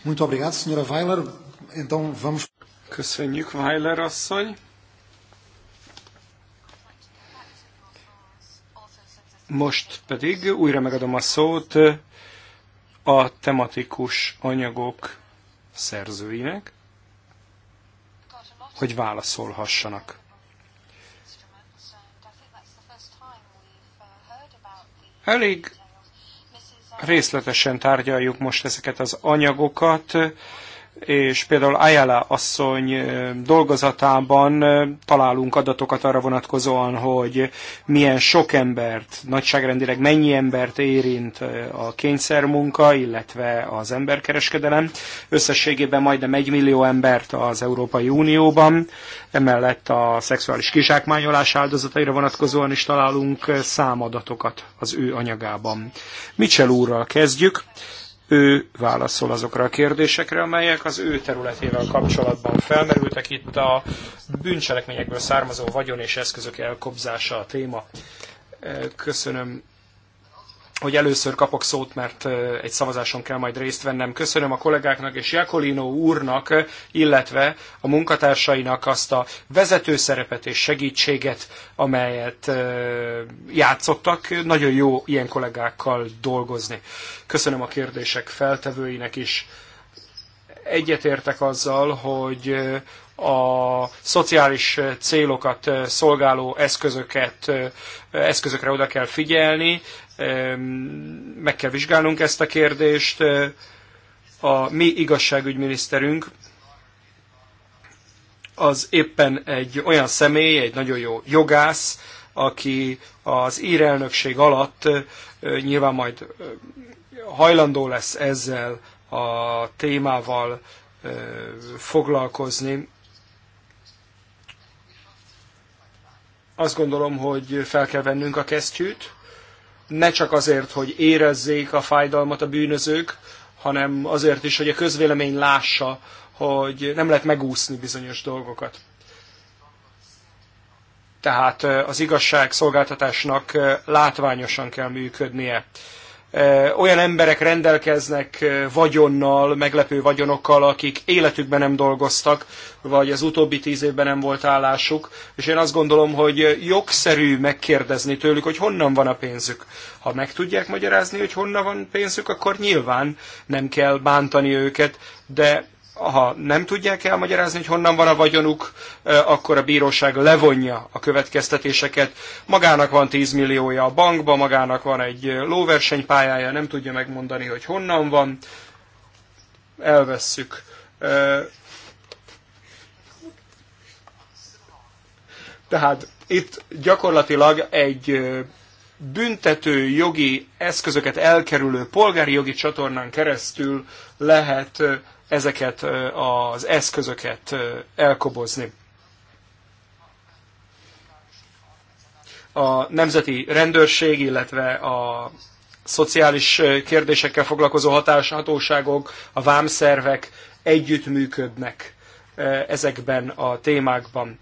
Muito obrigado, senhora Weiler. Então vamos... Köszönjük, Weiler asszony. Most pedig újra megadom a szót a tematikus anyagok szerzőinek hogy válaszolhassanak. Elég részletesen tárgyaljuk most ezeket az anyagokat és például Ayala asszony dolgozatában találunk adatokat arra vonatkozóan, hogy milyen sok embert, nagyságrendileg mennyi embert érint a kényszermunka, illetve az emberkereskedelem. Összességében majdnem egy millió embert az Európai Unióban, emellett a szexuális kizsákmányolás áldozataira vonatkozóan is találunk számadatokat az ő anyagában. Mitchell úrral kezdjük ő válaszol azokra a kérdésekre, amelyek az ő területével kapcsolatban felmerültek. Itt a bűncselekményekből származó vagyon és eszközök elkobzása a téma. Köszönöm hogy először kapok szót, mert egy szavazáson kell majd részt vennem. Köszönöm a kollégáknak és Jakolino úrnak, illetve a munkatársainak azt a vezető szerepet és segítséget, amelyet játszottak. Nagyon jó ilyen kollégákkal dolgozni. Köszönöm a kérdések feltevőinek is. Egyetértek azzal, hogy a szociális célokat szolgáló eszközöket, eszközökre oda kell figyelni, meg kell vizsgálnunk ezt a kérdést. A mi igazságügyminiszterünk az éppen egy olyan személy, egy nagyon jó jogász, aki az írelnökség alatt nyilván majd hajlandó lesz ezzel a témával foglalkozni. azt gondolom, hogy fel kell vennünk a kesztyűt, ne csak azért, hogy érezzék a fájdalmat a bűnözők, hanem azért is, hogy a közvélemény lássa, hogy nem lehet megúszni bizonyos dolgokat. Tehát az igazság szolgáltatásnak látványosan kell működnie olyan emberek rendelkeznek vagyonnal, meglepő vagyonokkal, akik életükben nem dolgoztak, vagy az utóbbi tíz évben nem volt állásuk, és én azt gondolom, hogy jogszerű megkérdezni tőlük, hogy honnan van a pénzük. Ha meg tudják magyarázni, hogy honnan van pénzük, akkor nyilván nem kell bántani őket, de ha nem tudják elmagyarázni, hogy honnan van a vagyonuk, e, akkor a bíróság levonja a következtetéseket. Magának van 10 milliója a bankba, magának van egy lóversenypályája, nem tudja megmondani, hogy honnan van. Elvesszük. E, Tehát itt gyakorlatilag egy e, büntető jogi eszközöket elkerülő polgári jogi csatornán keresztül lehet ezeket az eszközöket elkobozni. A nemzeti rendőrség, illetve a szociális kérdésekkel foglalkozó hatóságok, a vámszervek együttműködnek ezekben a témákban.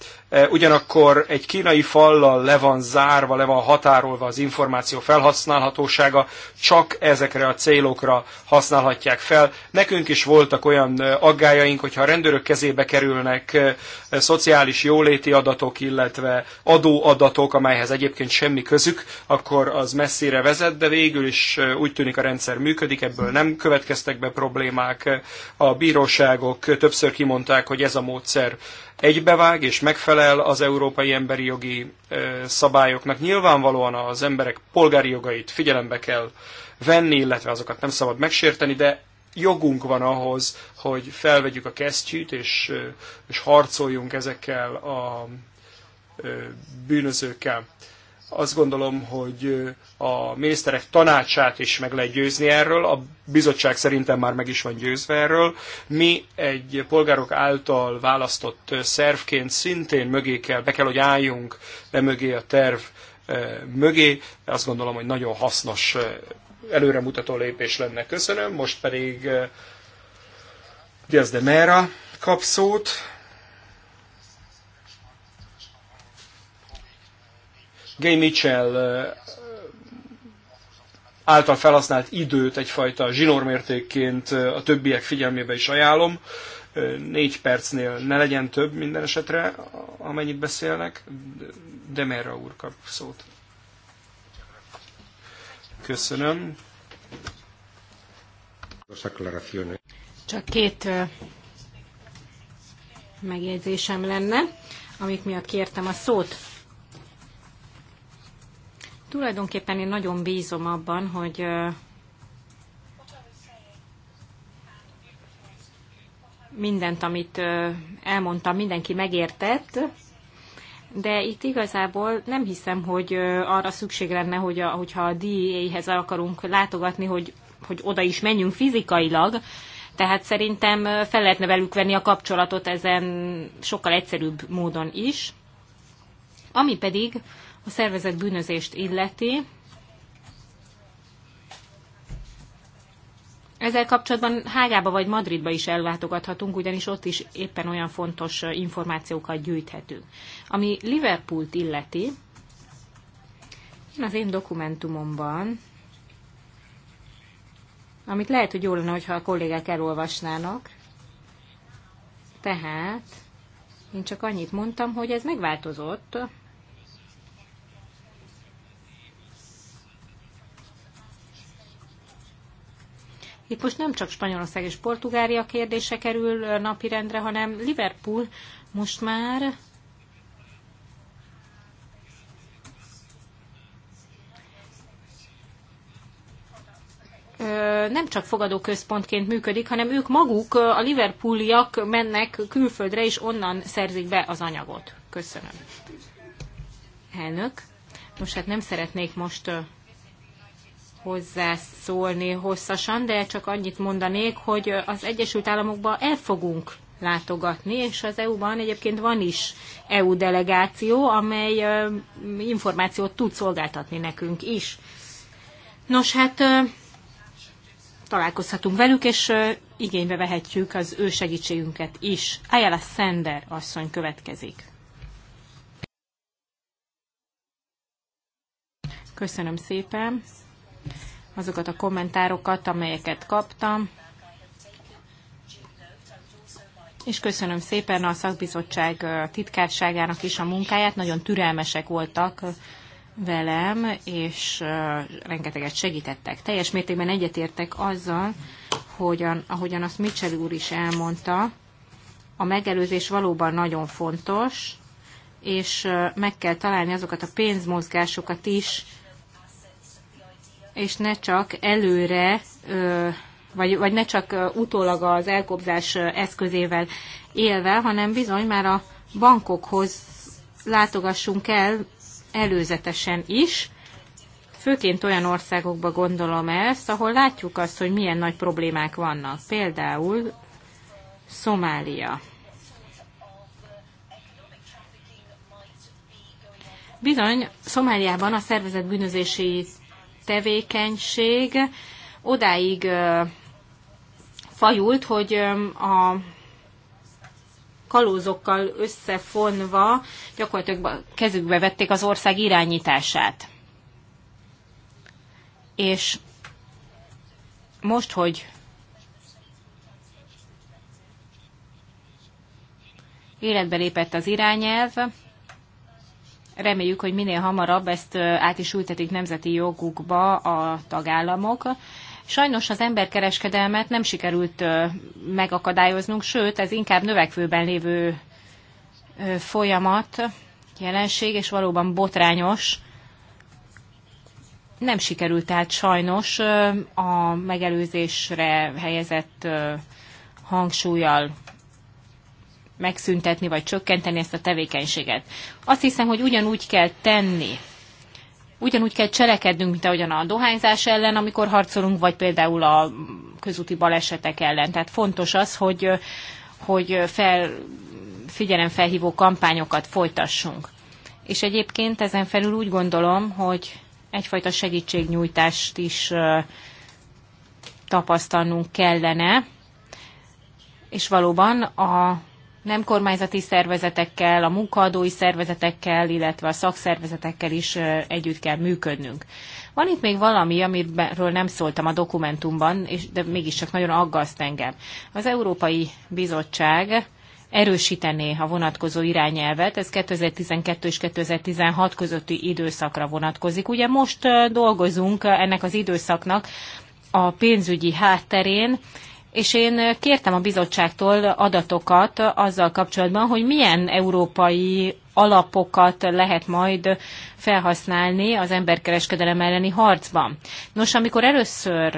Ugyanakkor egy kínai fallal le van zárva, le van határolva az információ felhasználhatósága, csak ezekre a célokra használhatják fel. Nekünk is voltak olyan aggájaink, hogyha a rendőrök kezébe kerülnek szociális jóléti adatok, illetve adóadatok, amelyhez egyébként semmi közük, akkor az messzire vezet, de végül is úgy tűnik a rendszer működik, ebből nem következtek be problémák. A bíróságok többször kimondták, hogy ez a módszer egybevág és megfelel az európai emberi jogi szabályoknak. Nyilvánvalóan az emberek polgári jogait figyelembe kell venni, illetve azokat nem szabad megsérteni, de jogunk van ahhoz, hogy felvegyük a kesztyűt, és, és harcoljunk ezekkel a bűnözőkkel. Azt gondolom, hogy a miniszterek tanácsát is meg lehet győzni erről, a bizottság szerintem már meg is van győzve erről. Mi egy polgárok által választott szervként szintén mögé kell, be kell, hogy álljunk le mögé a terv mögé. Azt gondolom, hogy nagyon hasznos előremutató lépés lenne. Köszönöm. Most pedig Diaz de Mera kap szót. Gay Mitchell által felhasznált időt egyfajta zsinórmértékként a többiek figyelmébe is ajánlom. Négy percnél ne legyen több minden esetre, amennyit beszélnek. de merre úr kap szót. Köszönöm. Csak két megjegyzésem lenne, amik miatt kértem a szót. Tulajdonképpen én nagyon bízom abban, hogy mindent, amit elmondtam, mindenki megértett, de itt igazából nem hiszem, hogy arra szükség lenne, hogy a, hogyha a DEA-hez akarunk látogatni, hogy, hogy oda is menjünk fizikailag, tehát szerintem fel lehetne velük venni a kapcsolatot ezen sokkal egyszerűbb módon is. Ami pedig a szervezet bűnözést illeti. Ezzel kapcsolatban Hágába vagy Madridba is ellátogathatunk, ugyanis ott is éppen olyan fontos információkat gyűjthetünk. Ami Liverpoolt illeti, én az én dokumentumomban, amit lehet, hogy jó lenne, hogyha a kollégák elolvasnának, tehát én csak annyit mondtam, hogy ez megváltozott, Itt most nem csak Spanyolország és Portugália kérdése kerül napirendre, hanem Liverpool most már nem csak fogadóközpontként működik, hanem ők maguk, a liverpooliak mennek külföldre, és onnan szerzik be az anyagot. Köszönöm. Elnök. Most hát nem szeretnék most hozzászólni hosszasan, de csak annyit mondanék, hogy az Egyesült Államokba el fogunk látogatni, és az EU-ban egyébként van is EU delegáció, amely információt tud szolgáltatni nekünk is. Nos, hát találkozhatunk velük, és igénybe vehetjük az ő segítségünket is. Ayala Sender asszony következik. Köszönöm szépen azokat a kommentárokat, amelyeket kaptam. És köszönöm szépen a szakbizottság titkárságának is a munkáját. Nagyon türelmesek voltak velem, és rengeteget segítettek. Teljes mértékben egyetértek azzal, hogyan, ahogyan azt Mitchell úr is elmondta, a megelőzés valóban nagyon fontos, és meg kell találni azokat a pénzmozgásokat is, és ne csak előre, vagy, vagy ne csak utólag az elkobzás eszközével élve, hanem bizony már a bankokhoz látogassunk el előzetesen is, főként olyan országokba gondolom ezt, ahol látjuk azt, hogy milyen nagy problémák vannak. Például Szomália. Bizony, Szomáliában a szervezet bűnözési tevékenység odáig fajult, hogy a kalózokkal összefonva gyakorlatilag kezükbe vették az ország irányítását. És most, hogy életbe lépett az irányelv, Reméljük, hogy minél hamarabb ezt át is ültetik nemzeti jogukba a tagállamok. Sajnos az emberkereskedelmet nem sikerült megakadályoznunk, sőt, ez inkább növekvőben lévő folyamat, jelenség, és valóban botrányos. Nem sikerült tehát sajnos a megelőzésre helyezett hangsúlyjal megszüntetni vagy csökkenteni ezt a tevékenységet. Azt hiszem, hogy ugyanúgy kell tenni, ugyanúgy kell cselekednünk, mint ahogyan a dohányzás ellen, amikor harcolunk, vagy például a közúti balesetek ellen. Tehát fontos az, hogy, hogy fel, figyelemfelhívó kampányokat folytassunk. És egyébként ezen felül úgy gondolom, hogy egyfajta segítségnyújtást is tapasztalnunk kellene, és valóban a nem kormányzati szervezetekkel, a munkaadói szervezetekkel, illetve a szakszervezetekkel is együtt kell működnünk. Van itt még valami, amiről nem szóltam a dokumentumban, és, de mégiscsak nagyon aggaszt engem. Az Európai Bizottság erősítené a vonatkozó irányelvet, ez 2012 és 2016 közötti időszakra vonatkozik. Ugye most dolgozunk ennek az időszaknak a pénzügyi hátterén, és én kértem a bizottságtól adatokat azzal kapcsolatban, hogy milyen európai alapokat lehet majd felhasználni az emberkereskedelem elleni harcban. Nos, amikor először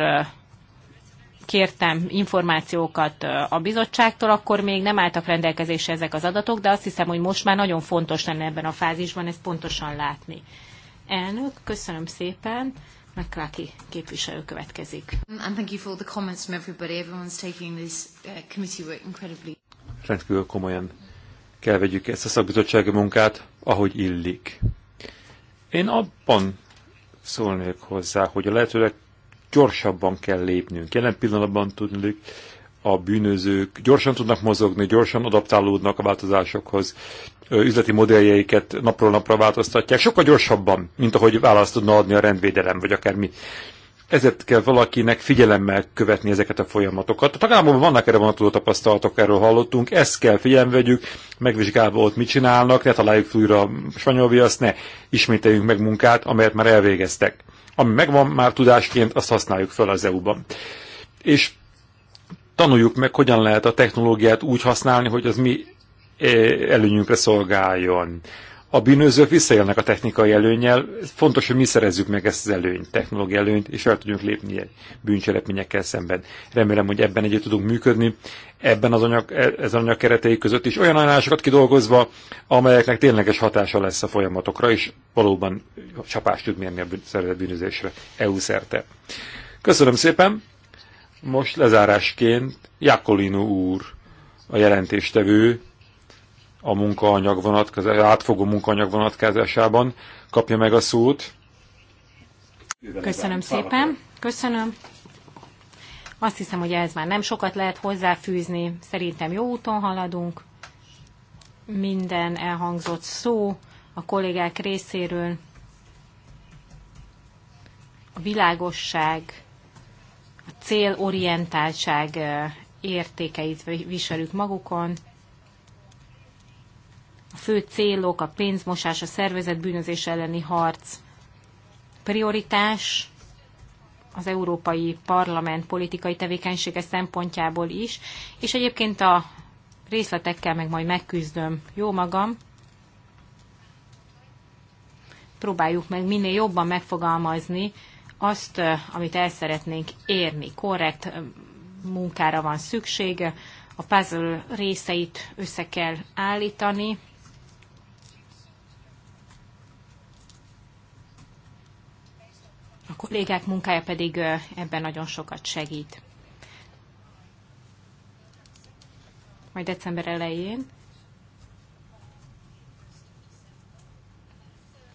kértem információkat a bizottságtól, akkor még nem álltak rendelkezésre ezek az adatok, de azt hiszem, hogy most már nagyon fontos lenne ebben a fázisban ezt pontosan látni. Elnök, köszönöm szépen. McClucky képviselő következik. Um, and thank you for all the comments from everybody. Everyone's taking this uh, committee work incredibly. Rendkívül komolyan kell vegyük ezt a szakbizottsági munkát, ahogy illik. Én abban szólnék hozzá, hogy a lehetőleg gyorsabban kell lépnünk. Jelen pillanatban tudnunk, a bűnözők gyorsan tudnak mozogni, gyorsan adaptálódnak a változásokhoz, üzleti modelljeiket napról napra változtatják, sokkal gyorsabban, mint ahogy választ tudna adni a rendvédelem, vagy akármi. Ezért kell valakinek figyelemmel követni ezeket a folyamatokat. A tagállamokban vannak erre vonatkozó tapasztalatok, erről hallottunk, ezt kell figyelembe vegyük, megvizsgálva ott mit csinálnak, ne találjuk újra a spanyol viaszt, ne ismételjünk meg munkát, amelyet már elvégeztek. Ami megvan már tudásként, azt használjuk fel az EU-ban. És tanuljuk meg, hogyan lehet a technológiát úgy használni, hogy az mi Eh, előnyünkre szolgáljon. A bűnözők visszaélnek a technikai előnyel, fontos, hogy mi szerezzük meg ezt az előnyt, technológiai előnyt, és el tudjunk lépni egy bűncselekményekkel szemben. Remélem, hogy ebben együtt tudunk működni, ebben az anyag, az e, anyag keretei között is olyan ajánlásokat kidolgozva, amelyeknek tényleges hatása lesz a folyamatokra, és valóban csapást tud mérni a szervezet bűnözésre EU szerte. Köszönöm szépen! Most lezárásként Jakolino úr, a jelentéstevő, a munkaanyag vonatkozás, átfogó munkaanyag vonatkozásában. Kapja meg a szót. Köszönöm szépen. Köszönöm. Azt hiszem, hogy ez már nem sokat lehet hozzáfűzni. Szerintem jó úton haladunk. Minden elhangzott szó a kollégák részéről. A világosság, a célorientáltság eh, értékeit viselük magukon, a fő célok a pénzmosás, a szervezet bűnözés elleni harc. Prioritás az Európai Parlament politikai tevékenysége szempontjából is, és egyébként a részletekkel meg majd megküzdöm jó magam. Próbáljuk meg minél jobban megfogalmazni azt, amit el szeretnénk érni. Korrekt munkára van szükség, a puzzle részeit össze kell állítani, kollégák munkája pedig ebben nagyon sokat segít. Majd december elején,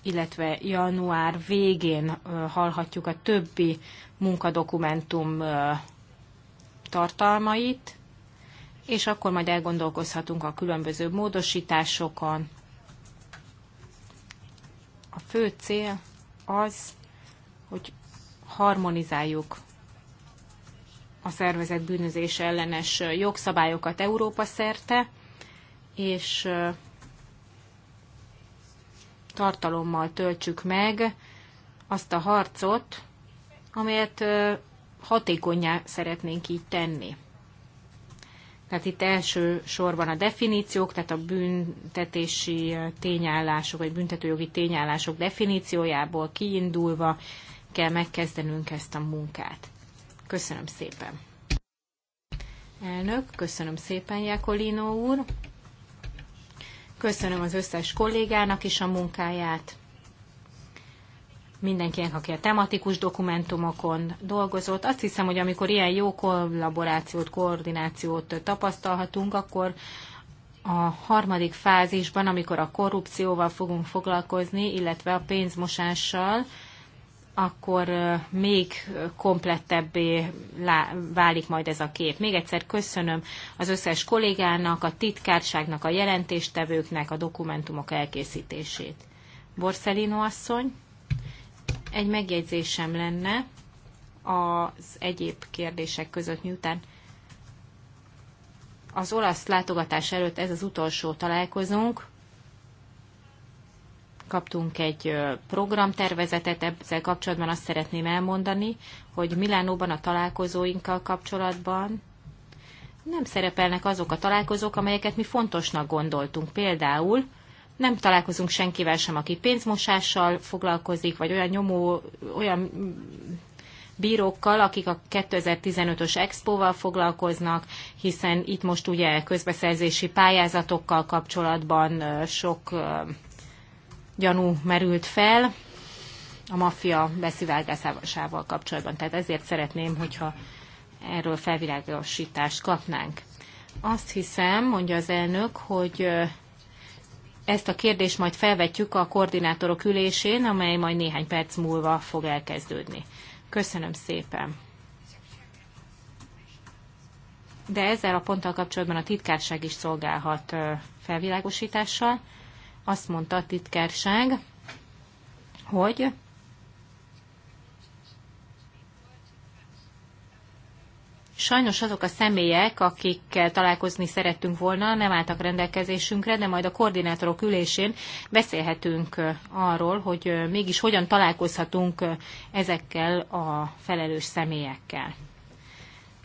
illetve január végén hallhatjuk a többi munkadokumentum tartalmait, és akkor majd elgondolkozhatunk a különböző módosításokon. A fő cél az, hogy harmonizáljuk a szervezet bűnözés ellenes jogszabályokat Európa szerte, és tartalommal töltsük meg azt a harcot, amelyet hatékonyá szeretnénk így tenni. Tehát itt első sorban a definíciók, tehát a büntetési tényállások, vagy büntetőjogi tényállások definíciójából kiindulva kell megkezdenünk ezt a munkát. Köszönöm szépen. Elnök, köszönöm szépen, Jakolino úr. Köszönöm az összes kollégának is a munkáját. Mindenkinek, aki a tematikus dokumentumokon dolgozott. Azt hiszem, hogy amikor ilyen jó kollaborációt, koordinációt tapasztalhatunk, akkor a harmadik fázisban, amikor a korrupcióval fogunk foglalkozni, illetve a pénzmosással, akkor még komplettebbé válik majd ez a kép. Még egyszer köszönöm az összes kollégának, a titkárságnak, a jelentéstevőknek a dokumentumok elkészítését. Borszelino asszony, egy megjegyzésem lenne az egyéb kérdések között, miután az olasz látogatás előtt ez az utolsó találkozunk kaptunk egy programtervezetet, ezzel kapcsolatban azt szeretném elmondani, hogy Milánóban a találkozóinkkal kapcsolatban nem szerepelnek azok a találkozók, amelyeket mi fontosnak gondoltunk. Például nem találkozunk senkivel sem, aki pénzmosással foglalkozik, vagy olyan nyomó, olyan bírókkal, akik a 2015-ös expóval foglalkoznak, hiszen itt most ugye közbeszerzési pályázatokkal kapcsolatban sok gyanú merült fel a maffia beszivárgásával kapcsolatban. Tehát ezért szeretném, hogyha erről felvilágosítást kapnánk. Azt hiszem, mondja az elnök, hogy ezt a kérdést majd felvetjük a koordinátorok ülésén, amely majd néhány perc múlva fog elkezdődni. Köszönöm szépen! De ezzel a ponttal kapcsolatban a titkárság is szolgálhat felvilágosítással azt mondta a titkárság, hogy Sajnos azok a személyek, akikkel találkozni szerettünk volna, nem álltak rendelkezésünkre, de majd a koordinátorok ülésén beszélhetünk arról, hogy mégis hogyan találkozhatunk ezekkel a felelős személyekkel.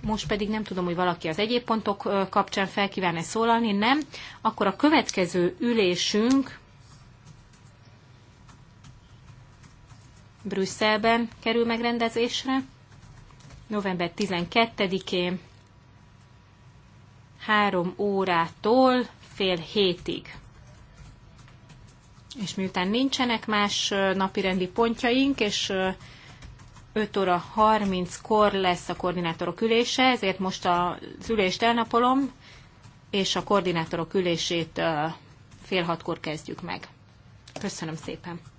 Most pedig nem tudom, hogy valaki az egyéb pontok kapcsán fel kíván szólalni, nem. Akkor a következő ülésünk Brüsszelben kerül megrendezésre, november 12-én 3 órától fél hétig. És miután nincsenek más napirendi pontjaink, és 5 óra 30-kor lesz a koordinátorok ülése, ezért most az ülést elnapolom, és a koordinátorok ülését fél hatkor kezdjük meg. Köszönöm szépen!